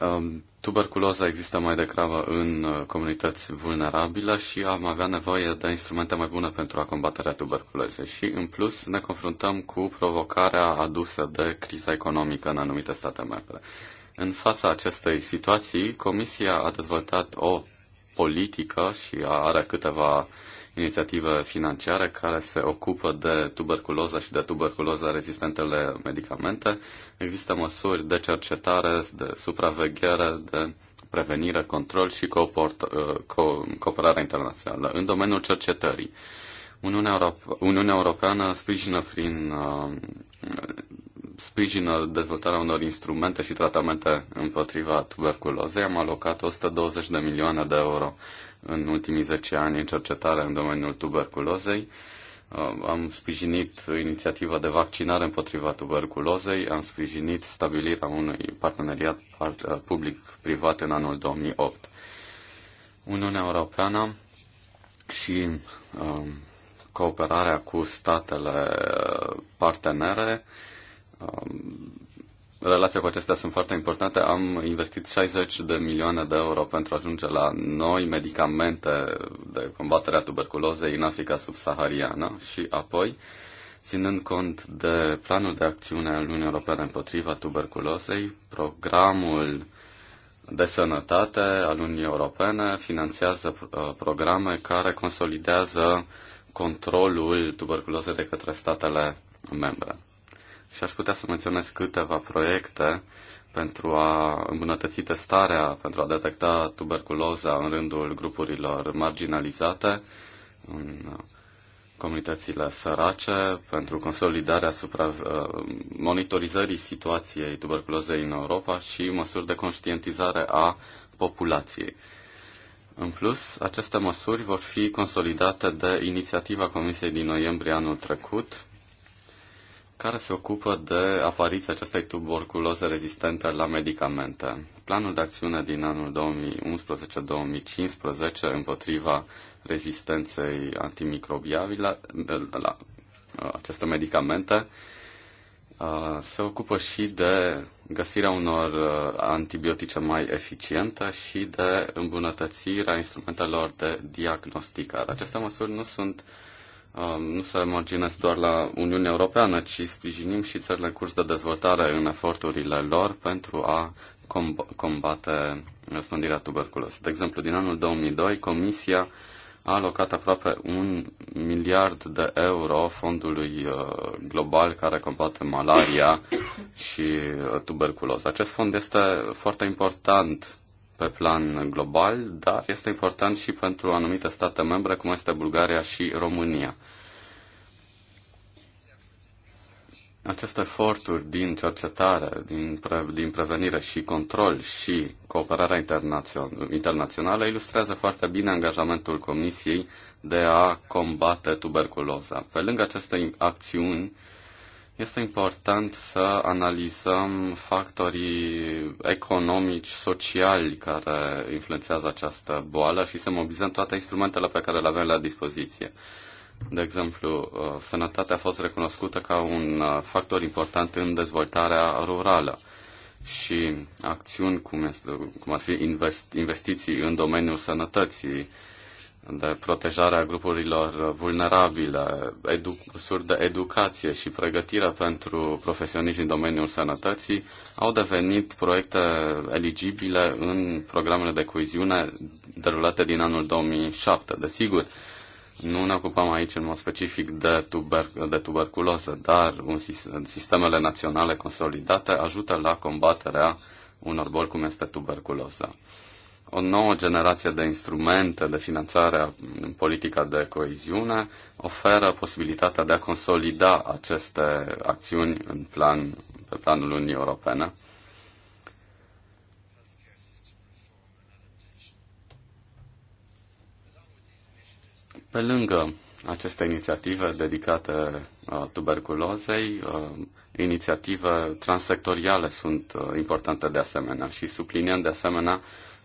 S2: um, Tuberculoza există mai degrabă în uh, comunități vulnerabile și am avea nevoie de instrumente mai bune pentru a combaterea tuberculozei. Și, în plus, ne confruntăm cu provocarea adusă de criza economică în anumite state membre. În fața acestei situații, Comisia a dezvoltat o politică și are câteva uh, inițiativă financiare care se ocupă de tuberculoză și de tuberculoză rezistentele medicamente. Există măsuri de cercetare, de supraveghere, de prevenire, control și uh, cooperare internațională. În domeniul cercetării, Uniunea, Europe- Uniunea Europeană sprijină prin uh, sprijină dezvoltarea unor instrumente și tratamente împotriva tuberculozei. Am alocat 120 de milioane de euro în ultimii 10 ani în cercetare în domeniul tuberculozei. Uh, am sprijinit inițiativa de vaccinare împotriva tuberculozei, am sprijinit stabilirea unui parteneriat uh, public-privat în anul 2008. Uniunea Europeană și um, cooperarea cu statele uh, partenere um, relația cu acestea sunt foarte importante. Am investit 60 de milioane de euro pentru a ajunge la noi medicamente de combatere a tuberculozei în Africa subsahariană și apoi, ținând cont de planul de acțiune al Uniunii Europene împotriva tuberculozei, programul de sănătate al Uniunii Europene finanțează uh, programe care consolidează controlul tuberculozei de către statele membre și aș putea să menționez câteva proiecte pentru a îmbunătăți testarea, pentru a detecta tuberculoza în rândul grupurilor marginalizate, în comunitățile sărace, pentru consolidarea supra, uh, monitorizării situației tuberculozei în Europa și măsuri de conștientizare a populației. În plus, aceste măsuri vor fi consolidate de inițiativa Comisiei din noiembrie anul trecut care se ocupă de apariția acestei tuberculoze rezistente la medicamente. Planul de acțiune din anul 2011-2015 împotriva rezistenței antimicrobiabile la aceste medicamente uh, se ocupă și de găsirea unor uh, antibiotice mai eficiente și de îmbunătățirea instrumentelor de diagnosticare. Aceste măsuri nu sunt uh, Um, nu se marginez doar la Uniunea Europeană, ci sprijinim și țările în curs de dezvoltare în eforturile lor pentru a combate răspândirea tuberculozei. De exemplu, din anul 2002, Comisia a alocat aproape un miliard de euro fondului uh, global care combate malaria și uh, tuberculoza. Acest fond este foarte important pe plan global, dar este important și pentru anumite state membre, cum este Bulgaria și România. Aceste eforturi din cercetare, din, pre, din prevenire și control și cooperarea internațională, internațională ilustrează foarte bine angajamentul Comisiei de a combate tuberculoza. Pe lângă aceste acțiuni, este important să analizăm factorii economici, sociali care influențează această boală și să mobilizăm toate instrumentele pe care le avem la dispoziție. De exemplu, uh, sănătatea a fost recunoscută ca un uh, factor important în dezvoltarea rurală și acțiuni cum, este, cum ar fi investiții în domeniul sănătății, de protejare a grupurilor vulnerabile, edu- măsuri de educație și pregătire pentru profesioniști în domeniul sănătății au devenit proiecte eligibile în programele de coeziune derulate din anul 2007. Desigur, nu ne ocupăm aici în mod specific de, tuber- de tuberculoză, dar un, sistemele naționale consolidate ajută la combaterea unor boli cum este tuberculoza o nouă generație de instrumente de finanțare în politica de coeziune oferă posibilitatea de a consolida aceste acțiuni în plan, pe planul Uniunii Europene. Pe lângă aceste inițiative dedicate uh, tuberculozei, uh, inițiative transsectoriale sunt uh, importante de asemenea și subliniem de asemenea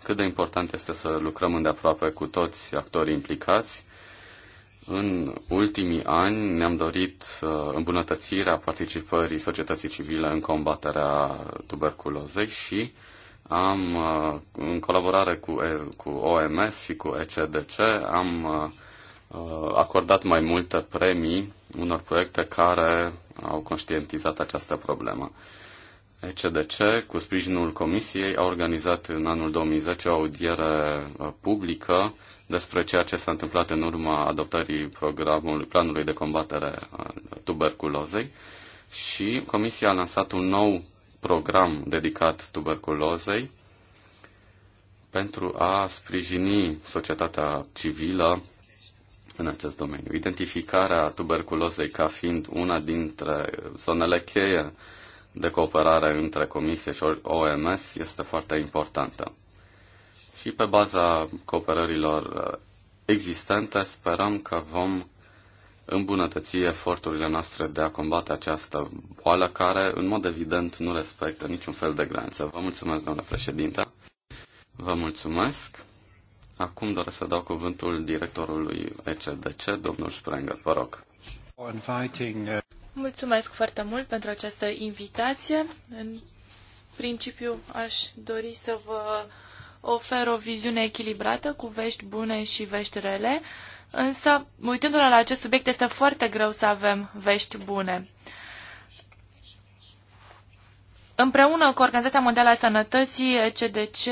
S2: cât de important este să lucrăm îndeaproape cu toți actorii implicați. În ultimii ani ne-am dorit uh, îmbunătățirea participării societății civile în combaterea tuberculozei și am, uh, în colaborare cu, cu OMS și cu ECDC, am uh, acordat mai multe premii unor proiecte care au conștientizat această problemă. ECDC, cu sprijinul Comisiei, a organizat în anul 2010 o audiere uh, publică despre ceea ce s-a întâmplat în urma adoptării programului planului de combatere a tuberculozei și Comisia a lansat un nou program dedicat tuberculozei pentru a sprijini societatea civilă în acest domeniu. Identificarea tuberculozei ca fiind una dintre zonele cheie de cooperare între Comisie și OMS este foarte importantă. Și pe baza cooperărilor uh, existente sperăm că vom îmbunătăți eforturile noastre de a combate această boală care, în mod evident, nu respectă niciun fel de graniță. Vă mulțumesc, domnule președinte. Vă mulțumesc. Acum doresc să dau cuvântul directorului ECDC, domnul Sprenger. Vă rog.
S4: Mulțumesc foarte mult pentru această invitație. În principiu, aș dori să vă ofer o viziune echilibrată cu vești bune și vești rele, însă, uitându-ne la acest subiect, este foarte greu să avem vești bune. Împreună cu Organizația Mondială a Sănătății, ECDC,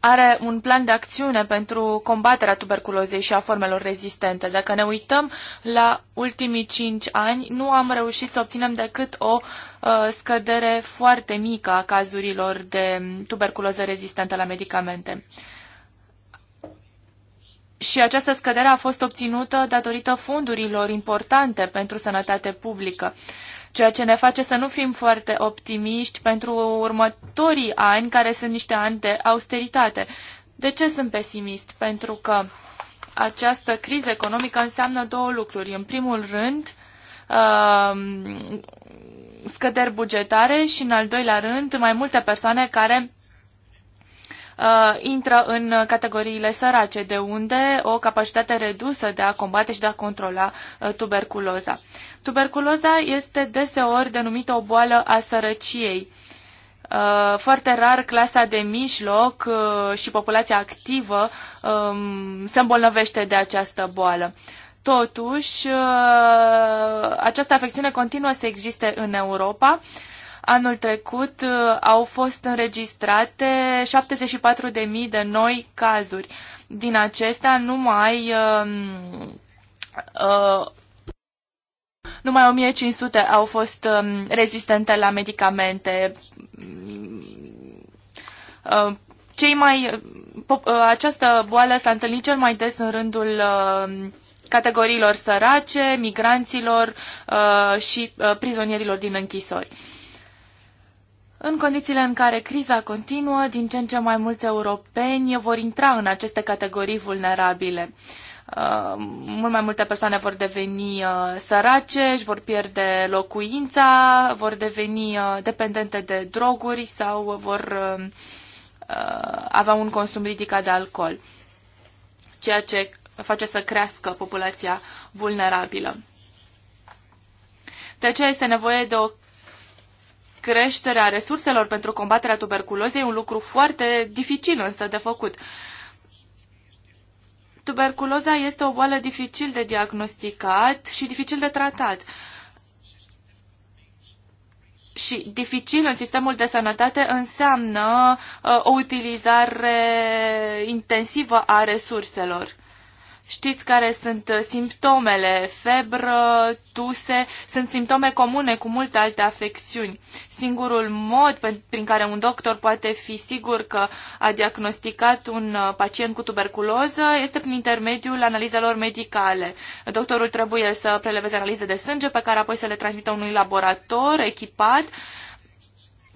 S4: are un plan de acțiune pentru combaterea tuberculozei și a formelor rezistente. Dacă ne uităm la ultimii cinci ani, nu am reușit să obținem decât o uh, scădere foarte mică a cazurilor de tuberculoză rezistentă la medicamente. Și această scădere a fost obținută datorită fondurilor importante pentru sănătate publică. Uh, ceea ce ne face să nu fim foarte optimiști pentru următorii ani, care sunt niște ani de austeritate. De ce sunt pesimist? Pentru că această criză economică înseamnă două lucruri. În primul rând, um, scăderi bugetare și, în al doilea rând, mai multe persoane care uh, intră în categoriile sărace, de unde o capacitate redusă de a combate și de a controla uh, tuberculoza. Tuberculoza este deseori denumită o boală a sărăciei. Uh, foarte rar clasa de mijloc uh, și populația activă um, se îmbolnăvește de această boală. Totuși, uh, această afecțiune continuă să existe în Europa. Anul trecut uh, au fost înregistrate 74.000 de noi cazuri. Din acestea, numai um, uh, uh, numai 1500 au fost uh, rezistente la medicamente. Uh, cei mai, uh, această boală s-a întâlnit cel mai des în rândul uh, categoriilor sărace, migranților uh, și uh, prizonierilor din închisori. În condițiile în care criza continuă, din ce în ce mai mulți europeni vor intra în aceste categorii vulnerabile. Uh, mult mai multe persoane vor deveni uh, sărace, își vor pierde locuința, vor deveni uh, dependente de droguri sau vor uh, uh, avea un consum ridicat de alcool, ceea ce face să crească populația vulnerabilă. De aceea este nevoie de o creșterea resurselor pentru combaterea tuberculozei e un lucru foarte dificil însă de făcut. Tuberculoza este o boală dificil de diagnosticat și dificil de tratat și dificil în sistemul de sănătate înseamnă uh, o utilizare intensivă a resurselor. Știți care sunt uh, simptomele, febră, tuse, sunt simptome comune cu multe alte afecțiuni. Singurul mod prin care un doctor poate fi sigur că a diagnosticat un uh, pacient cu tuberculoză este prin intermediul analizelor medicale. Doctorul trebuie să preleveze analize de sânge pe care apoi să le transmită unui laborator echipat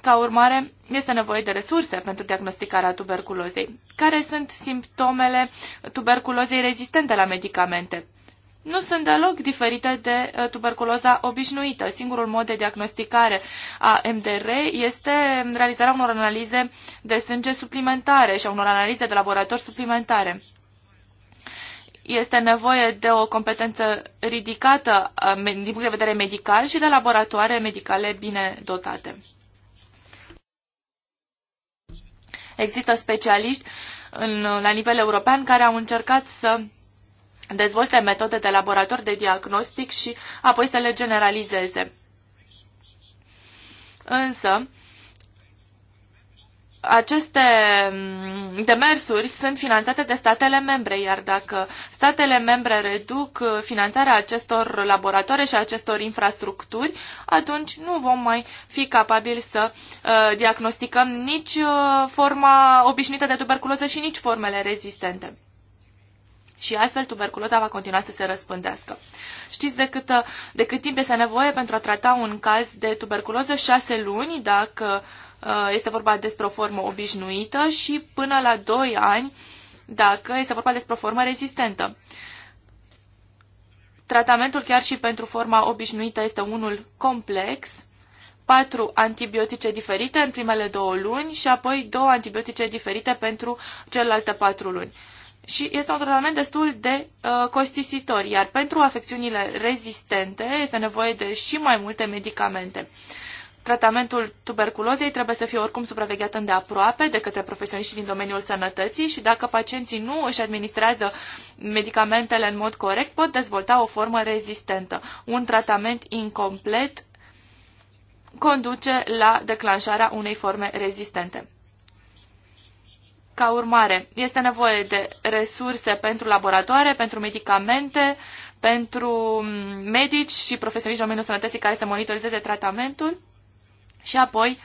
S4: ca urmare, este nevoie de resurse pentru diagnosticarea tuberculozei. Care sunt simptomele tuberculozei rezistente la medicamente? Nu sunt deloc diferite de uh, tuberculoza obișnuită. Singurul mod de diagnosticare a MDR este realizarea unor analize de sânge suplimentare și a unor analize de laborator suplimentare este nevoie de o competență ridicată uh, din punct de vedere medical și de laboratoare medicale bine dotate. Există specialiști în, la nivel european care au încercat să dezvolte metode de laborator de diagnostic și apoi să le generalizeze. Însă, aceste mm, demersuri sunt finanțate de statele membre, iar dacă statele membre reduc uh, finanțarea acestor laboratoare și acestor infrastructuri, atunci nu vom mai fi capabili să uh, diagnosticăm nici uh, forma obișnuită de tuberculoză și nici formele rezistente. Și astfel tuberculoza va continua să se răspândească. Știți de cât, de cât timp este nevoie pentru a trata un caz de tuberculoză? Șase luni, dacă uh, Uh, este vorba despre o formă obișnuită și până la 2 ani dacă este vorba despre o formă rezistentă. Tratamentul chiar și pentru forma obișnuită este unul complex, patru antibiotice diferite în primele două luni și apoi două antibiotice diferite pentru celelalte patru luni. Și este un tratament destul de uh, costisitor, iar pentru afecțiunile rezistente este nevoie de și mai multe medicamente. Uh, Tratamentul tuberculozei trebuie să fie oricum supravegheat îndeaproape de către profesioniști din domeniul sănătății și dacă pacienții nu își administrează medicamentele în mod corect, pot dezvolta o formă rezistentă. Un tratament incomplet conduce la declanșarea unei forme rezistente. Ca urmare, este nevoie de resurse pentru laboratoare, pentru medicamente, pentru mm, medici și profesioniști în domeniul sănătății care să monitorizeze tratamentul și apoi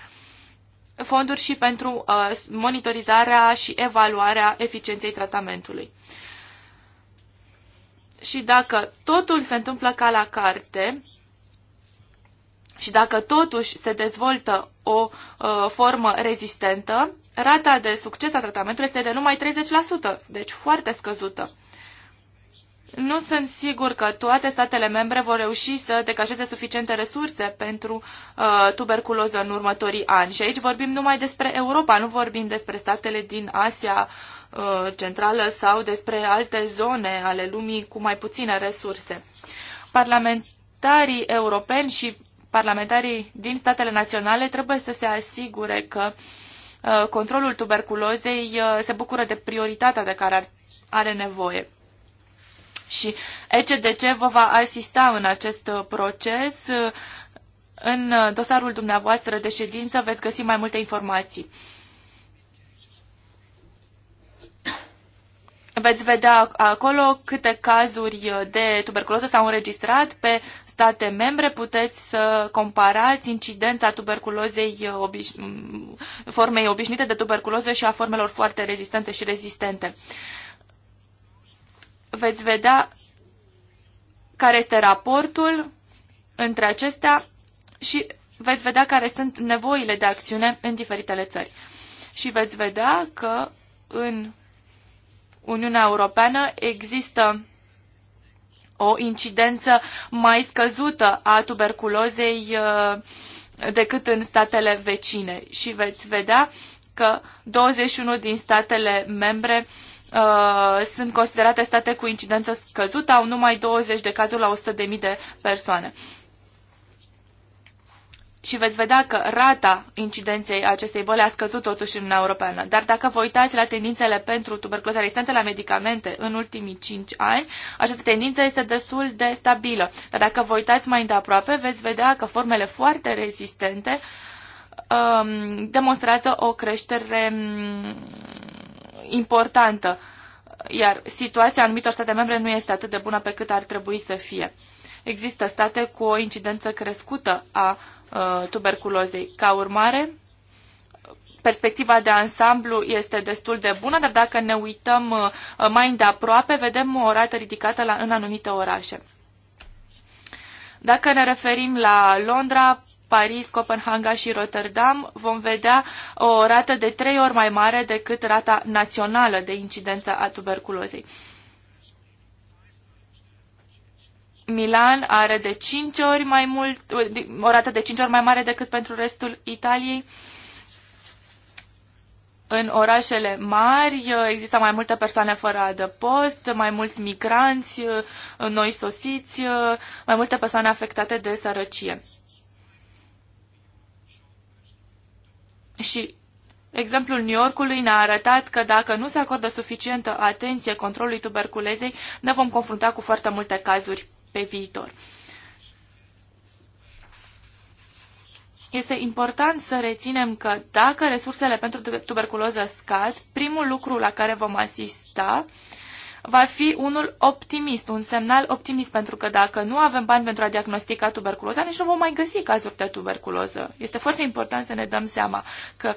S4: fonduri și pentru uh, monitorizarea și evaluarea eficienței tratamentului. Și dacă totul se întâmplă ca la carte și dacă totuși se dezvoltă o uh, formă rezistentă, rata de succes a tratamentului este de numai 30%, deci foarte scăzută. Nu sunt sigur că toate statele membre vor reuși să decajeze suficiente resurse pentru uh, tuberculoză în următorii ani. Și aici vorbim numai despre Europa, nu vorbim despre statele din Asia uh, Centrală sau despre alte zone ale lumii cu mai puține resurse. Parlamentarii europeni și parlamentarii din statele naționale trebuie să se asigure că uh, controlul tuberculozei uh, se bucură de prioritatea de care ar, are nevoie și ECDC vă va asista în acest uh, proces. Uh, în uh, dosarul dumneavoastră de ședință veți găsi mai multe informații. Veți vedea acolo câte cazuri de tuberculoză s-au înregistrat pe state membre. Puteți să comparați incidența tuberculozei obiș- mm, formei obișnuite de tuberculoză și a formelor foarte rezistente și rezistente veți vedea care este raportul între acestea și veți vedea care sunt nevoile de acțiune în diferitele țări. Și veți vedea că în Uniunea Europeană există o incidență mai scăzută a tuberculozei uh, decât în statele vecine. Și veți vedea că 21 din statele membre uh, Uh, sunt considerate state cu incidență scăzută, au numai 20 de cazuri la 100.000 de persoane. Și veți vedea că rata incidenței acestei boli a scăzut totuși în Uniunea Europeană. Dar dacă vă uitați la tendințele pentru tuberculoză rezistentă la medicamente în ultimii 5 ani, această tendință este destul de stabilă. Dar dacă vă uitați mai îndeaproape, veți vedea că formele foarte rezistente um, demonstrează o creștere um, importantă, iar situația anumitor state membre nu este atât de bună pe cât ar trebui să fie. Există state cu o incidență crescută a uh, tuberculozei. Ca urmare, perspectiva de ansamblu este destul de bună, dar dacă ne uităm uh, uh, mai îndeaproape, vedem o rată ridicată la, în anumite orașe. Dacă ne referim la Londra, Paris, Copenhaga și Rotterdam vom vedea o rată de trei ori mai mare decât rata națională de incidență a tuberculozei. Milan are de 5 ori mai mult, o rată de 5 ori mai mare decât pentru restul Italiei. În orașele mari există mai multe persoane fără adăpost, mai mulți migranți, noi sosiți, mai multe persoane afectate de sărăcie. Și exemplul New Yorkului ne-a arătat că dacă nu se acordă suficientă atenție controlului tuberculezei, ne vom confrunta cu foarte multe cazuri pe viitor. Este important să reținem că dacă resursele pentru tuberculoză scad, primul lucru la care vom asista uh, va fi unul optimist, un semnal optimist, pentru că dacă nu avem bani pentru a diagnostica tuberculoza, nici nu vom mai găsi cazuri de tuberculoză. Este foarte important să ne dăm seama că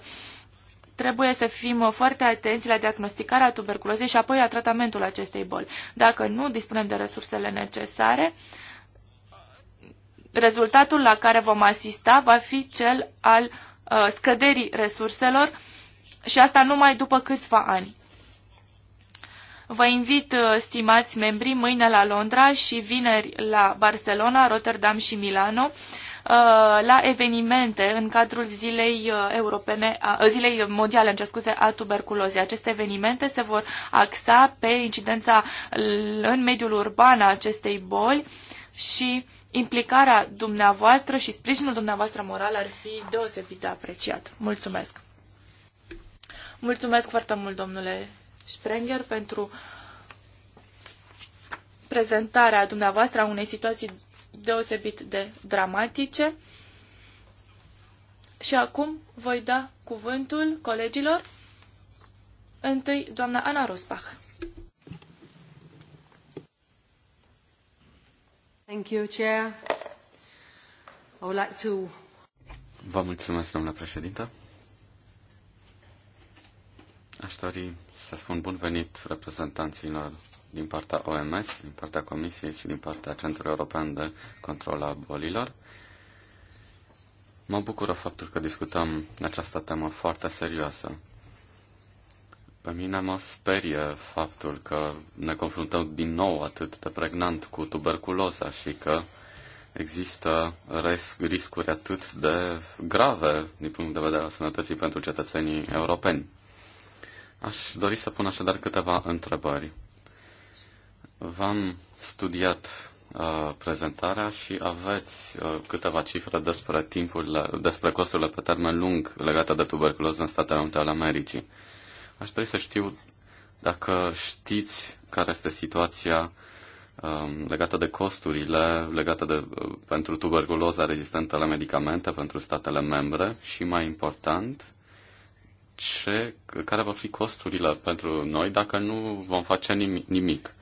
S4: trebuie să fim foarte atenți la diagnosticarea tuberculozei și apoi la tratamentul acestei boli. Dacă nu dispunem de resursele necesare, rezultatul la care vom asista va fi cel al uh, scăderii resurselor și asta numai după câțiva ani. Vă invit, uh, stimați membri, mâine la Londra și vineri la Barcelona, Rotterdam și Milano uh, la evenimente în cadrul zilei uh, europene, zilei mondiale, în scuze, a tuberculozei. Aceste evenimente se vor axa pe incidența în mediul urban a acestei boli și implicarea dumneavoastră și sprijinul dumneavoastră moral ar fi deosebit de apreciat. Mulțumesc! Mulțumesc foarte mult, domnule Sprenger pentru prezentarea dumneavoastră a unei situații deosebit de dramatice. Și acum voi da cuvântul colegilor. Întâi, doamna Ana Rosbach.
S5: Thank you, Chair. I would like to...
S2: Vă mulțumesc, doamna președintă. Aș dori să spun bun venit reprezentanților din partea OMS, din partea Comisiei și din partea Centrului European de Control a Bolilor. Mă bucură faptul că discutăm această temă foarte serioasă. Pe mine mă sperie faptul că ne confruntăm din nou atât de pregnant cu tuberculoza și că există risc, riscuri atât de grave din punct de vedere al sănătății pentru cetățenii europeni. Aș dori să pun așadar câteva întrebări. V-am studiat uh, prezentarea și aveți uh, câteva cifre despre timpurile, despre costurile pe termen lung legate de tuberculoză în Statele Unite ale Americii. Aș dori să știu dacă știți care este situația uh, legată de costurile legate de, uh, pentru tuberculoza rezistentă la medicamente pentru statele membre și, mai important, ce, care vor fi costurile pentru noi dacă nu vom face nimic.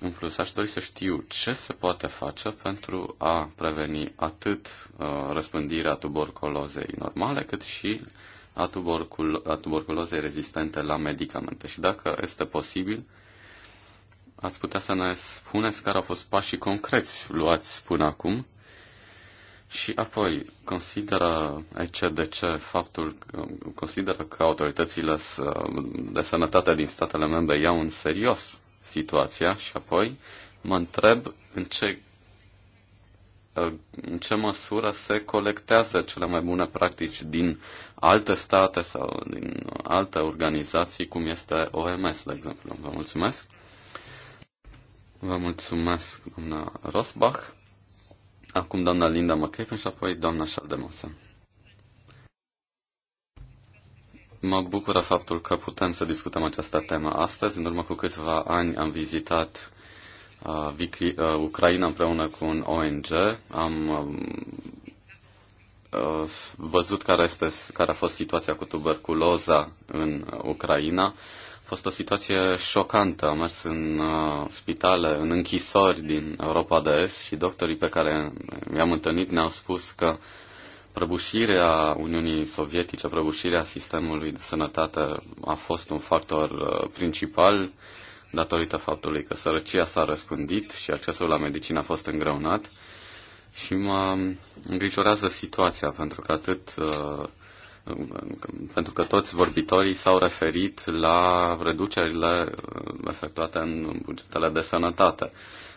S2: În plus, aș dori să știu ce se poate face pentru a preveni atât uh, răspândirea tuberculozei normale, cât și a, tubercul- a tuberculozei rezistente la medicamente. Și dacă este posibil, ați putea să ne spuneți care au fost pașii concreți luați până acum și apoi consideră ce faptul, consideră că autoritățile de sănătate din statele membre iau în serios situația și apoi mă întreb în ce, ă, în ce măsură se colectează cele mai bune practici din alte state sau din alte organizații, cum este OMS, de exemplu. Vă mulțumesc! Vă mulțumesc, doamna Rosbach! Acum doamna Linda McCaven și apoi doamna Șaldemosă. Mă bucură faptul că putem să discutăm această temă astăzi. În urmă cu câțiva ani am vizitat uh, Vicri, uh, Ucraina împreună cu un ONG. Am um, uh, văzut care, este, care a fost situația cu tuberculoza în Ucraina. Uh, fost o situație șocantă. Am mers în uh, spitale, în închisori din Europa de Est și doctorii pe care i-am întâlnit ne-au spus că prăbușirea Uniunii Sovietice, prăbușirea sistemului de sănătate a fost un factor uh, principal datorită faptului că sărăcia s-a răspândit și accesul la medicină a fost îngreunat. Și mă îngrijorează situația, pentru că atât uh, pentru că toți vorbitorii s-au referit la reducerile uh, efectuate în bugetele de sănătate.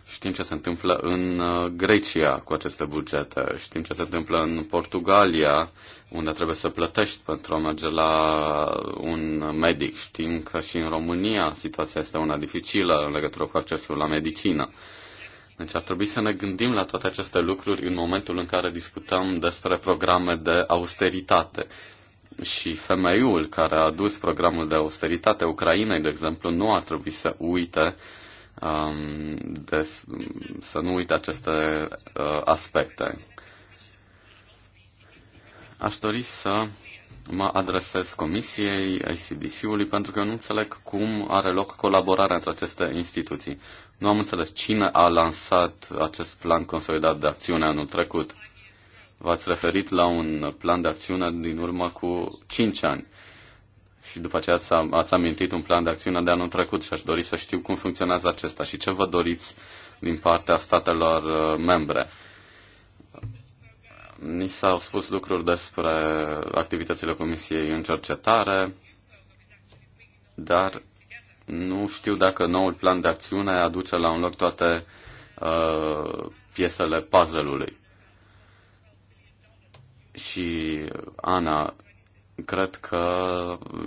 S2: Știm ce se întâmplă în uh, Grecia cu aceste bugete, știm ce se întâmplă în Portugalia, unde trebuie să plătești pentru a merge la un medic. Știm că și în România situația este una dificilă în legătură cu accesul la medicină. Deci ar trebui să ne gândim la toate aceste lucruri în momentul în care discutăm despre programe de austeritate și femeiul care a adus programul de austeritate Ucrainei, de exemplu, nu ar trebui să uite um, de, să nu uite aceste uh, aspecte. Aș dori să mă adresez Comisiei ICDC-ului pentru că eu nu înțeleg cum are loc colaborarea între aceste instituții. Nu am înțeles cine a lansat acest plan consolidat de acțiune anul trecut. V-ați referit la un plan de acțiune din urmă cu 5 ani și după aceea ați, ați amintit un plan de acțiune de anul trecut și aș dori să știu cum funcționează acesta și ce vă doriți din partea statelor uh, membre. Ni s-au spus lucruri despre activitățile Comisiei în cercetare, dar nu știu dacă noul plan de acțiune aduce la un loc toate uh, piesele puzzle-ului și Ana, cred că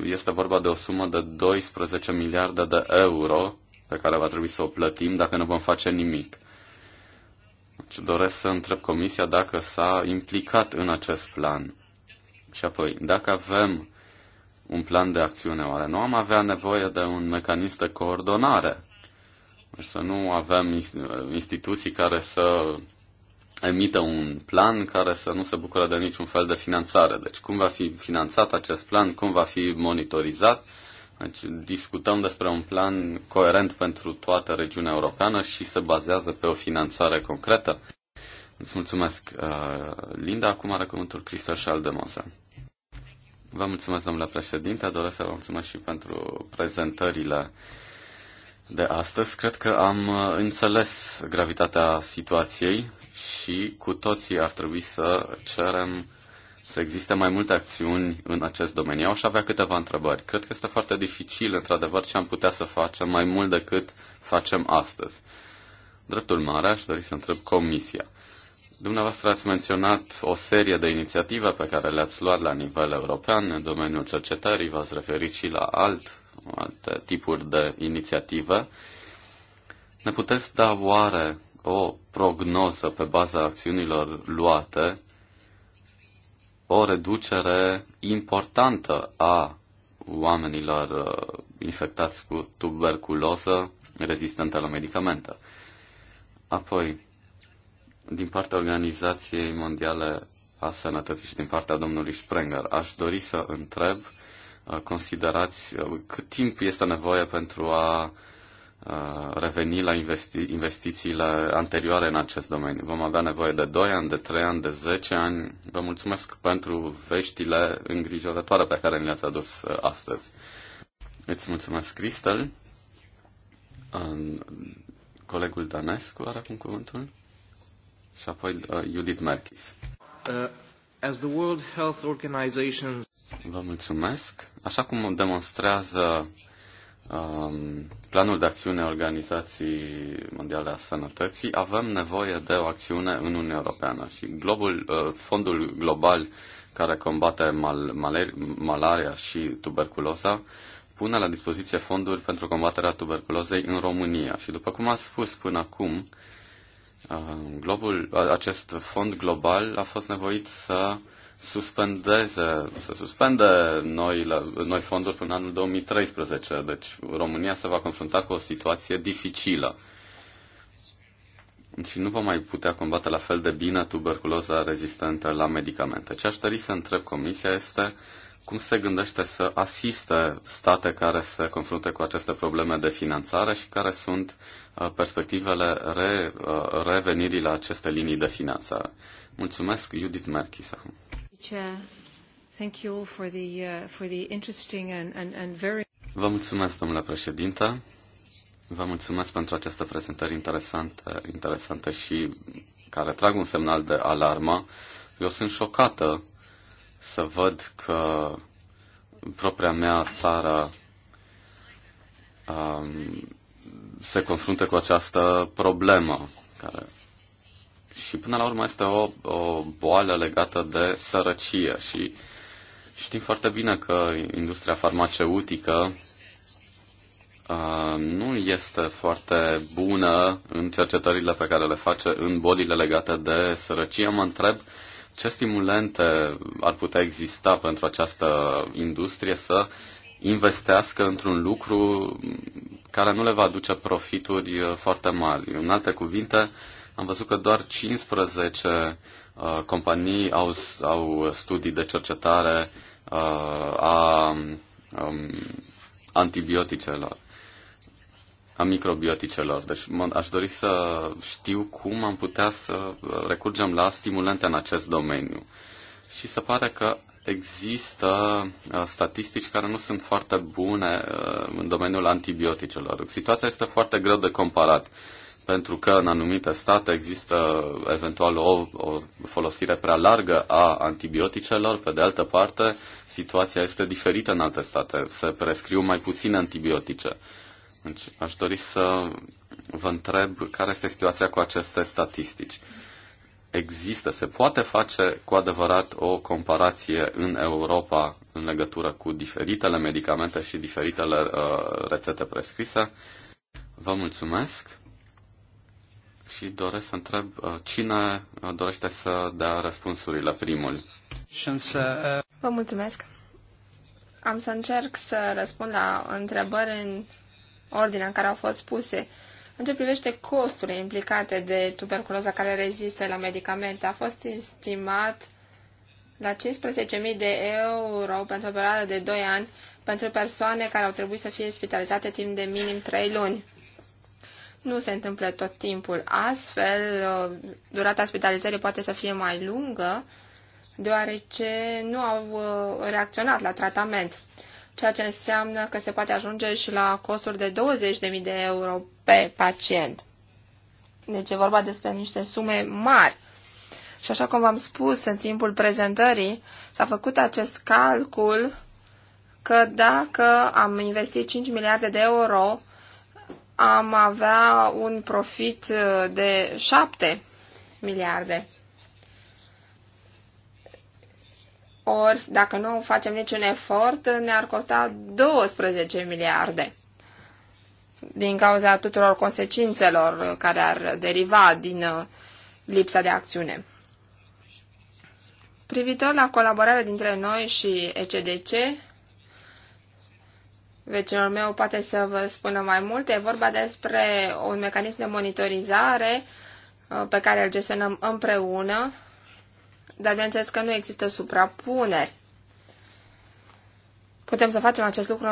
S2: este vorba de o sumă de 12 miliarde de euro pe care va trebui să o plătim dacă nu vom face nimic. Deci doresc să întreb Comisia dacă s-a implicat în acest plan. Și apoi, dacă avem un plan de acțiune, oare nu am avea nevoie de un mecanism de coordonare? Deci să nu avem instituții care să emite un plan care să nu se bucură de niciun fel de finanțare. Deci cum va fi finanțat acest plan, cum va fi monitorizat. Deci discutăm despre un plan coerent pentru toată regiunea europeană și se bazează pe o finanțare concretă. Îți mulțumesc, uh, Linda. Acum are cuvântul de mose. Vă mulțumesc, domnule președinte. Doresc să vă mulțumesc și pentru prezentările de astăzi. Cred că am uh, înțeles gravitatea situației și cu toții ar trebui să cerem să existe mai multe acțiuni în acest domeniu. Eu aș avea câteva întrebări. Cred că este foarte dificil, într-adevăr, ce am putea să facem mai mult decât facem astăzi. Dreptul mare, aș dori să întreb Comisia. Dumneavoastră ați menționat o serie de inițiative pe care le-ați luat la nivel european în domeniul cercetării, v-ați referit și la alt, alte tipuri de inițiative. Ne puteți da oare o prognoză pe baza acțiunilor luate, o reducere importantă a oamenilor uh, infectați cu tuberculoză rezistentă la medicamente. Apoi, din partea Organizației Mondiale a Sănătății și din partea domnului Sprenger, aș dori să întreb, uh, considerați uh, cât timp este nevoie pentru a Uh, reveni la investi- investițiile anterioare în acest domeniu. Vom avea nevoie de 2 ani, de 3 ani, de 10 ani. Vă mulțumesc pentru veștile îngrijorătoare pe care ni le-ați adus uh, astăzi. Îți mulțumesc, Cristel. Colegul Danescu are acum cuvântul și apoi uh, Judith Merkis.
S3: Uh, as the World Health Organization...
S2: Vă mulțumesc. Așa cum demonstrează um, planul de acțiune a Organizației Mondiale a Sănătății, avem nevoie de o acțiune în Uniunea Europeană și globul, uh, fondul global care combate mal, maler, malaria și tuberculoza pune la dispoziție fonduri pentru combaterea tuberculozei în România. Și după cum am spus până acum, uh, globul, acest fond global a fost nevoit să suspendeze, să suspende noi, la, noi fonduri până anul 2013. Deci România se va confrunta cu o situație dificilă. Și nu va mai putea combate la fel de bine tuberculoza rezistentă la medicamente. Ce aș dori să întreb Comisia este cum se gândește să asiste state care se confruntă cu aceste probleme de finanțare și care sunt uh, perspectivele re, uh, revenirii la aceste linii de finanțare. Mulțumesc, Judith Merkis. Vă mulțumesc, domnule președinte. Vă mulțumesc pentru aceste prezentări interesante, interesante și care trag un semnal de alarmă. Eu sunt șocată să văd că propria mea țară um, se confruntă cu această problemă care și până la urmă este o, o boală legată de sărăcie și știm foarte bine că industria farmaceutică uh, nu este foarte bună în cercetările pe care le face în bolile legate de sărăcie. Mă întreb ce stimulente ar putea exista pentru această industrie să investească într-un lucru care nu le va aduce profituri foarte mari. În alte cuvinte, uh, am văzut că doar 15 uh, companii au, au studii de cercetare uh, a um, antibioticelor, a microbioticelor. Deci aș dori să știu cum am putea să uh, recurgem la stimulante în acest domeniu. Și se pare că există uh, statistici care nu sunt foarte bune uh, în domeniul antibioticelor. Situația este foarte greu de comparat pentru că în anumite state există eventual o, o folosire prea largă a antibioticelor, pe de altă parte situația este diferită în alte state, se prescriu mai puține antibiotice. Deci aș dori să vă întreb care este situația cu aceste statistici. Există, se poate face cu adevărat o comparație în Europa în legătură cu diferitele medicamente și diferitele uh, rețete prescrise? Vă mulțumesc! și doresc să întreb uh, cine uh, dorește să dea răspunsurile primul. Uh,
S5: Vă mulțumesc. Am să încerc să răspund la întrebări în ordinea în care au fost puse. În ce privește costurile implicate de tuberculoza care rezistă la medicamente, a fost estimat la 15.000 de euro pentru o perioadă de 2 ani pentru persoane care au trebuit să fie spitalizate timp de minim 3 luni nu se întâmplă tot timpul. Astfel, durata spitalizării poate să fie mai lungă, deoarece nu au uh, reacționat la tratament, ceea ce înseamnă că se poate ajunge și la costuri de 20.000 de euro pe pacient. Deci e vorba despre niște sume mari. Și așa cum v-am spus în timpul prezentării, s-a făcut acest calcul că dacă am investit 5 miliarde de euro am avea un profit uh, de 7 miliarde. Ori, dacă nu facem niciun efort, ne-ar costa 12 miliarde din cauza tuturor consecințelor care ar deriva din uh, lipsa de acțiune. Privitor la colaborarea dintre noi și ECDC, vecinul meu poate să vă spună mai multe. E vorba despre un mecanism de monitorizare uh, pe care îl gestionăm împreună, dar bineînțeles că nu există suprapuneri. Putem să facem acest lucru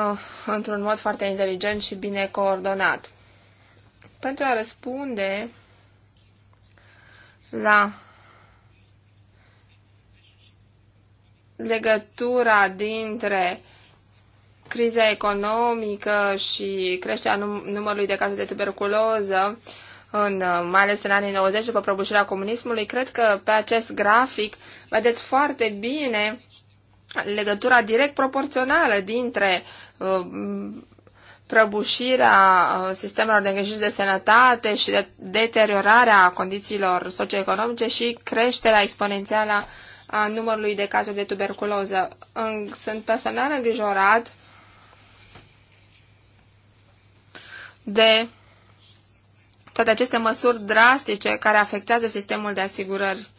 S5: într-un mod foarte inteligent și bine coordonat. Pentru a răspunde la legătura dintre criza economică și creșterea num numărului de cazuri de tuberculoză, în, uh, mai ales în anii 90, după prăbușirea comunismului, cred că pe acest grafic vedeți foarte bine legătura direct proporțională dintre uh, prăbușirea uh, sistemelor de îngrijire de sănătate și de deteriorarea condițiilor socioeconomice și creșterea exponențială a numărului de cazuri de tuberculoză. Sunt personal îngrijorat de toate aceste măsuri drastice care afectează sistemul de asigurări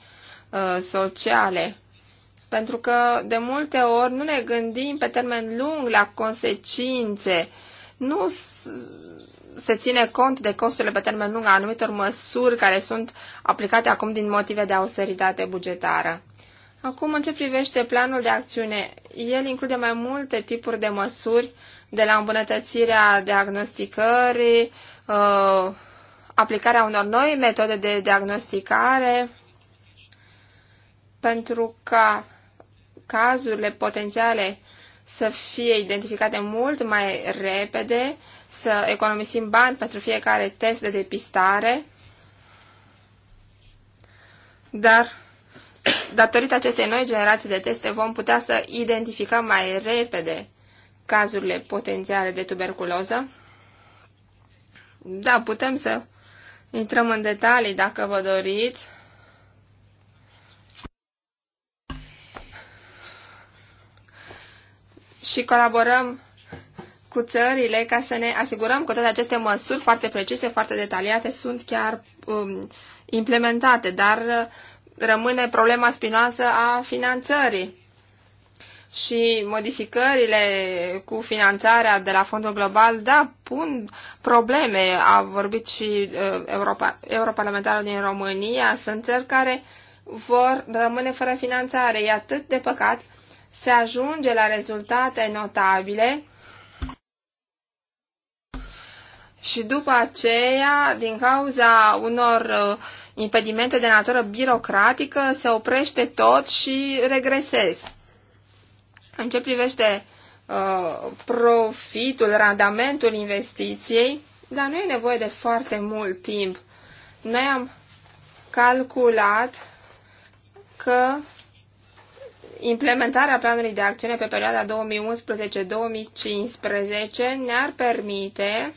S5: uh, sociale. Pentru că de multe ori nu ne gândim pe termen lung la consecințe. Nu se ține cont de costurile pe termen lung a anumitor măsuri care sunt aplicate acum din motive de austeritate bugetară. Acum, în ce privește planul de acțiune, el include mai multe tipuri de măsuri, de la îmbunătățirea diagnosticării, uh, aplicarea unor noi metode de diagnosticare, pentru ca cazurile potențiale să fie identificate mult mai repede, să economisim bani pentru fiecare test de depistare, dar datorită acestei noi generații de teste vom putea să identificăm mai repede cazurile potențiale de tuberculoză. Da, putem să intrăm în detalii dacă vă doriți. Și colaborăm cu țările ca să ne asigurăm că toate aceste măsuri foarte precise, foarte detaliate sunt chiar um, implementate, dar uh, rămâne problema spinoasă a finanțării. Și modificările cu finanțarea de la fondul global, da, pun probleme. A vorbit și uh, Europa, europarlamentarul din România. Sunt țări care vor rămâne fără finanțare. E atât de păcat. Se ajunge la rezultate notabile și după aceea, din cauza unor uh, impedimente de natură birocratică, se oprește tot și regresezi. În ce privește uh, profitul, randamentul investiției, dar nu e nevoie de foarte mult timp. Noi am calculat că implementarea planului de acțiune pe perioada 2011-2015 ne-ar permite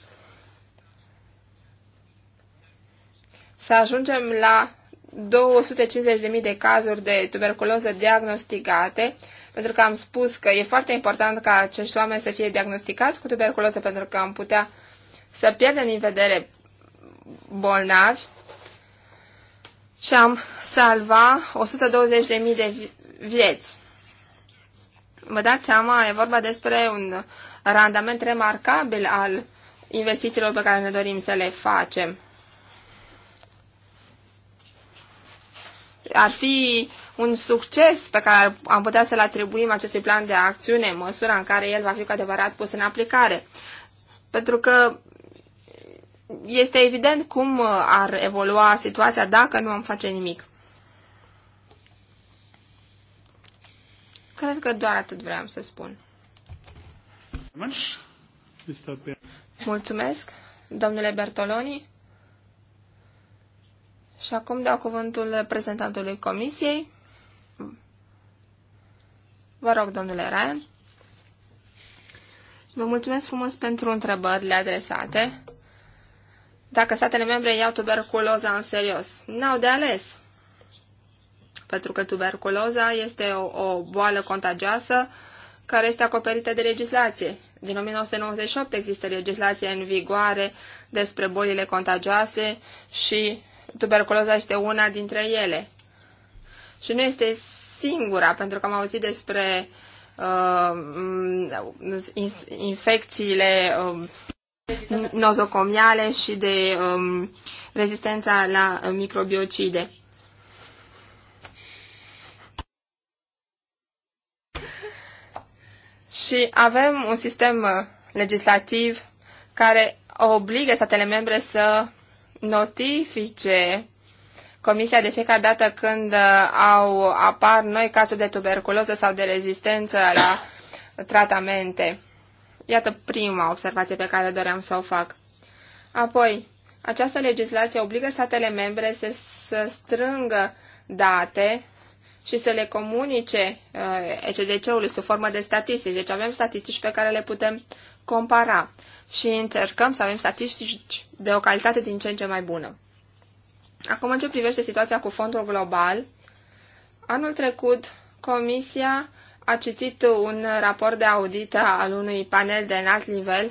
S5: să ajungem la 250.000 de cazuri de tuberculoză diagnosticate, pentru că am spus că e foarte important ca acești oameni să fie diagnosticați cu tuberculoză, pentru că am putea să pierdem din vedere bolnavi și am salva 120.000 de vieți. Vă dați seama, e vorba despre un randament remarcabil al investițiilor pe care ne dorim să le facem. ar fi un succes pe care am putea să-l atribuim acestui plan de acțiune, în măsura în care el va fi cu adevărat pus în aplicare. Pentru că este evident cum uh, ar evolua situația dacă nu am face nimic. Cred că doar atât vreau să spun. Mulțumesc, domnule Bertoloni. Și acum dau cuvântul reprezentantului Comisiei. Vă rog, domnule Ryan. Vă mulțumesc frumos pentru întrebările adresate. Dacă statele membre iau tuberculoza în serios, n-au de ales. Pentru că tuberculoza este o, o boală contagioasă care este acoperită de legislație. Din 1998 există legislație în vigoare despre bolile contagioase și tuberculoza este una dintre ele. Și nu este singura, pentru că am auzit despre uh, infecțiile uh, nozocomiale și de um, rezistența la microbiocide. Și avem un sistem uh, legislativ care obligă statele membre să notifice comisia de fiecare dată când uh, au apar noi cazuri de tuberculoză sau de rezistență la tratamente. Iată prima observație pe care doream să o fac. Apoi, această legislație obligă statele membre să, să strângă date și să le comunice uh, ECDC-ului sub formă de statistici. Deci avem statistici pe care le putem compara și încercăm să avem statistici de o calitate din ce în ce mai bună. Acum, în ce privește situația cu fondul global, anul trecut Comisia a citit un raport de audit al unui panel de înalt nivel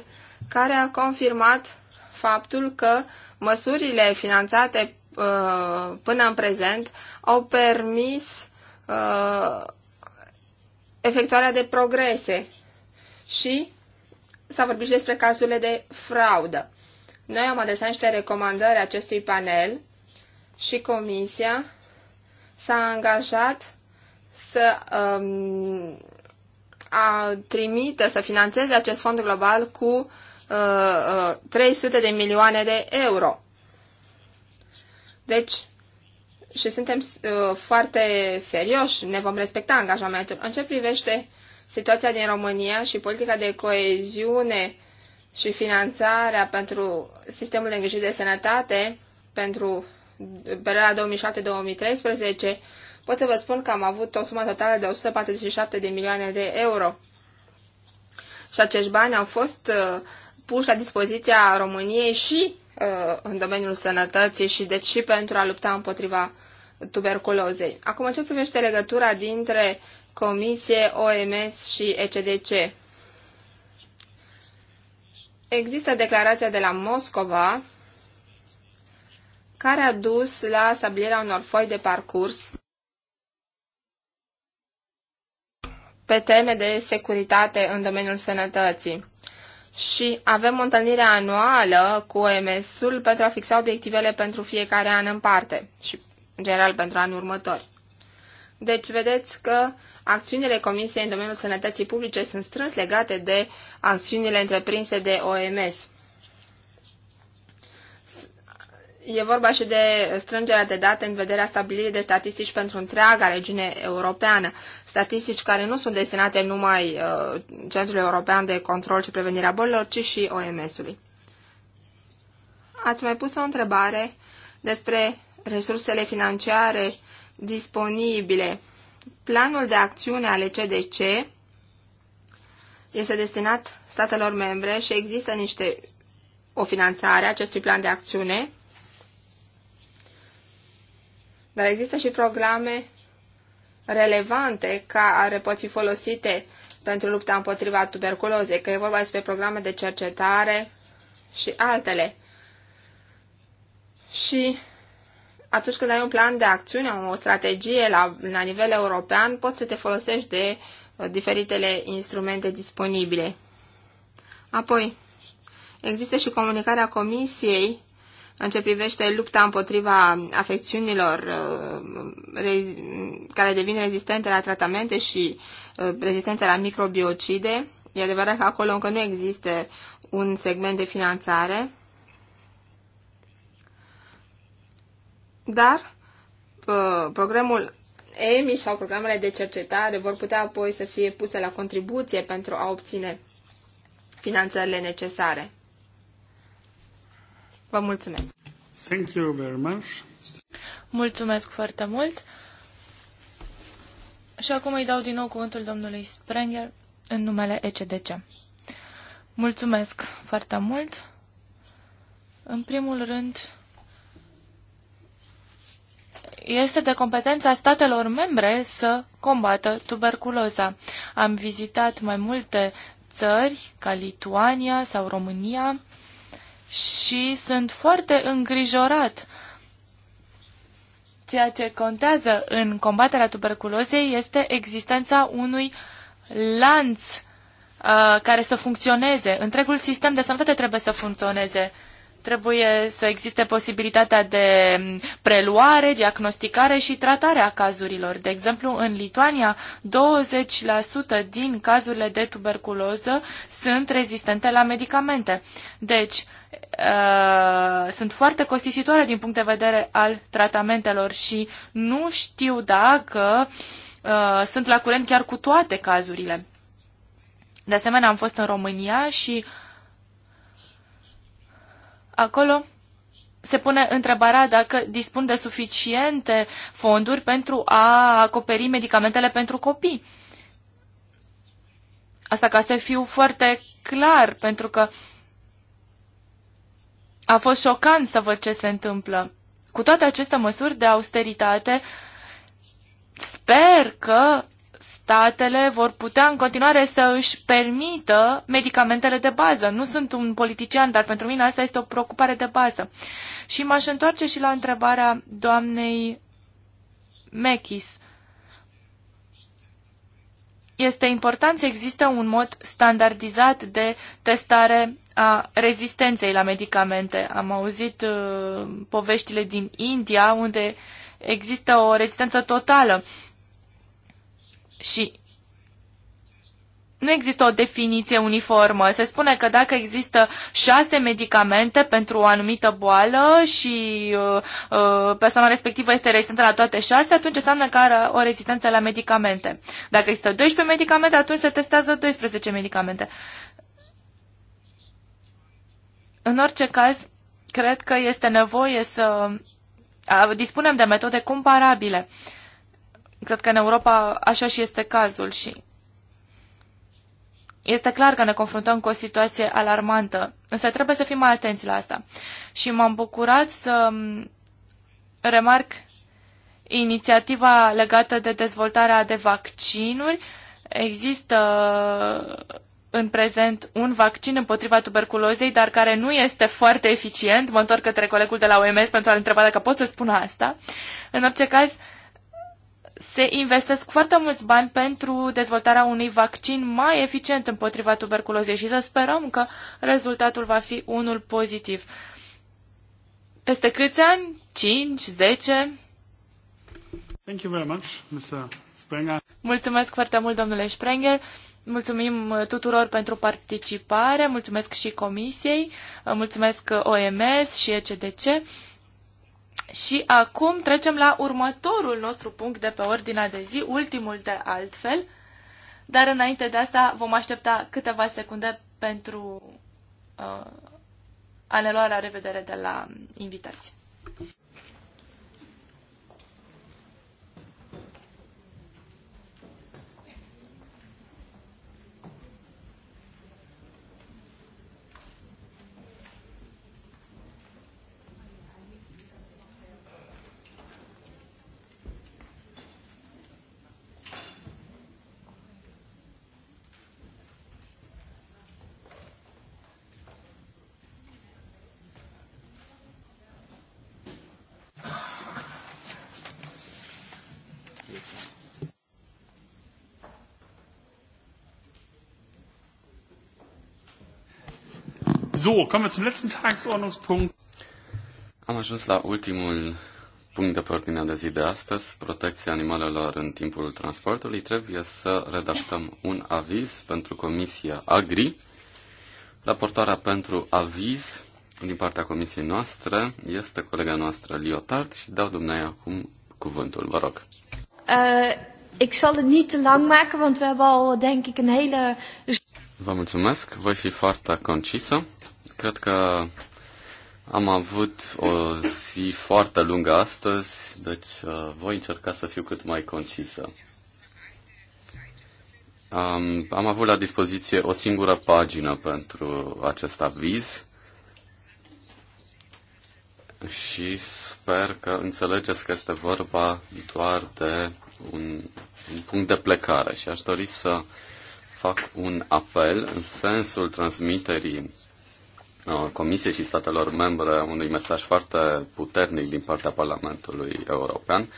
S5: care a confirmat faptul că măsurile finanțate uh, până în prezent au permis uh, efectuarea de progrese și s-a vorbit și despre cazurile de fraudă. Noi am adresat niște recomandări acestui panel și comisia s-a angajat să um, a trimită, să financeze acest fond global cu uh, uh, 300 de milioane de euro. Deci, și suntem uh, foarte serioși, ne vom respecta angajamentul. În ce privește uh, situația din România și politica de coeziune și finanțarea pentru sistemul de îngrijire de sănătate pentru perioada 2007-2013, pot să vă spun că am avut o sumă totală de 147 de milioane de euro. Și acești bani au fost uh, puși la dispoziția României și uh, în domeniul sănătății și deci și pentru a lupta împotriva tuberculozei. Acum, ce privește legătura dintre uh, Comisie, OMS și ECDC. Există declarația de la Moscova care a dus la stabilirea unor foi de parcurs pe teme de securitate în domeniul sănătății. Și avem o întâlnire anuală cu OMS-ul pentru a fixa obiectivele pentru fiecare an în parte și, în general, pentru anul următor. Deci, vedeți că acțiunile Comisiei în domeniul sănătății publice sunt strâns legate de acțiunile întreprinse de OMS. E vorba și de strângerea de date în vederea stabilirii de statistici pentru întreaga regiune europeană, statistici care nu sunt destinate numai uh, Centrului European de Control și Prevenirea Bolilor, ci și OMS-ului. Ați mai pus o întrebare despre resursele financiare disponibile Planul de acțiune ale CDC este destinat statelor membre și există niște o finanțare a acestui plan de acțiune, dar există și programe relevante care pot fi folosite pentru lupta împotriva tuberculozei, că e vorba despre programe de cercetare și altele. Și atunci când ai un plan de acțiune, o strategie la, la nivel european, poți să te folosești de uh, diferitele instrumente disponibile. Apoi, există și comunicarea Comisiei în ce privește lupta împotriva afecțiunilor uh, care devin rezistente la tratamente și uh, rezistente la microbiocide. E adevărat că acolo încă nu există un segment de finanțare, Dar programul EMI sau programele de cercetare vor putea apoi să fie puse la contribuție pentru a obține finanțările necesare. Vă mulțumesc!
S1: Thank you very much.
S5: Mulțumesc foarte mult!
S4: Și acum îi dau din nou cuvântul domnului Sprenger în numele ECDC. Mulțumesc foarte mult! În primul rând, este de competența statelor membre să combată tuberculoza. Am vizitat mai multe țări, ca Lituania sau România, și sunt foarte îngrijorat. Ceea ce contează în combaterea tuberculozei este existența unui lanț uh, care să funcționeze. Întregul sistem de sănătate trebuie să funcționeze. Trebuie să existe posibilitatea de preluare, diagnosticare și tratare a cazurilor. De exemplu, în Lituania, 20% din cazurile de tuberculoză sunt rezistente la medicamente. Deci, Uh, sunt foarte costisitoare din punct de vedere al tratamentelor și nu știu dacă uh, sunt la curent chiar cu toate cazurile. De asemenea, am fost în România și uh, acolo se pune întrebarea dacă dispun de suficiente fonduri pentru a acoperi medicamentele pentru copii. Asta ca să fiu foarte clar, pentru că a fost șocant să văd ce se întâmplă. Cu toate aceste măsuri de austeritate, sper că statele vor putea în continuare să își permită medicamentele de bază. Nu sunt un politician, dar pentru mine asta este o preocupare de bază. Și m-aș întoarce și la întrebarea doamnei Mechis. Este important să există un mod standardizat de testare a rezistenței la medicamente. Am auzit uh, poveștile din India unde există o rezistență totală uh, și nu există o definiție uniformă. Se spune că dacă există șase medicamente pentru o anumită boală și uh, uh persoana respectivă este rezistentă la toate șase, atunci înseamnă că are o rezistență la medicamente. Dacă există 12 medicamente, atunci se testează 12 medicamente. În orice caz, cred că este nevoie să dispunem de metode comparabile. Uh, Cred că în Europa așa și este cazul și este clar că ne confruntăm cu o situație alarmantă, însă trebuie să fim mai atenți la asta. Și m-am bucurat să remarc inițiativa legată de dezvoltarea de vaccinuri. Există în prezent un vaccin împotriva tuberculozei, dar care nu este foarte eficient. Mă întorc către colegul de la OMS pentru a-l întreba dacă pot să spun asta. În orice caz, uh, se investesc foarte mulți bani pentru dezvoltarea unui vaccin mai eficient împotriva tuberculozei și să sperăm că rezultatul va fi unul pozitiv. Peste câți ani? 5, 10?
S1: Thank you very much, Mr. Sprenger.
S4: Mulțumesc foarte mult, domnule Sprenger. Mulțumim uh, tuturor pentru participare, mulțumesc și comisiei, uh, mulțumesc uh, OMS și ECDC. Și acum trecem la următorul nostru punct de pe ordinea de zi, ultimul de altfel, dar înainte de asta vom aștepta câteva secunde pentru uh, a ne lua la revedere de la invitație.
S1: So, kommen wir zum letzten Tagesordnungspunkt.
S2: Am ajuns la ultimul punct de pe ordinea de zi de astăzi, protecția animalelor în timpul transportului. Trebuie să redactăm un aviz pentru Comisia Agri. Raportarea pentru aviz din partea comisiei noastre este colega noastră Liotard și dau dumneavoastră acum cuvântul. Vă rog.
S6: Uh, ik zal het niet te lang maken, want we hebben al denk ik een hele...
S2: Vă mulțumesc, voi fi foarte concisă. Cred că am avut o zi foarte lungă astăzi, deci uh, voi încerca să fiu cât mai concisă. Um, am avut la dispoziție o singură pagină pentru acest aviz și sper că înțelegeți că este vorba doar de un, un punct de plecare și aș dori să fac un apel în sensul transmiterii Uh, Comisiei și statelor membre unui mesaj foarte puternic din partea Parlamentului European,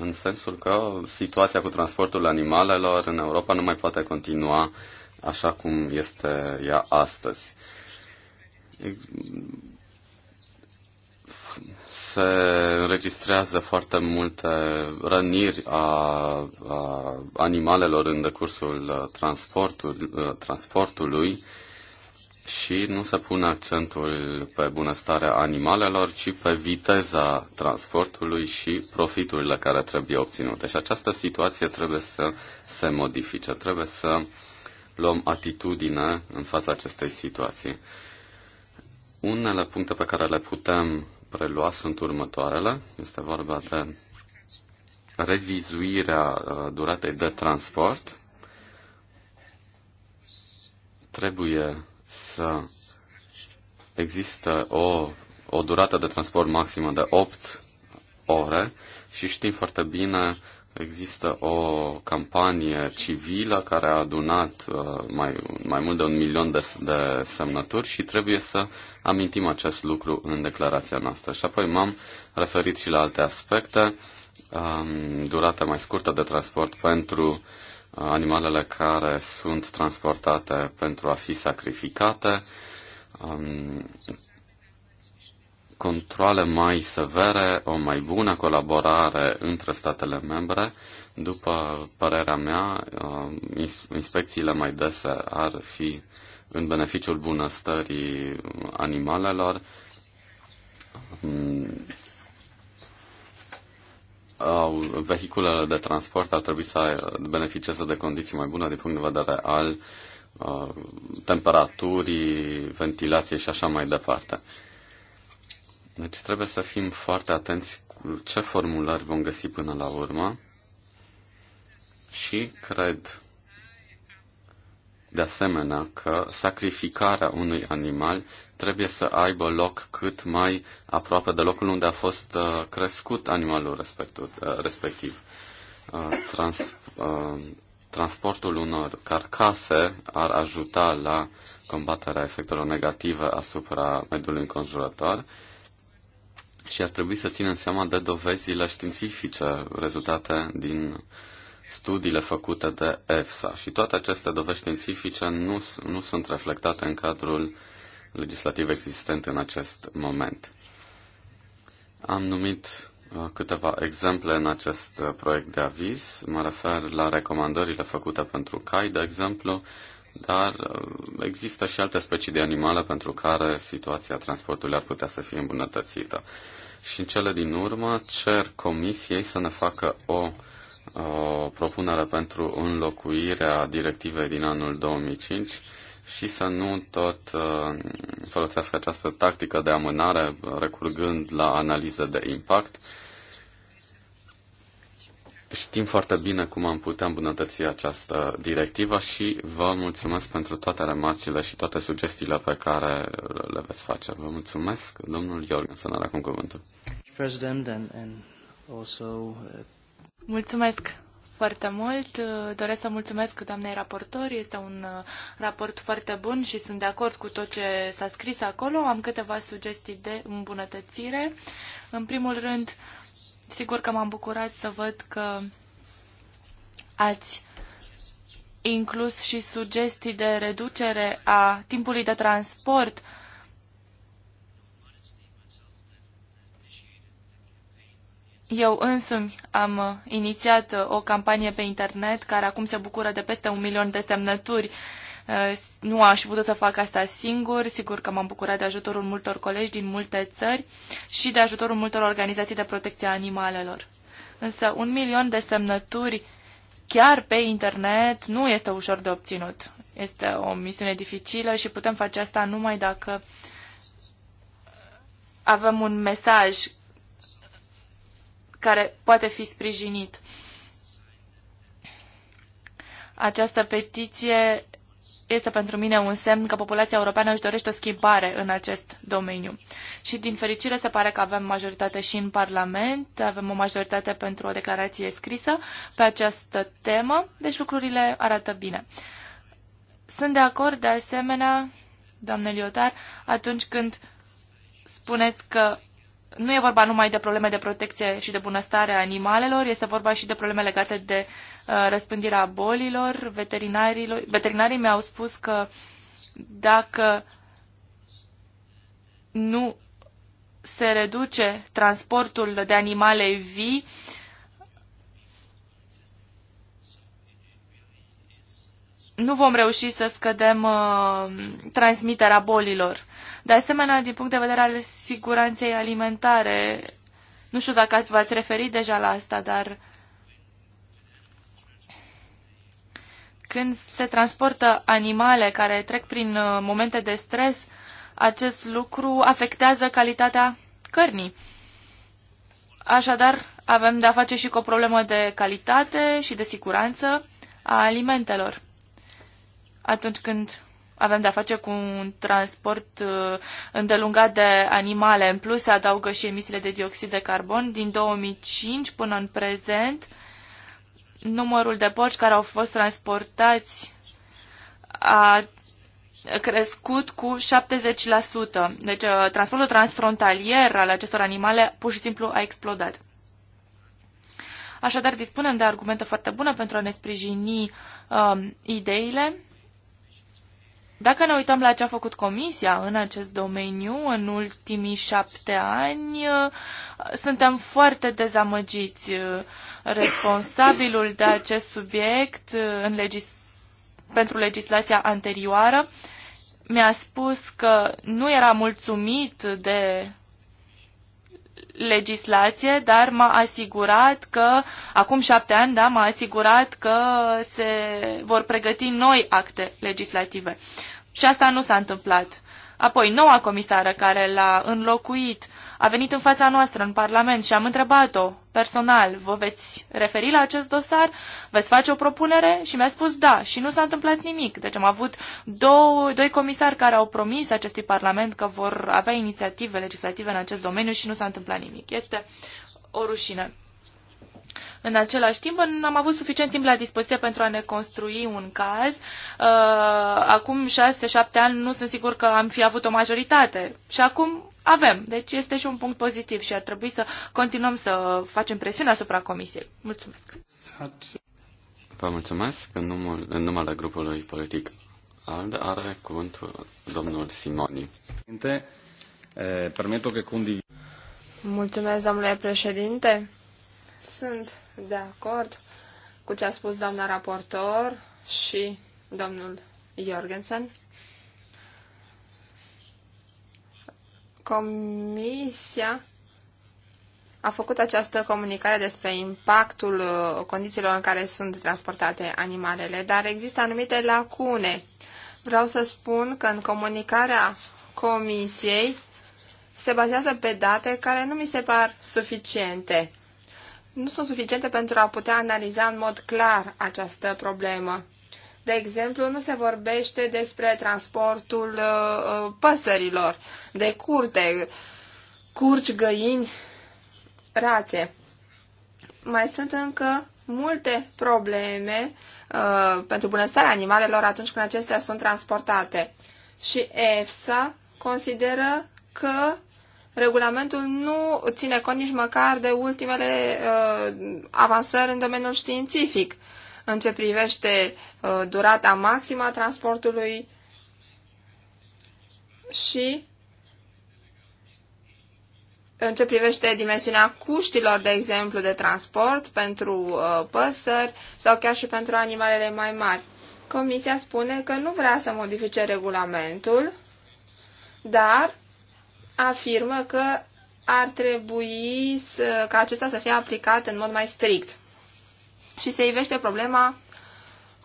S2: în sensul că situația cu transportul animalelor în Europa nu mai poate continua așa cum este ea astăzi. Se înregistrează foarte multe răniri a, a animalelor în decursul uh, transportul, uh, transportului și nu se pune accentul pe bunăstarea animalelor, ci pe viteza transportului și profiturile care trebuie obținute. Și această situație trebuie să se modifice, trebuie să luăm atitudine în fața acestei situații. Unele puncte pe care le putem prelua sunt următoarele. Este vorba de revizuirea uh, duratei de transport. Trebuie să există o, o durată de transport maximă de 8 ore și știm foarte bine există o campanie civilă care a adunat uh, mai, mai mult de un milion de, de semnături și trebuie să amintim acest lucru în declarația noastră. Și apoi m-am referit și la alte aspecte, um, durata mai scurtă de transport pentru animalele care sunt transportate pentru a fi sacrificate, controle mai severe, o mai bună colaborare între statele membre. După părerea mea, um, inspecțiile mai dese ar fi în beneficiul bunăstării animalelor um, vehiculele de transport ar trebui să beneficieze de condiții mai bune din punct de vedere al uh, temperaturii, ventilației și așa mai departe. Deci trebuie să fim foarte atenți cu ce formulări vom găsi până la urmă și cred de asemenea că sacrificarea unui animal trebuie să aibă loc cât mai aproape de locul unde a fost uh, crescut animalul uh, respectiv. Uh, trans, transportul unor carcase ar ajuta la combaterea efectelor negative asupra mediului înconjurător și ar trebui să ținem seama de dovezile științifice rezultate din studiile făcute de EFSA. Și toate aceste dovezi științifice nu, nu sunt reflectate în cadrul legislativ existent în acest moment. Am numit uh, câteva exemple în acest uh, proiect de aviz. Mă refer la recomandările făcute pentru cai, de exemplu, dar uh, există și alte specii de animale pentru care situația transportului ar putea să fie îmbunătățită. Și în cele din urmă cer comisiei să ne facă o, o propunere pentru înlocuirea directivei din anul 2005 și să nu tot uh, folosească această tactică de amânare recurgând la analiză de impact. Știm foarte bine cum am putea îmbunătăți această directivă și vă mulțumesc pentru toate remarcile și toate sugestiile pe care le veți face. Vă mulțumesc, domnul Jorgensen, are acum cuvântul. Uh,
S4: mulțumesc, foarte mult. Doresc să mulțumesc doamnei raportori Este un uh, raport foarte bun și sunt de acord cu tot ce s-a scris acolo. Am câteva sugestii de îmbunătățire. În primul rând, sigur că m-am bucurat să văd că ați inclus și sugestii de reducere a timpului de transport Eu însumi am uh, inițiat uh, o campanie pe internet care acum se bucură de peste un milion de semnături. Uh, nu aș putut să fac asta singur, sigur că m-am bucurat de ajutorul multor colegi din multe țări și de ajutorul multor organizații de protecție a animalelor. Însă un milion de semnături chiar pe internet nu este ușor de obținut. Este o misiune dificilă și putem face asta numai dacă avem un mesaj care poate fi sprijinit. Această petiție este pentru mine un semn că populația europeană își dorește o schimbare în acest domeniu. Și din fericire se pare că avem majoritate și în Parlament, avem o majoritate pentru o declarație scrisă pe această temă, deci lucrurile arată bine. Sunt de acord de asemenea, doamne Liotar, atunci când spuneți că nu e vorba numai de probleme de protecție și de bunăstare a animalelor, este vorba și de probleme legate de uh, răspândirea bolilor. Veterinarii, veterinarii mi-au spus că dacă nu se reduce transportul de animale vii, nu vom reuși să scădem uh, transmiterea bolilor. Uh, de asemenea, din punct de vedere al siguranței alimentare, nu știu dacă v-ați referit deja la asta, dar când se transportă animale care trec prin uh, momente de stres, acest lucru afectează calitatea cărnii. Așadar, avem de-a face și cu o problemă de calitate și de siguranță a alimentelor atunci când avem de-a face cu un transport uh, îndelungat de animale. În plus, se adaugă și emisiile de dioxid de carbon. Din 2005 până în prezent, numărul de porci care au fost transportați a crescut cu 70%. Deci uh, transportul transfrontalier al acestor animale pur și simplu a explodat. Așadar, dispunem de argumente foarte bune pentru a ne sprijini um, ideile dacă ne uităm la ce a făcut Comisia în acest domeniu în ultimii șapte ani, suntem foarte dezamăgiți. Responsabilul de acest subiect în legis pentru legislația anterioară mi-a spus că nu era mulțumit de legislație, dar m-a asigurat că, acum șapte ani, da, m-a asigurat că se vor pregăti noi acte legislative. Și asta nu s-a întâmplat. Apoi, noua comisară care l-a înlocuit uh, a venit în fața noastră în Parlament și am întrebat-o personal, vă veți referi la acest dosar? Veți face o propunere? Și mi-a spus da și nu s-a întâmplat nimic. Deci am avut două, doi comisari care au promis acestui Parlament că vor avea inițiative legislative în acest domeniu și nu s-a întâmplat nimic. Este o rușine. În același timp, am avut suficient timp la dispoziție pentru a ne construi un caz. Uh, acum 6-7 ani nu sunt sigur că am fi avut o majoritate. Și acum avem. Deci este și un punct pozitiv și ar trebui să continuăm să facem presiune asupra Comisiei.
S1: Mulțumesc!
S2: Vă mulțumesc. În, numul, în numele grupului politic ALDE are cuvântul domnul Simoni. Eh, că
S5: Mulțumesc, domnule președinte. Sunt de acord cu ce a spus doamna raportor și domnul Jorgensen. Comisia a făcut această comunicare despre impactul uh, condițiilor în care sunt transportate animalele, dar există anumite lacune. Vreau să spun că în comunicarea Comisiei se bazează pe date care nu mi se par suficiente. Nu sunt suficiente pentru a putea analiza în mod clar această problemă. De exemplu, nu se vorbește despre transportul uh, uh, păsărilor, de curte, curci, găini, rațe. Mai sunt încă multe probleme uh, pentru bunăstarea animalelor atunci când acestea sunt transportate. Și EFSA consideră că regulamentul nu ține cont nici măcar de ultimele uh, avansări în domeniul științific. Uh, în ce privește uh, durata maximă a transportului și în ce privește dimensiunea cuștilor, de exemplu, de transport pentru uh, păsări sau chiar și pentru animalele mai mari. Comisia spune că nu vrea să modifice regulamentul, dar afirmă că ar trebui să, ca acesta să fie aplicat în mod mai strict și se ivește problema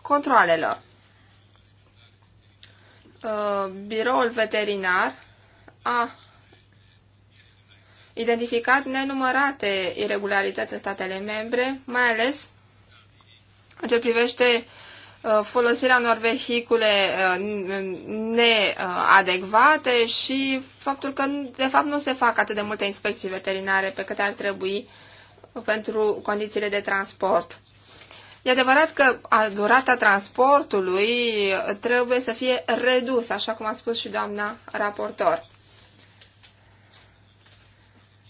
S5: controalelor. Uh, biroul veterinar a identificat nenumărate irregularități în statele membre, mai ales în ce privește uh, folosirea unor vehicule uh, neadecvate și faptul că, de fapt, nu se fac atât de multe inspecții veterinare pe cât ar trebui pentru condițiile de transport. E adevărat că durata transportului trebuie să fie redusă, așa cum a spus și doamna raportor.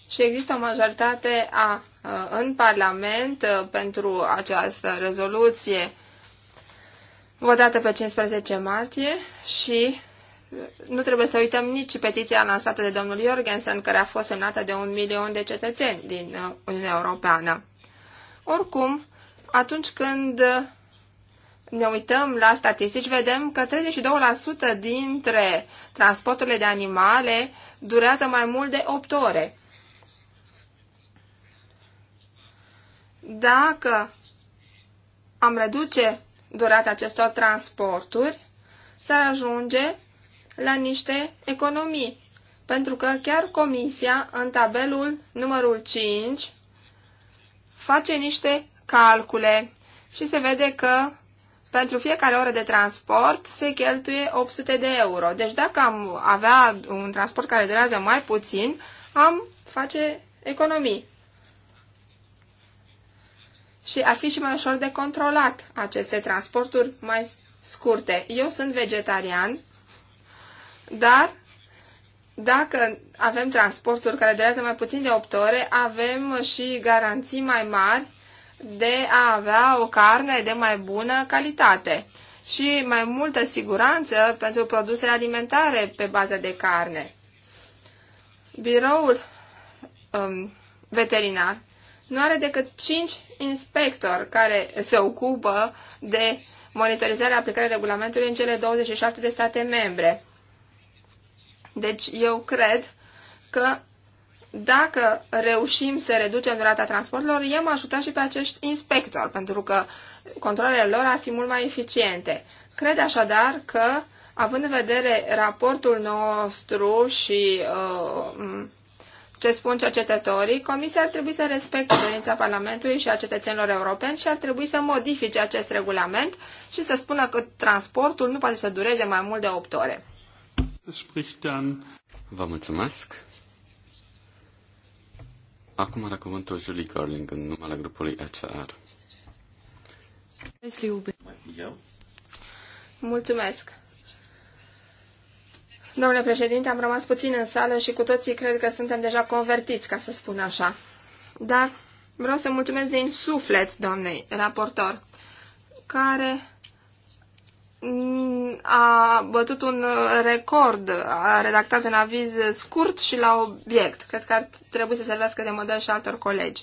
S5: Și există o majoritate a, uh, în Parlament uh, pentru această rezoluție votată pe 15 martie și uh, nu trebuie să uităm nici petiția lansată de domnul Jorgensen, care a fost semnată de un milion de cetățeni din Uniunea Europeană. Oricum, atunci când uh, ne uităm la statistici, vedem că 32% dintre transporturile de animale durează mai mult de 8 ore. Dacă am reduce durata acestor transporturi, s-ar ajunge la niște economii. Pentru că chiar comisia, în tabelul numărul 5, face niște calcule și se vede că pentru fiecare oră de transport se cheltuie 800 de euro. Deci dacă am avea un transport care durează mai puțin, am face economii. Și ar fi și mai ușor de controlat aceste transporturi mai scurte. Eu sunt vegetarian, dar dacă avem transporturi care durează mai puțin de 8 ore, avem și garanții mai mari de a avea o carne de mai bună calitate și mai multă siguranță pentru produsele alimentare pe bază de carne. Biroul um, veterinar nu are decât 5 inspectori care se ocupă de monitorizarea aplicării regulamentului în cele 27 de state membre. Deci eu cred că dacă reușim să reducem durata transportelor, i-am ajutat și pe acești inspectori, pentru că controlele lor ar fi mult mai eficiente. Cred așadar că, având în vedere raportul nostru și uh, ce spun cercetătorii, Comisia ar trebui să respecte dorința Parlamentului și a cetățenilor europeni și ar trebui să modifice acest regulament și să spună că transportul nu poate să dureze mai mult de 8 ore.
S2: Vă mulțumesc! Acum la cuvântul Julie Carling în numele grupului ECR. Eu?
S5: Mulțumesc. Domnule președinte, am rămas puțin în sală și cu toții cred că suntem deja convertiți, ca să spun așa. Dar vreau să mulțumesc din suflet doamnei raportor, care a bătut un record, a redactat un aviz scurt și la obiect. Cred că ar trebui să servească de model și altor colegi.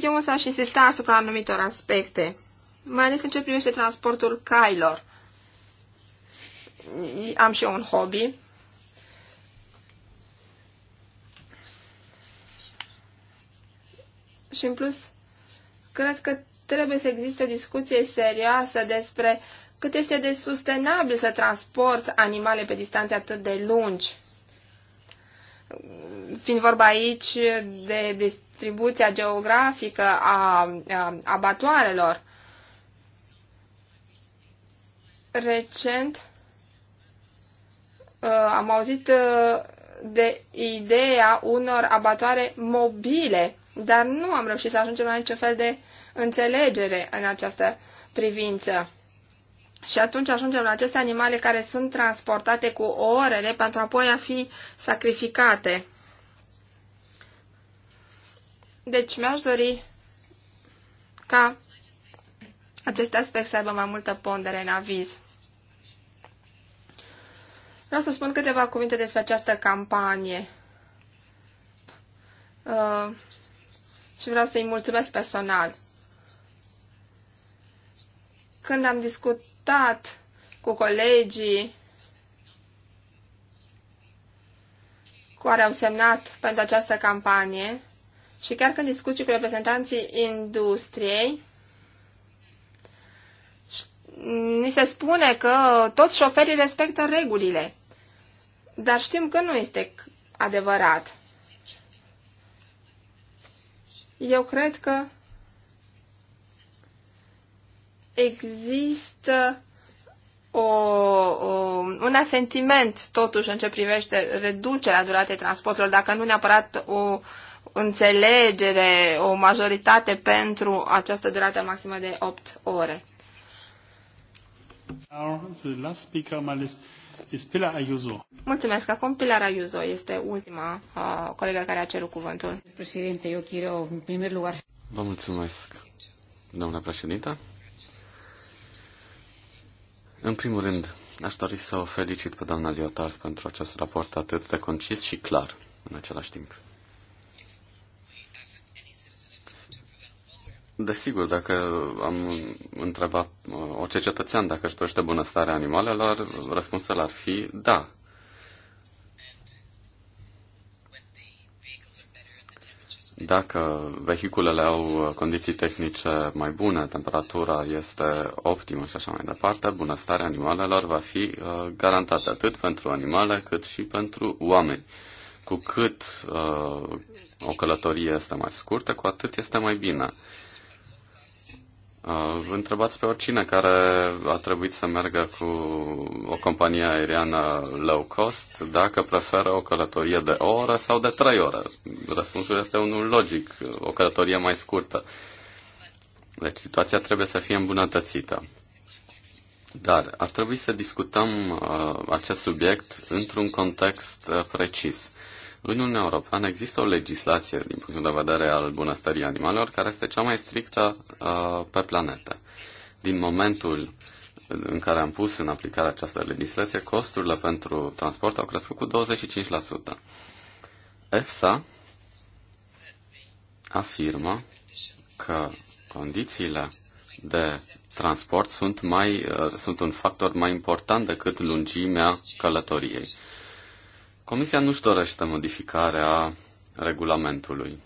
S5: Eu însă aș insista asupra anumitor aspecte, mai ales în ce privește transportul cailor. Am și eu un hobby. Și în plus, cred că trebuie să existe o discuție serioasă despre cât este de sustenabil să transporti animale pe distanțe atât de lungi. Fiind vorba aici de distribuția geografică a abatoarelor, recent uh, am auzit uh, de ideea unor abatoare mobile, dar nu am reușit să ajungem la niciun fel de înțelegere în această privință. Și atunci ajungem la aceste animale care sunt transportate cu orele pentru apoi a fi sacrificate. Deci mi-aș dori ca acest aspect să aibă mai multă pondere în aviz. Vreau să spun câteva cuvinte despre această campanie. Uh, și vreau să-i mulțumesc personal. Când am discutat cu colegii care au semnat pentru această campanie și chiar când discut cu reprezentanții industriei, ni se spune că toți șoferii respectă regulile. Dar știm că nu este adevărat. Eu cred că există o, o, un asentiment totuși în ce privește reducerea duratei transportului, dacă nu neapărat o înțelegere, o majoritate pentru această durată maximă de 8 ore. Mulțumesc. Acum Pilar Ayuso este ultima uh, colegă care a cerut cuvântul. Președinte, eu quiero, în primul lugar...
S2: Vă mulțumesc, doamna președintă. În primul rând, aș dori să o felicit pe doamna Liotard pentru acest raport atât de concis și clar în același timp. Desigur, dacă am întrebat uh, orice cetățean dacă își dorește bunăstarea animalelor, răspunsul ar fi da. Dacă vehiculele au condiții tehnice mai bune, temperatura este optimă și așa mai departe, bunăstarea animalelor va fi uh, garantată atât pentru animale cât și pentru oameni. Cu cât uh, o călătorie este mai scurtă, cu atât este mai bine. Uh, Vă uh, întrebați pe oricine care a trebuit să meargă cu o companie aeriană low cost dacă preferă o călătorie de o oră sau de trei ore. Răspunsul este unul logic, o călătorie mai scurtă. Deci situația trebuie să fie îmbunătățită. Dar ar trebui să discutăm uh, acest subiect într-un context uh, precis. În Uniunea Europeană există o legislație din punctul de vedere al bunăstării animalelor care este cea mai strictă uh, pe planetă. Din momentul în care am pus în aplicare această legislație, costurile pentru transport au crescut cu 25%. EFSA afirmă că condițiile de transport sunt, mai, uh, sunt un factor mai important decât lungimea călătoriei. Comisia nu-și dorește modificarea regulamentului.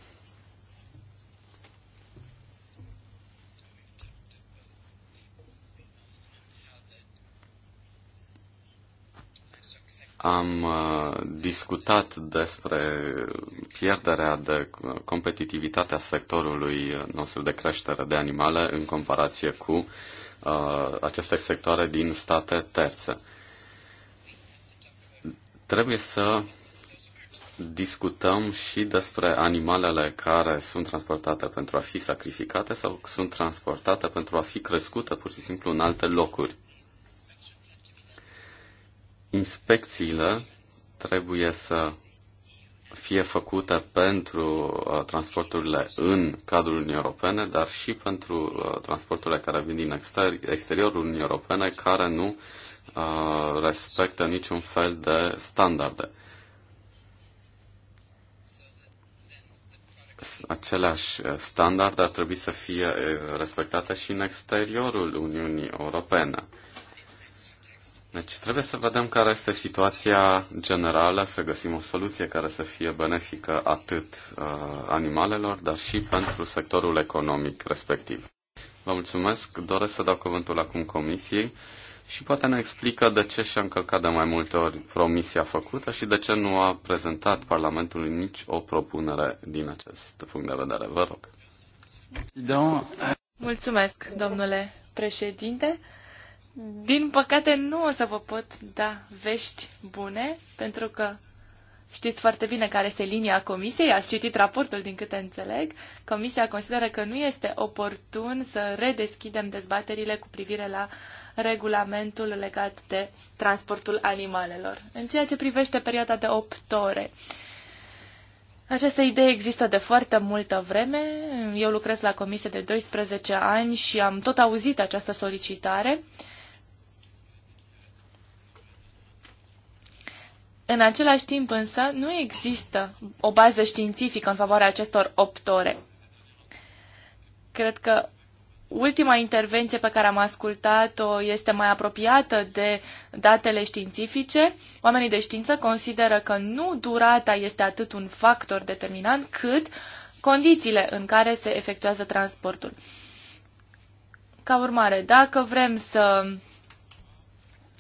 S2: Am uh, discutat despre pierderea de competitivitate a sectorului nostru de creștere de animale în comparație cu uh, aceste sectoare din state terțe. Trebuie să discutăm și despre animalele care sunt transportate pentru a fi sacrificate sau sunt transportate pentru a fi crescute pur și simplu în alte locuri. Inspecțiile trebuie să fie făcute pentru uh, transporturile în cadrul Uniunii Europene, dar și pentru uh, transporturile care vin din exteriorul Uniunii Europene, care nu uh, Uh, respectă niciun fel de standarde. Aceleași uh, standarde ar trebui să fie uh, respectate și în exteriorul Uniunii Europene. Deci trebuie să vedem care este situația generală, să găsim o soluție care să fie benefică atât uh, animalelor, dar și pentru sectorul economic respectiv. Vă mulțumesc. Doresc să dau cuvântul acum Comisiei și poate ne explică de ce și-a încălcat de mai multe ori promisia făcută și de ce nu a prezentat Parlamentului nici o propunere din acest punct de vedere. Vă rog.
S4: Mulțumesc, domnule președinte. Din păcate nu o să vă pot da vești bune, pentru că știți foarte bine care este linia comisiei, ați citit raportul din câte înțeleg. Comisia consideră că nu este oportun să redeschidem dezbaterile cu privire la uh, regulamentul legat de transportul animalelor. În ceea ce privește perioada de 8 ore, această idee există de foarte multă vreme. Eu lucrez la comisie de 12 ani și am tot auzit această solicitare. În același timp însă nu există o bază științifică în favoarea acestor 8 ore. Cred că ultima intervenție pe care am ascultat-o este mai apropiată de datele științifice. Oamenii de știință consideră că nu durata este atât un factor determinant, cât condițiile în care se efectuează transportul. Ca urmare, dacă vrem să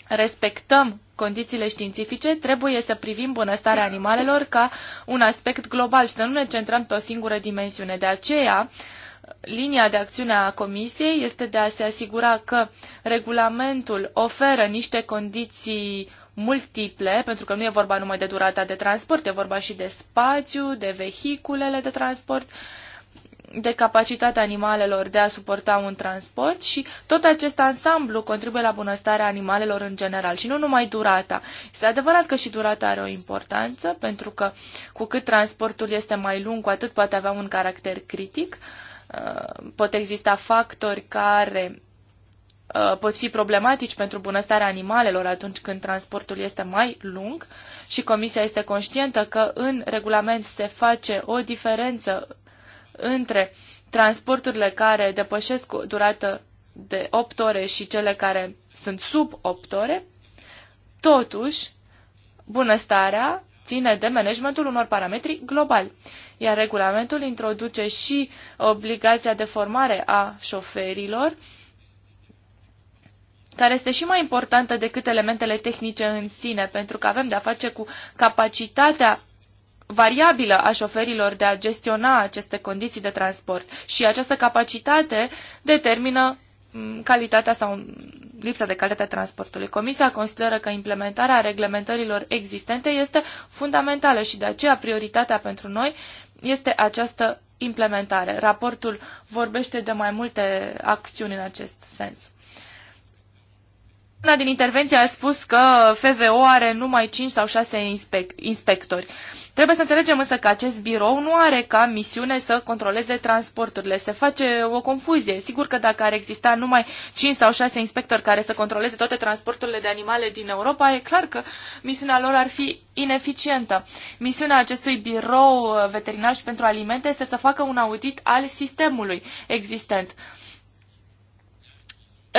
S4: respectăm condițiile științifice, trebuie să privim bunăstarea animalelor ca un aspect global și să nu ne centrăm pe o singură dimensiune. De aceea, uh, linia de acțiune a Comisiei este de a se asigura că regulamentul oferă niște condiții multiple, pentru că nu e vorba numai de durata de transport, e vorba și de spațiu, de vehiculele de transport, de capacitatea animalelor de a suporta un transport și tot acest ansamblu contribuie la bunăstarea animalelor în general și nu numai durata. Este adevărat că și durata are o importanță, pentru că cu cât transportul este mai lung, cu atât poate avea un caracter critic, uh, Uh, pot exista factori care uh, pot fi problematici pentru bunăstarea animalelor atunci când transportul este mai lung și Comisia este conștientă că în regulament se face o diferență între transporturile care depășesc o durată de 8 ore și cele care sunt sub 8 ore, totuși, bunăstarea ține de managementul unor parametri globali iar regulamentul introduce și obligația de formare a șoferilor, care este și mai importantă decât elementele tehnice în sine, pentru că avem de-a face cu capacitatea variabilă a șoferilor de a gestiona aceste condiții de transport și această capacitate determină mm, calitatea sau lipsa de calitate a transportului. Comisia consideră că implementarea reglementărilor existente este fundamentală și de aceea prioritatea pentru noi este această implementare. Raportul vorbește de mai multe acțiuni în acest sens. Una din intervenții a spus că FVO are numai 5 sau 6 inspec- inspectori. Trebuie să înțelegem însă că acest birou nu are ca misiune să controleze transporturile. Se face o confuzie. Sigur că dacă ar exista numai 5 sau 6 inspectori care să controleze toate transporturile de animale din Europa, e clar că misiunea lor ar fi ineficientă. Misiunea acestui birou veterinar și pentru alimente este să facă un audit al sistemului existent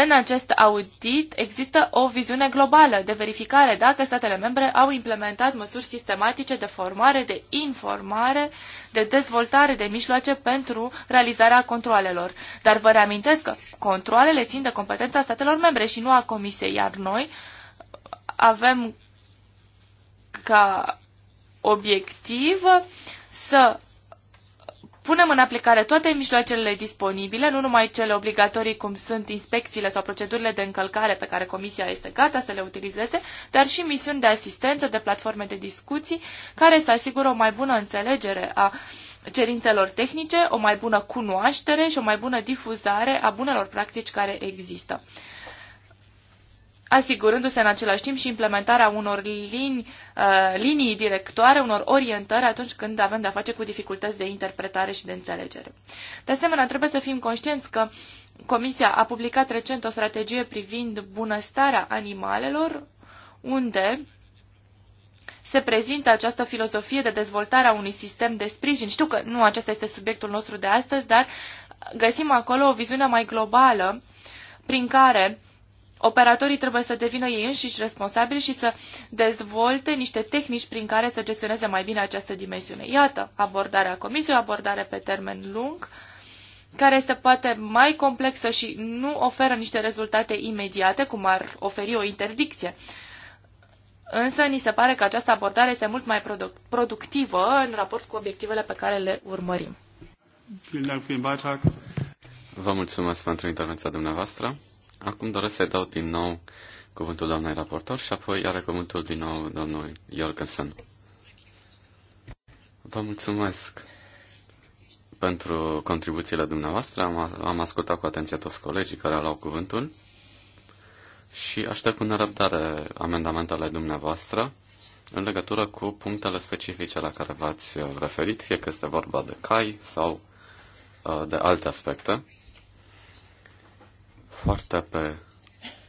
S4: în acest audit există o viziune globală de verificare dacă statele membre au implementat măsuri sistematice de formare, de informare, de dezvoltare de mijloace pentru realizarea controalelor. Dar vă reamintesc că controalele țin de competența statelor membre și nu a Comisiei, iar noi avem ca obiectiv să punem în aplicare toate mijloacele disponibile, nu numai cele obligatorii cum sunt inspecțiile sau procedurile de încălcare pe care Comisia este gata să le utilizeze, dar și misiuni de asistență, de platforme de discuții, care să asigură o mai bună înțelegere a cerințelor tehnice, o mai bună cunoaștere și o mai bună difuzare a bunelor practici care există asigurându-se în același timp și implementarea unor linii, uh, linii directoare, unor orientări atunci când avem de-a face cu dificultăți de interpretare și de înțelegere. De asemenea, trebuie să fim conștienți că Comisia a publicat recent o strategie privind bunăstarea animalelor, unde se prezintă această filozofie de dezvoltare a unui sistem de sprijin. Știu că nu acesta este subiectul nostru de astăzi, dar găsim acolo o viziune mai globală prin care operatorii trebuie să devină ei înșiși responsabili și să dezvolte niște tehnici prin care să gestioneze mai bine această dimensiune. Iată abordarea comisiei, o abordare pe termen lung, care este poate mai complexă și nu oferă niște rezultate imediate, cum ar oferi o interdicție. Însă, ni se pare că această abordare este mult mai productivă în raport cu obiectivele pe care le urmărim.
S2: Vă mulțumesc pentru intervenția dumneavoastră. Acum doresc să-i dau din nou cuvântul doamnei raportor și apoi are cuvântul din nou domnul Jorgensen. Vă mulțumesc pentru contribuțiile dumneavoastră. Am, am ascultat cu atenție toți colegii care au luat cuvântul și aștept cu nerăbdare amendamentele dumneavoastră în legătură cu punctele specifice la care v-ați referit, fie că este vorba de cai sau uh, de alte aspecte. Foarte pe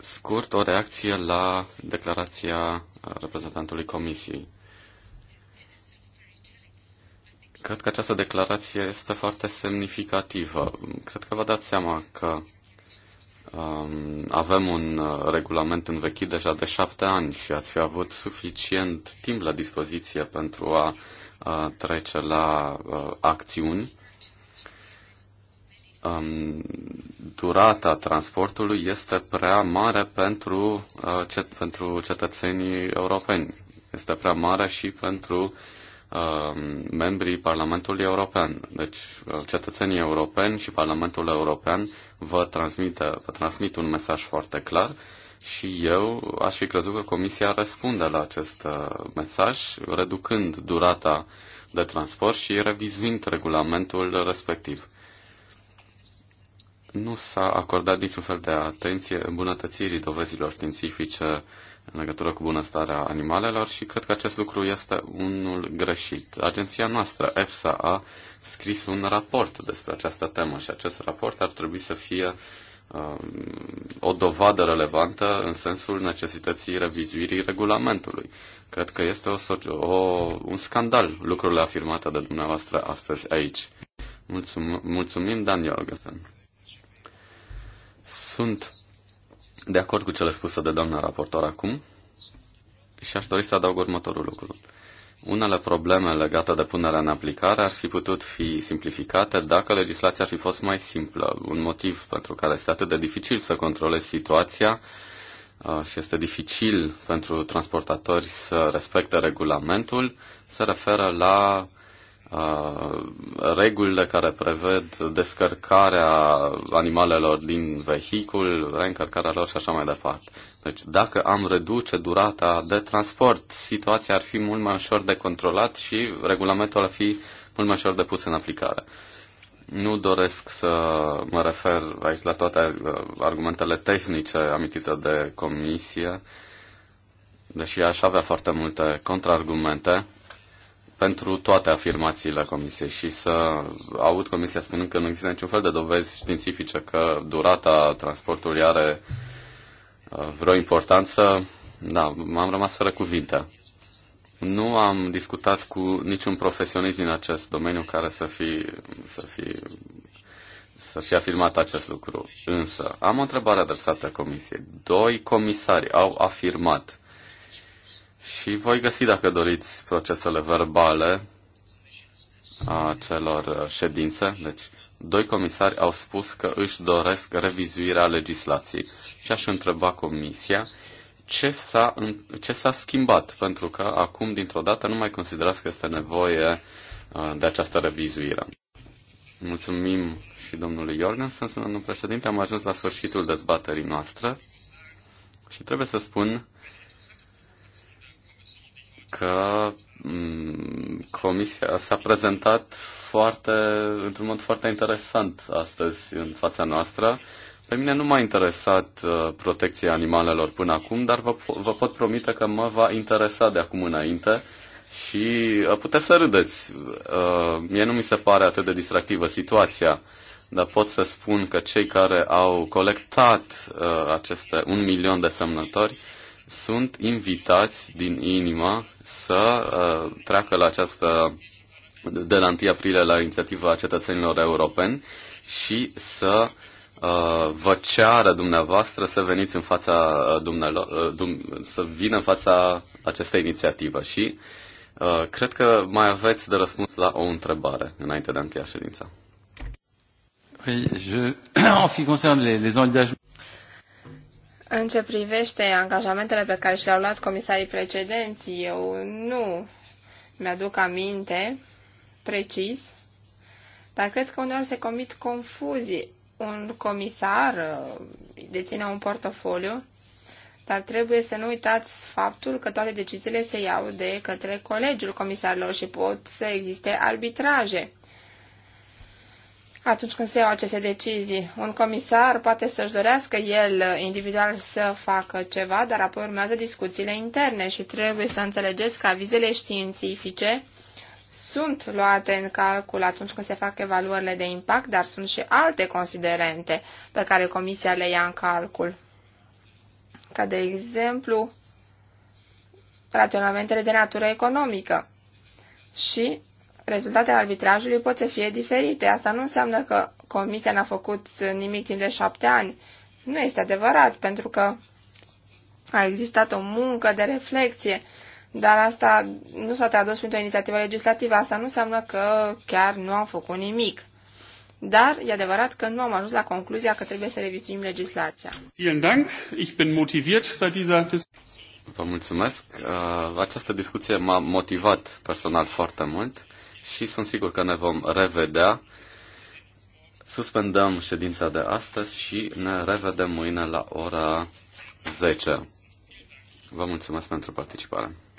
S2: scurt, o reacție la declarația reprezentantului Comisiei. Cred că această declarație este foarte semnificativă. Cred că vă dați seama că um, avem un regulament învechit deja de șapte ani și ați fi avut suficient timp la dispoziție pentru a uh, trece la uh, acțiuni um, durata transportului este prea mare pentru, uh, cet- pentru cetățenii europeni. Este prea mare și pentru uh, membrii Parlamentului European. Deci uh, cetățenii europeni și Parlamentul European vă, transmite, vă transmit un mesaj foarte clar și eu aș fi crezut că Comisia răspunde la acest uh, mesaj, reducând durata de transport și revizuind regulamentul respectiv nu s-a acordat niciun fel de atenție îmbunătățirii dovezilor științifice în legătură cu bunăstarea animalelor și cred că acest lucru este unul greșit. Agenția noastră, EFSA, a scris un raport despre această temă și acest raport ar trebui să fie uh, o dovadă relevantă în sensul necesității revizuirii regulamentului. Cred că este o, o, un scandal lucrurile afirmate de dumneavoastră astăzi aici. Mulțum, mulțumim, Dan Jorgensen. Sunt de acord cu cele spuse de doamna raportor acum și aș dori să adaug următorul lucru. Unele probleme legate de punerea în aplicare ar fi putut fi simplificate dacă legislația ar fi fost mai simplă. Un motiv pentru care este atât de dificil să controlezi situația uh, și este dificil pentru transportatori să respecte regulamentul se referă la Uh, regulile care preved descărcarea animalelor din vehicul, reîncărcarea lor și așa mai departe. Deci dacă am reduce durata de transport, situația ar fi mult mai ușor de controlat și regulamentul ar fi mult mai ușor de pus în aplicare. Nu doresc să mă refer aici la toate uh, argumentele tehnice amintite de comisie, deși aș avea foarte multe contraargumente, pentru toate afirmațiile Comisiei și să aud Comisia spunând că nu există niciun fel de dovezi științifice că durata transportului are uh, vreo importanță, da, m-am rămas fără cuvinte. Nu am discutat cu niciun profesionist din acest domeniu care să fi, să fi, să fi afirmat acest lucru. Însă, am o întrebare adresată Comisiei. Doi comisari au afirmat și voi găsi, dacă doriți, procesele verbale a celor ședințe. Deci, doi comisari au spus că își doresc revizuirea legislației și aș întreba comisia ce s-a, ce s-a schimbat, pentru că acum, dintr-o dată, nu mai considerați că este nevoie uh, de această revizuire. Mulțumim și domnului Jorgensen, domnul președinte. Am ajuns la sfârșitul dezbaterii noastre și trebuie să spun că mm, Comisia s-a prezentat foarte, într-un mod foarte interesant astăzi în fața noastră. Pe mine nu m-a interesat uh, protecția animalelor până acum, dar vă, vă pot promite că mă va interesa de acum înainte și uh, puteți să râdeți. Uh, mie nu mi se pare atât de distractivă situația, dar pot să spun că cei care au colectat aceste un milion de semnători sunt invitați din inimă să uh, treacă la această de la 1 aprilie la inițiativa cetățenilor europeni și să uh, vă ceară dumneavoastră să veniți în fața uh, dumnealor, uh, dum, să vină în fața acestei inițiativă. și uh, cred că mai aveți de răspuns la o întrebare înainte de a încheia ședința. Oui, je, en ce qui concerne les, les engagements...
S5: În ce privește angajamentele pe care și le-au luat comisarii precedenți, eu nu mi-aduc aminte precis, dar cred că uneori se comit confuzii. Un comisar uh, deține un portofoliu, dar trebuie să nu uitați faptul că toate deciziile se iau de către colegiul comisarilor și pot să existe arbitraje atunci când se iau aceste decizii. Un comisar poate să-și dorească el uh, individual să facă ceva, dar apoi urmează discuțiile interne și trebuie să înțelegeți că avizele științifice sunt luate în calcul atunci când se fac evaluările de impact, dar sunt și alte considerente pe care comisia le ia în calcul. Ca de exemplu, raționamentele de natură economică. Și rezultatele arbitrajului pot să fie diferite. Asta nu înseamnă că comisia n-a făcut nimic timp de șapte ani. Nu este adevărat, pentru că a existat o muncă de reflexie, dar asta nu s-a tradus printr-o inițiativă legislativă. Asta nu înseamnă că chiar nu am făcut nimic. Dar e adevărat că nu am ajuns la concluzia că trebuie să revizuim legislația.
S2: Vă mulțumesc. Uh, această discuție m-a motivat personal foarte mult și sunt sigur că ne vom revedea. Suspendăm ședința de astăzi și ne revedem mâine la ora 10. Vă mulțumesc pentru participare.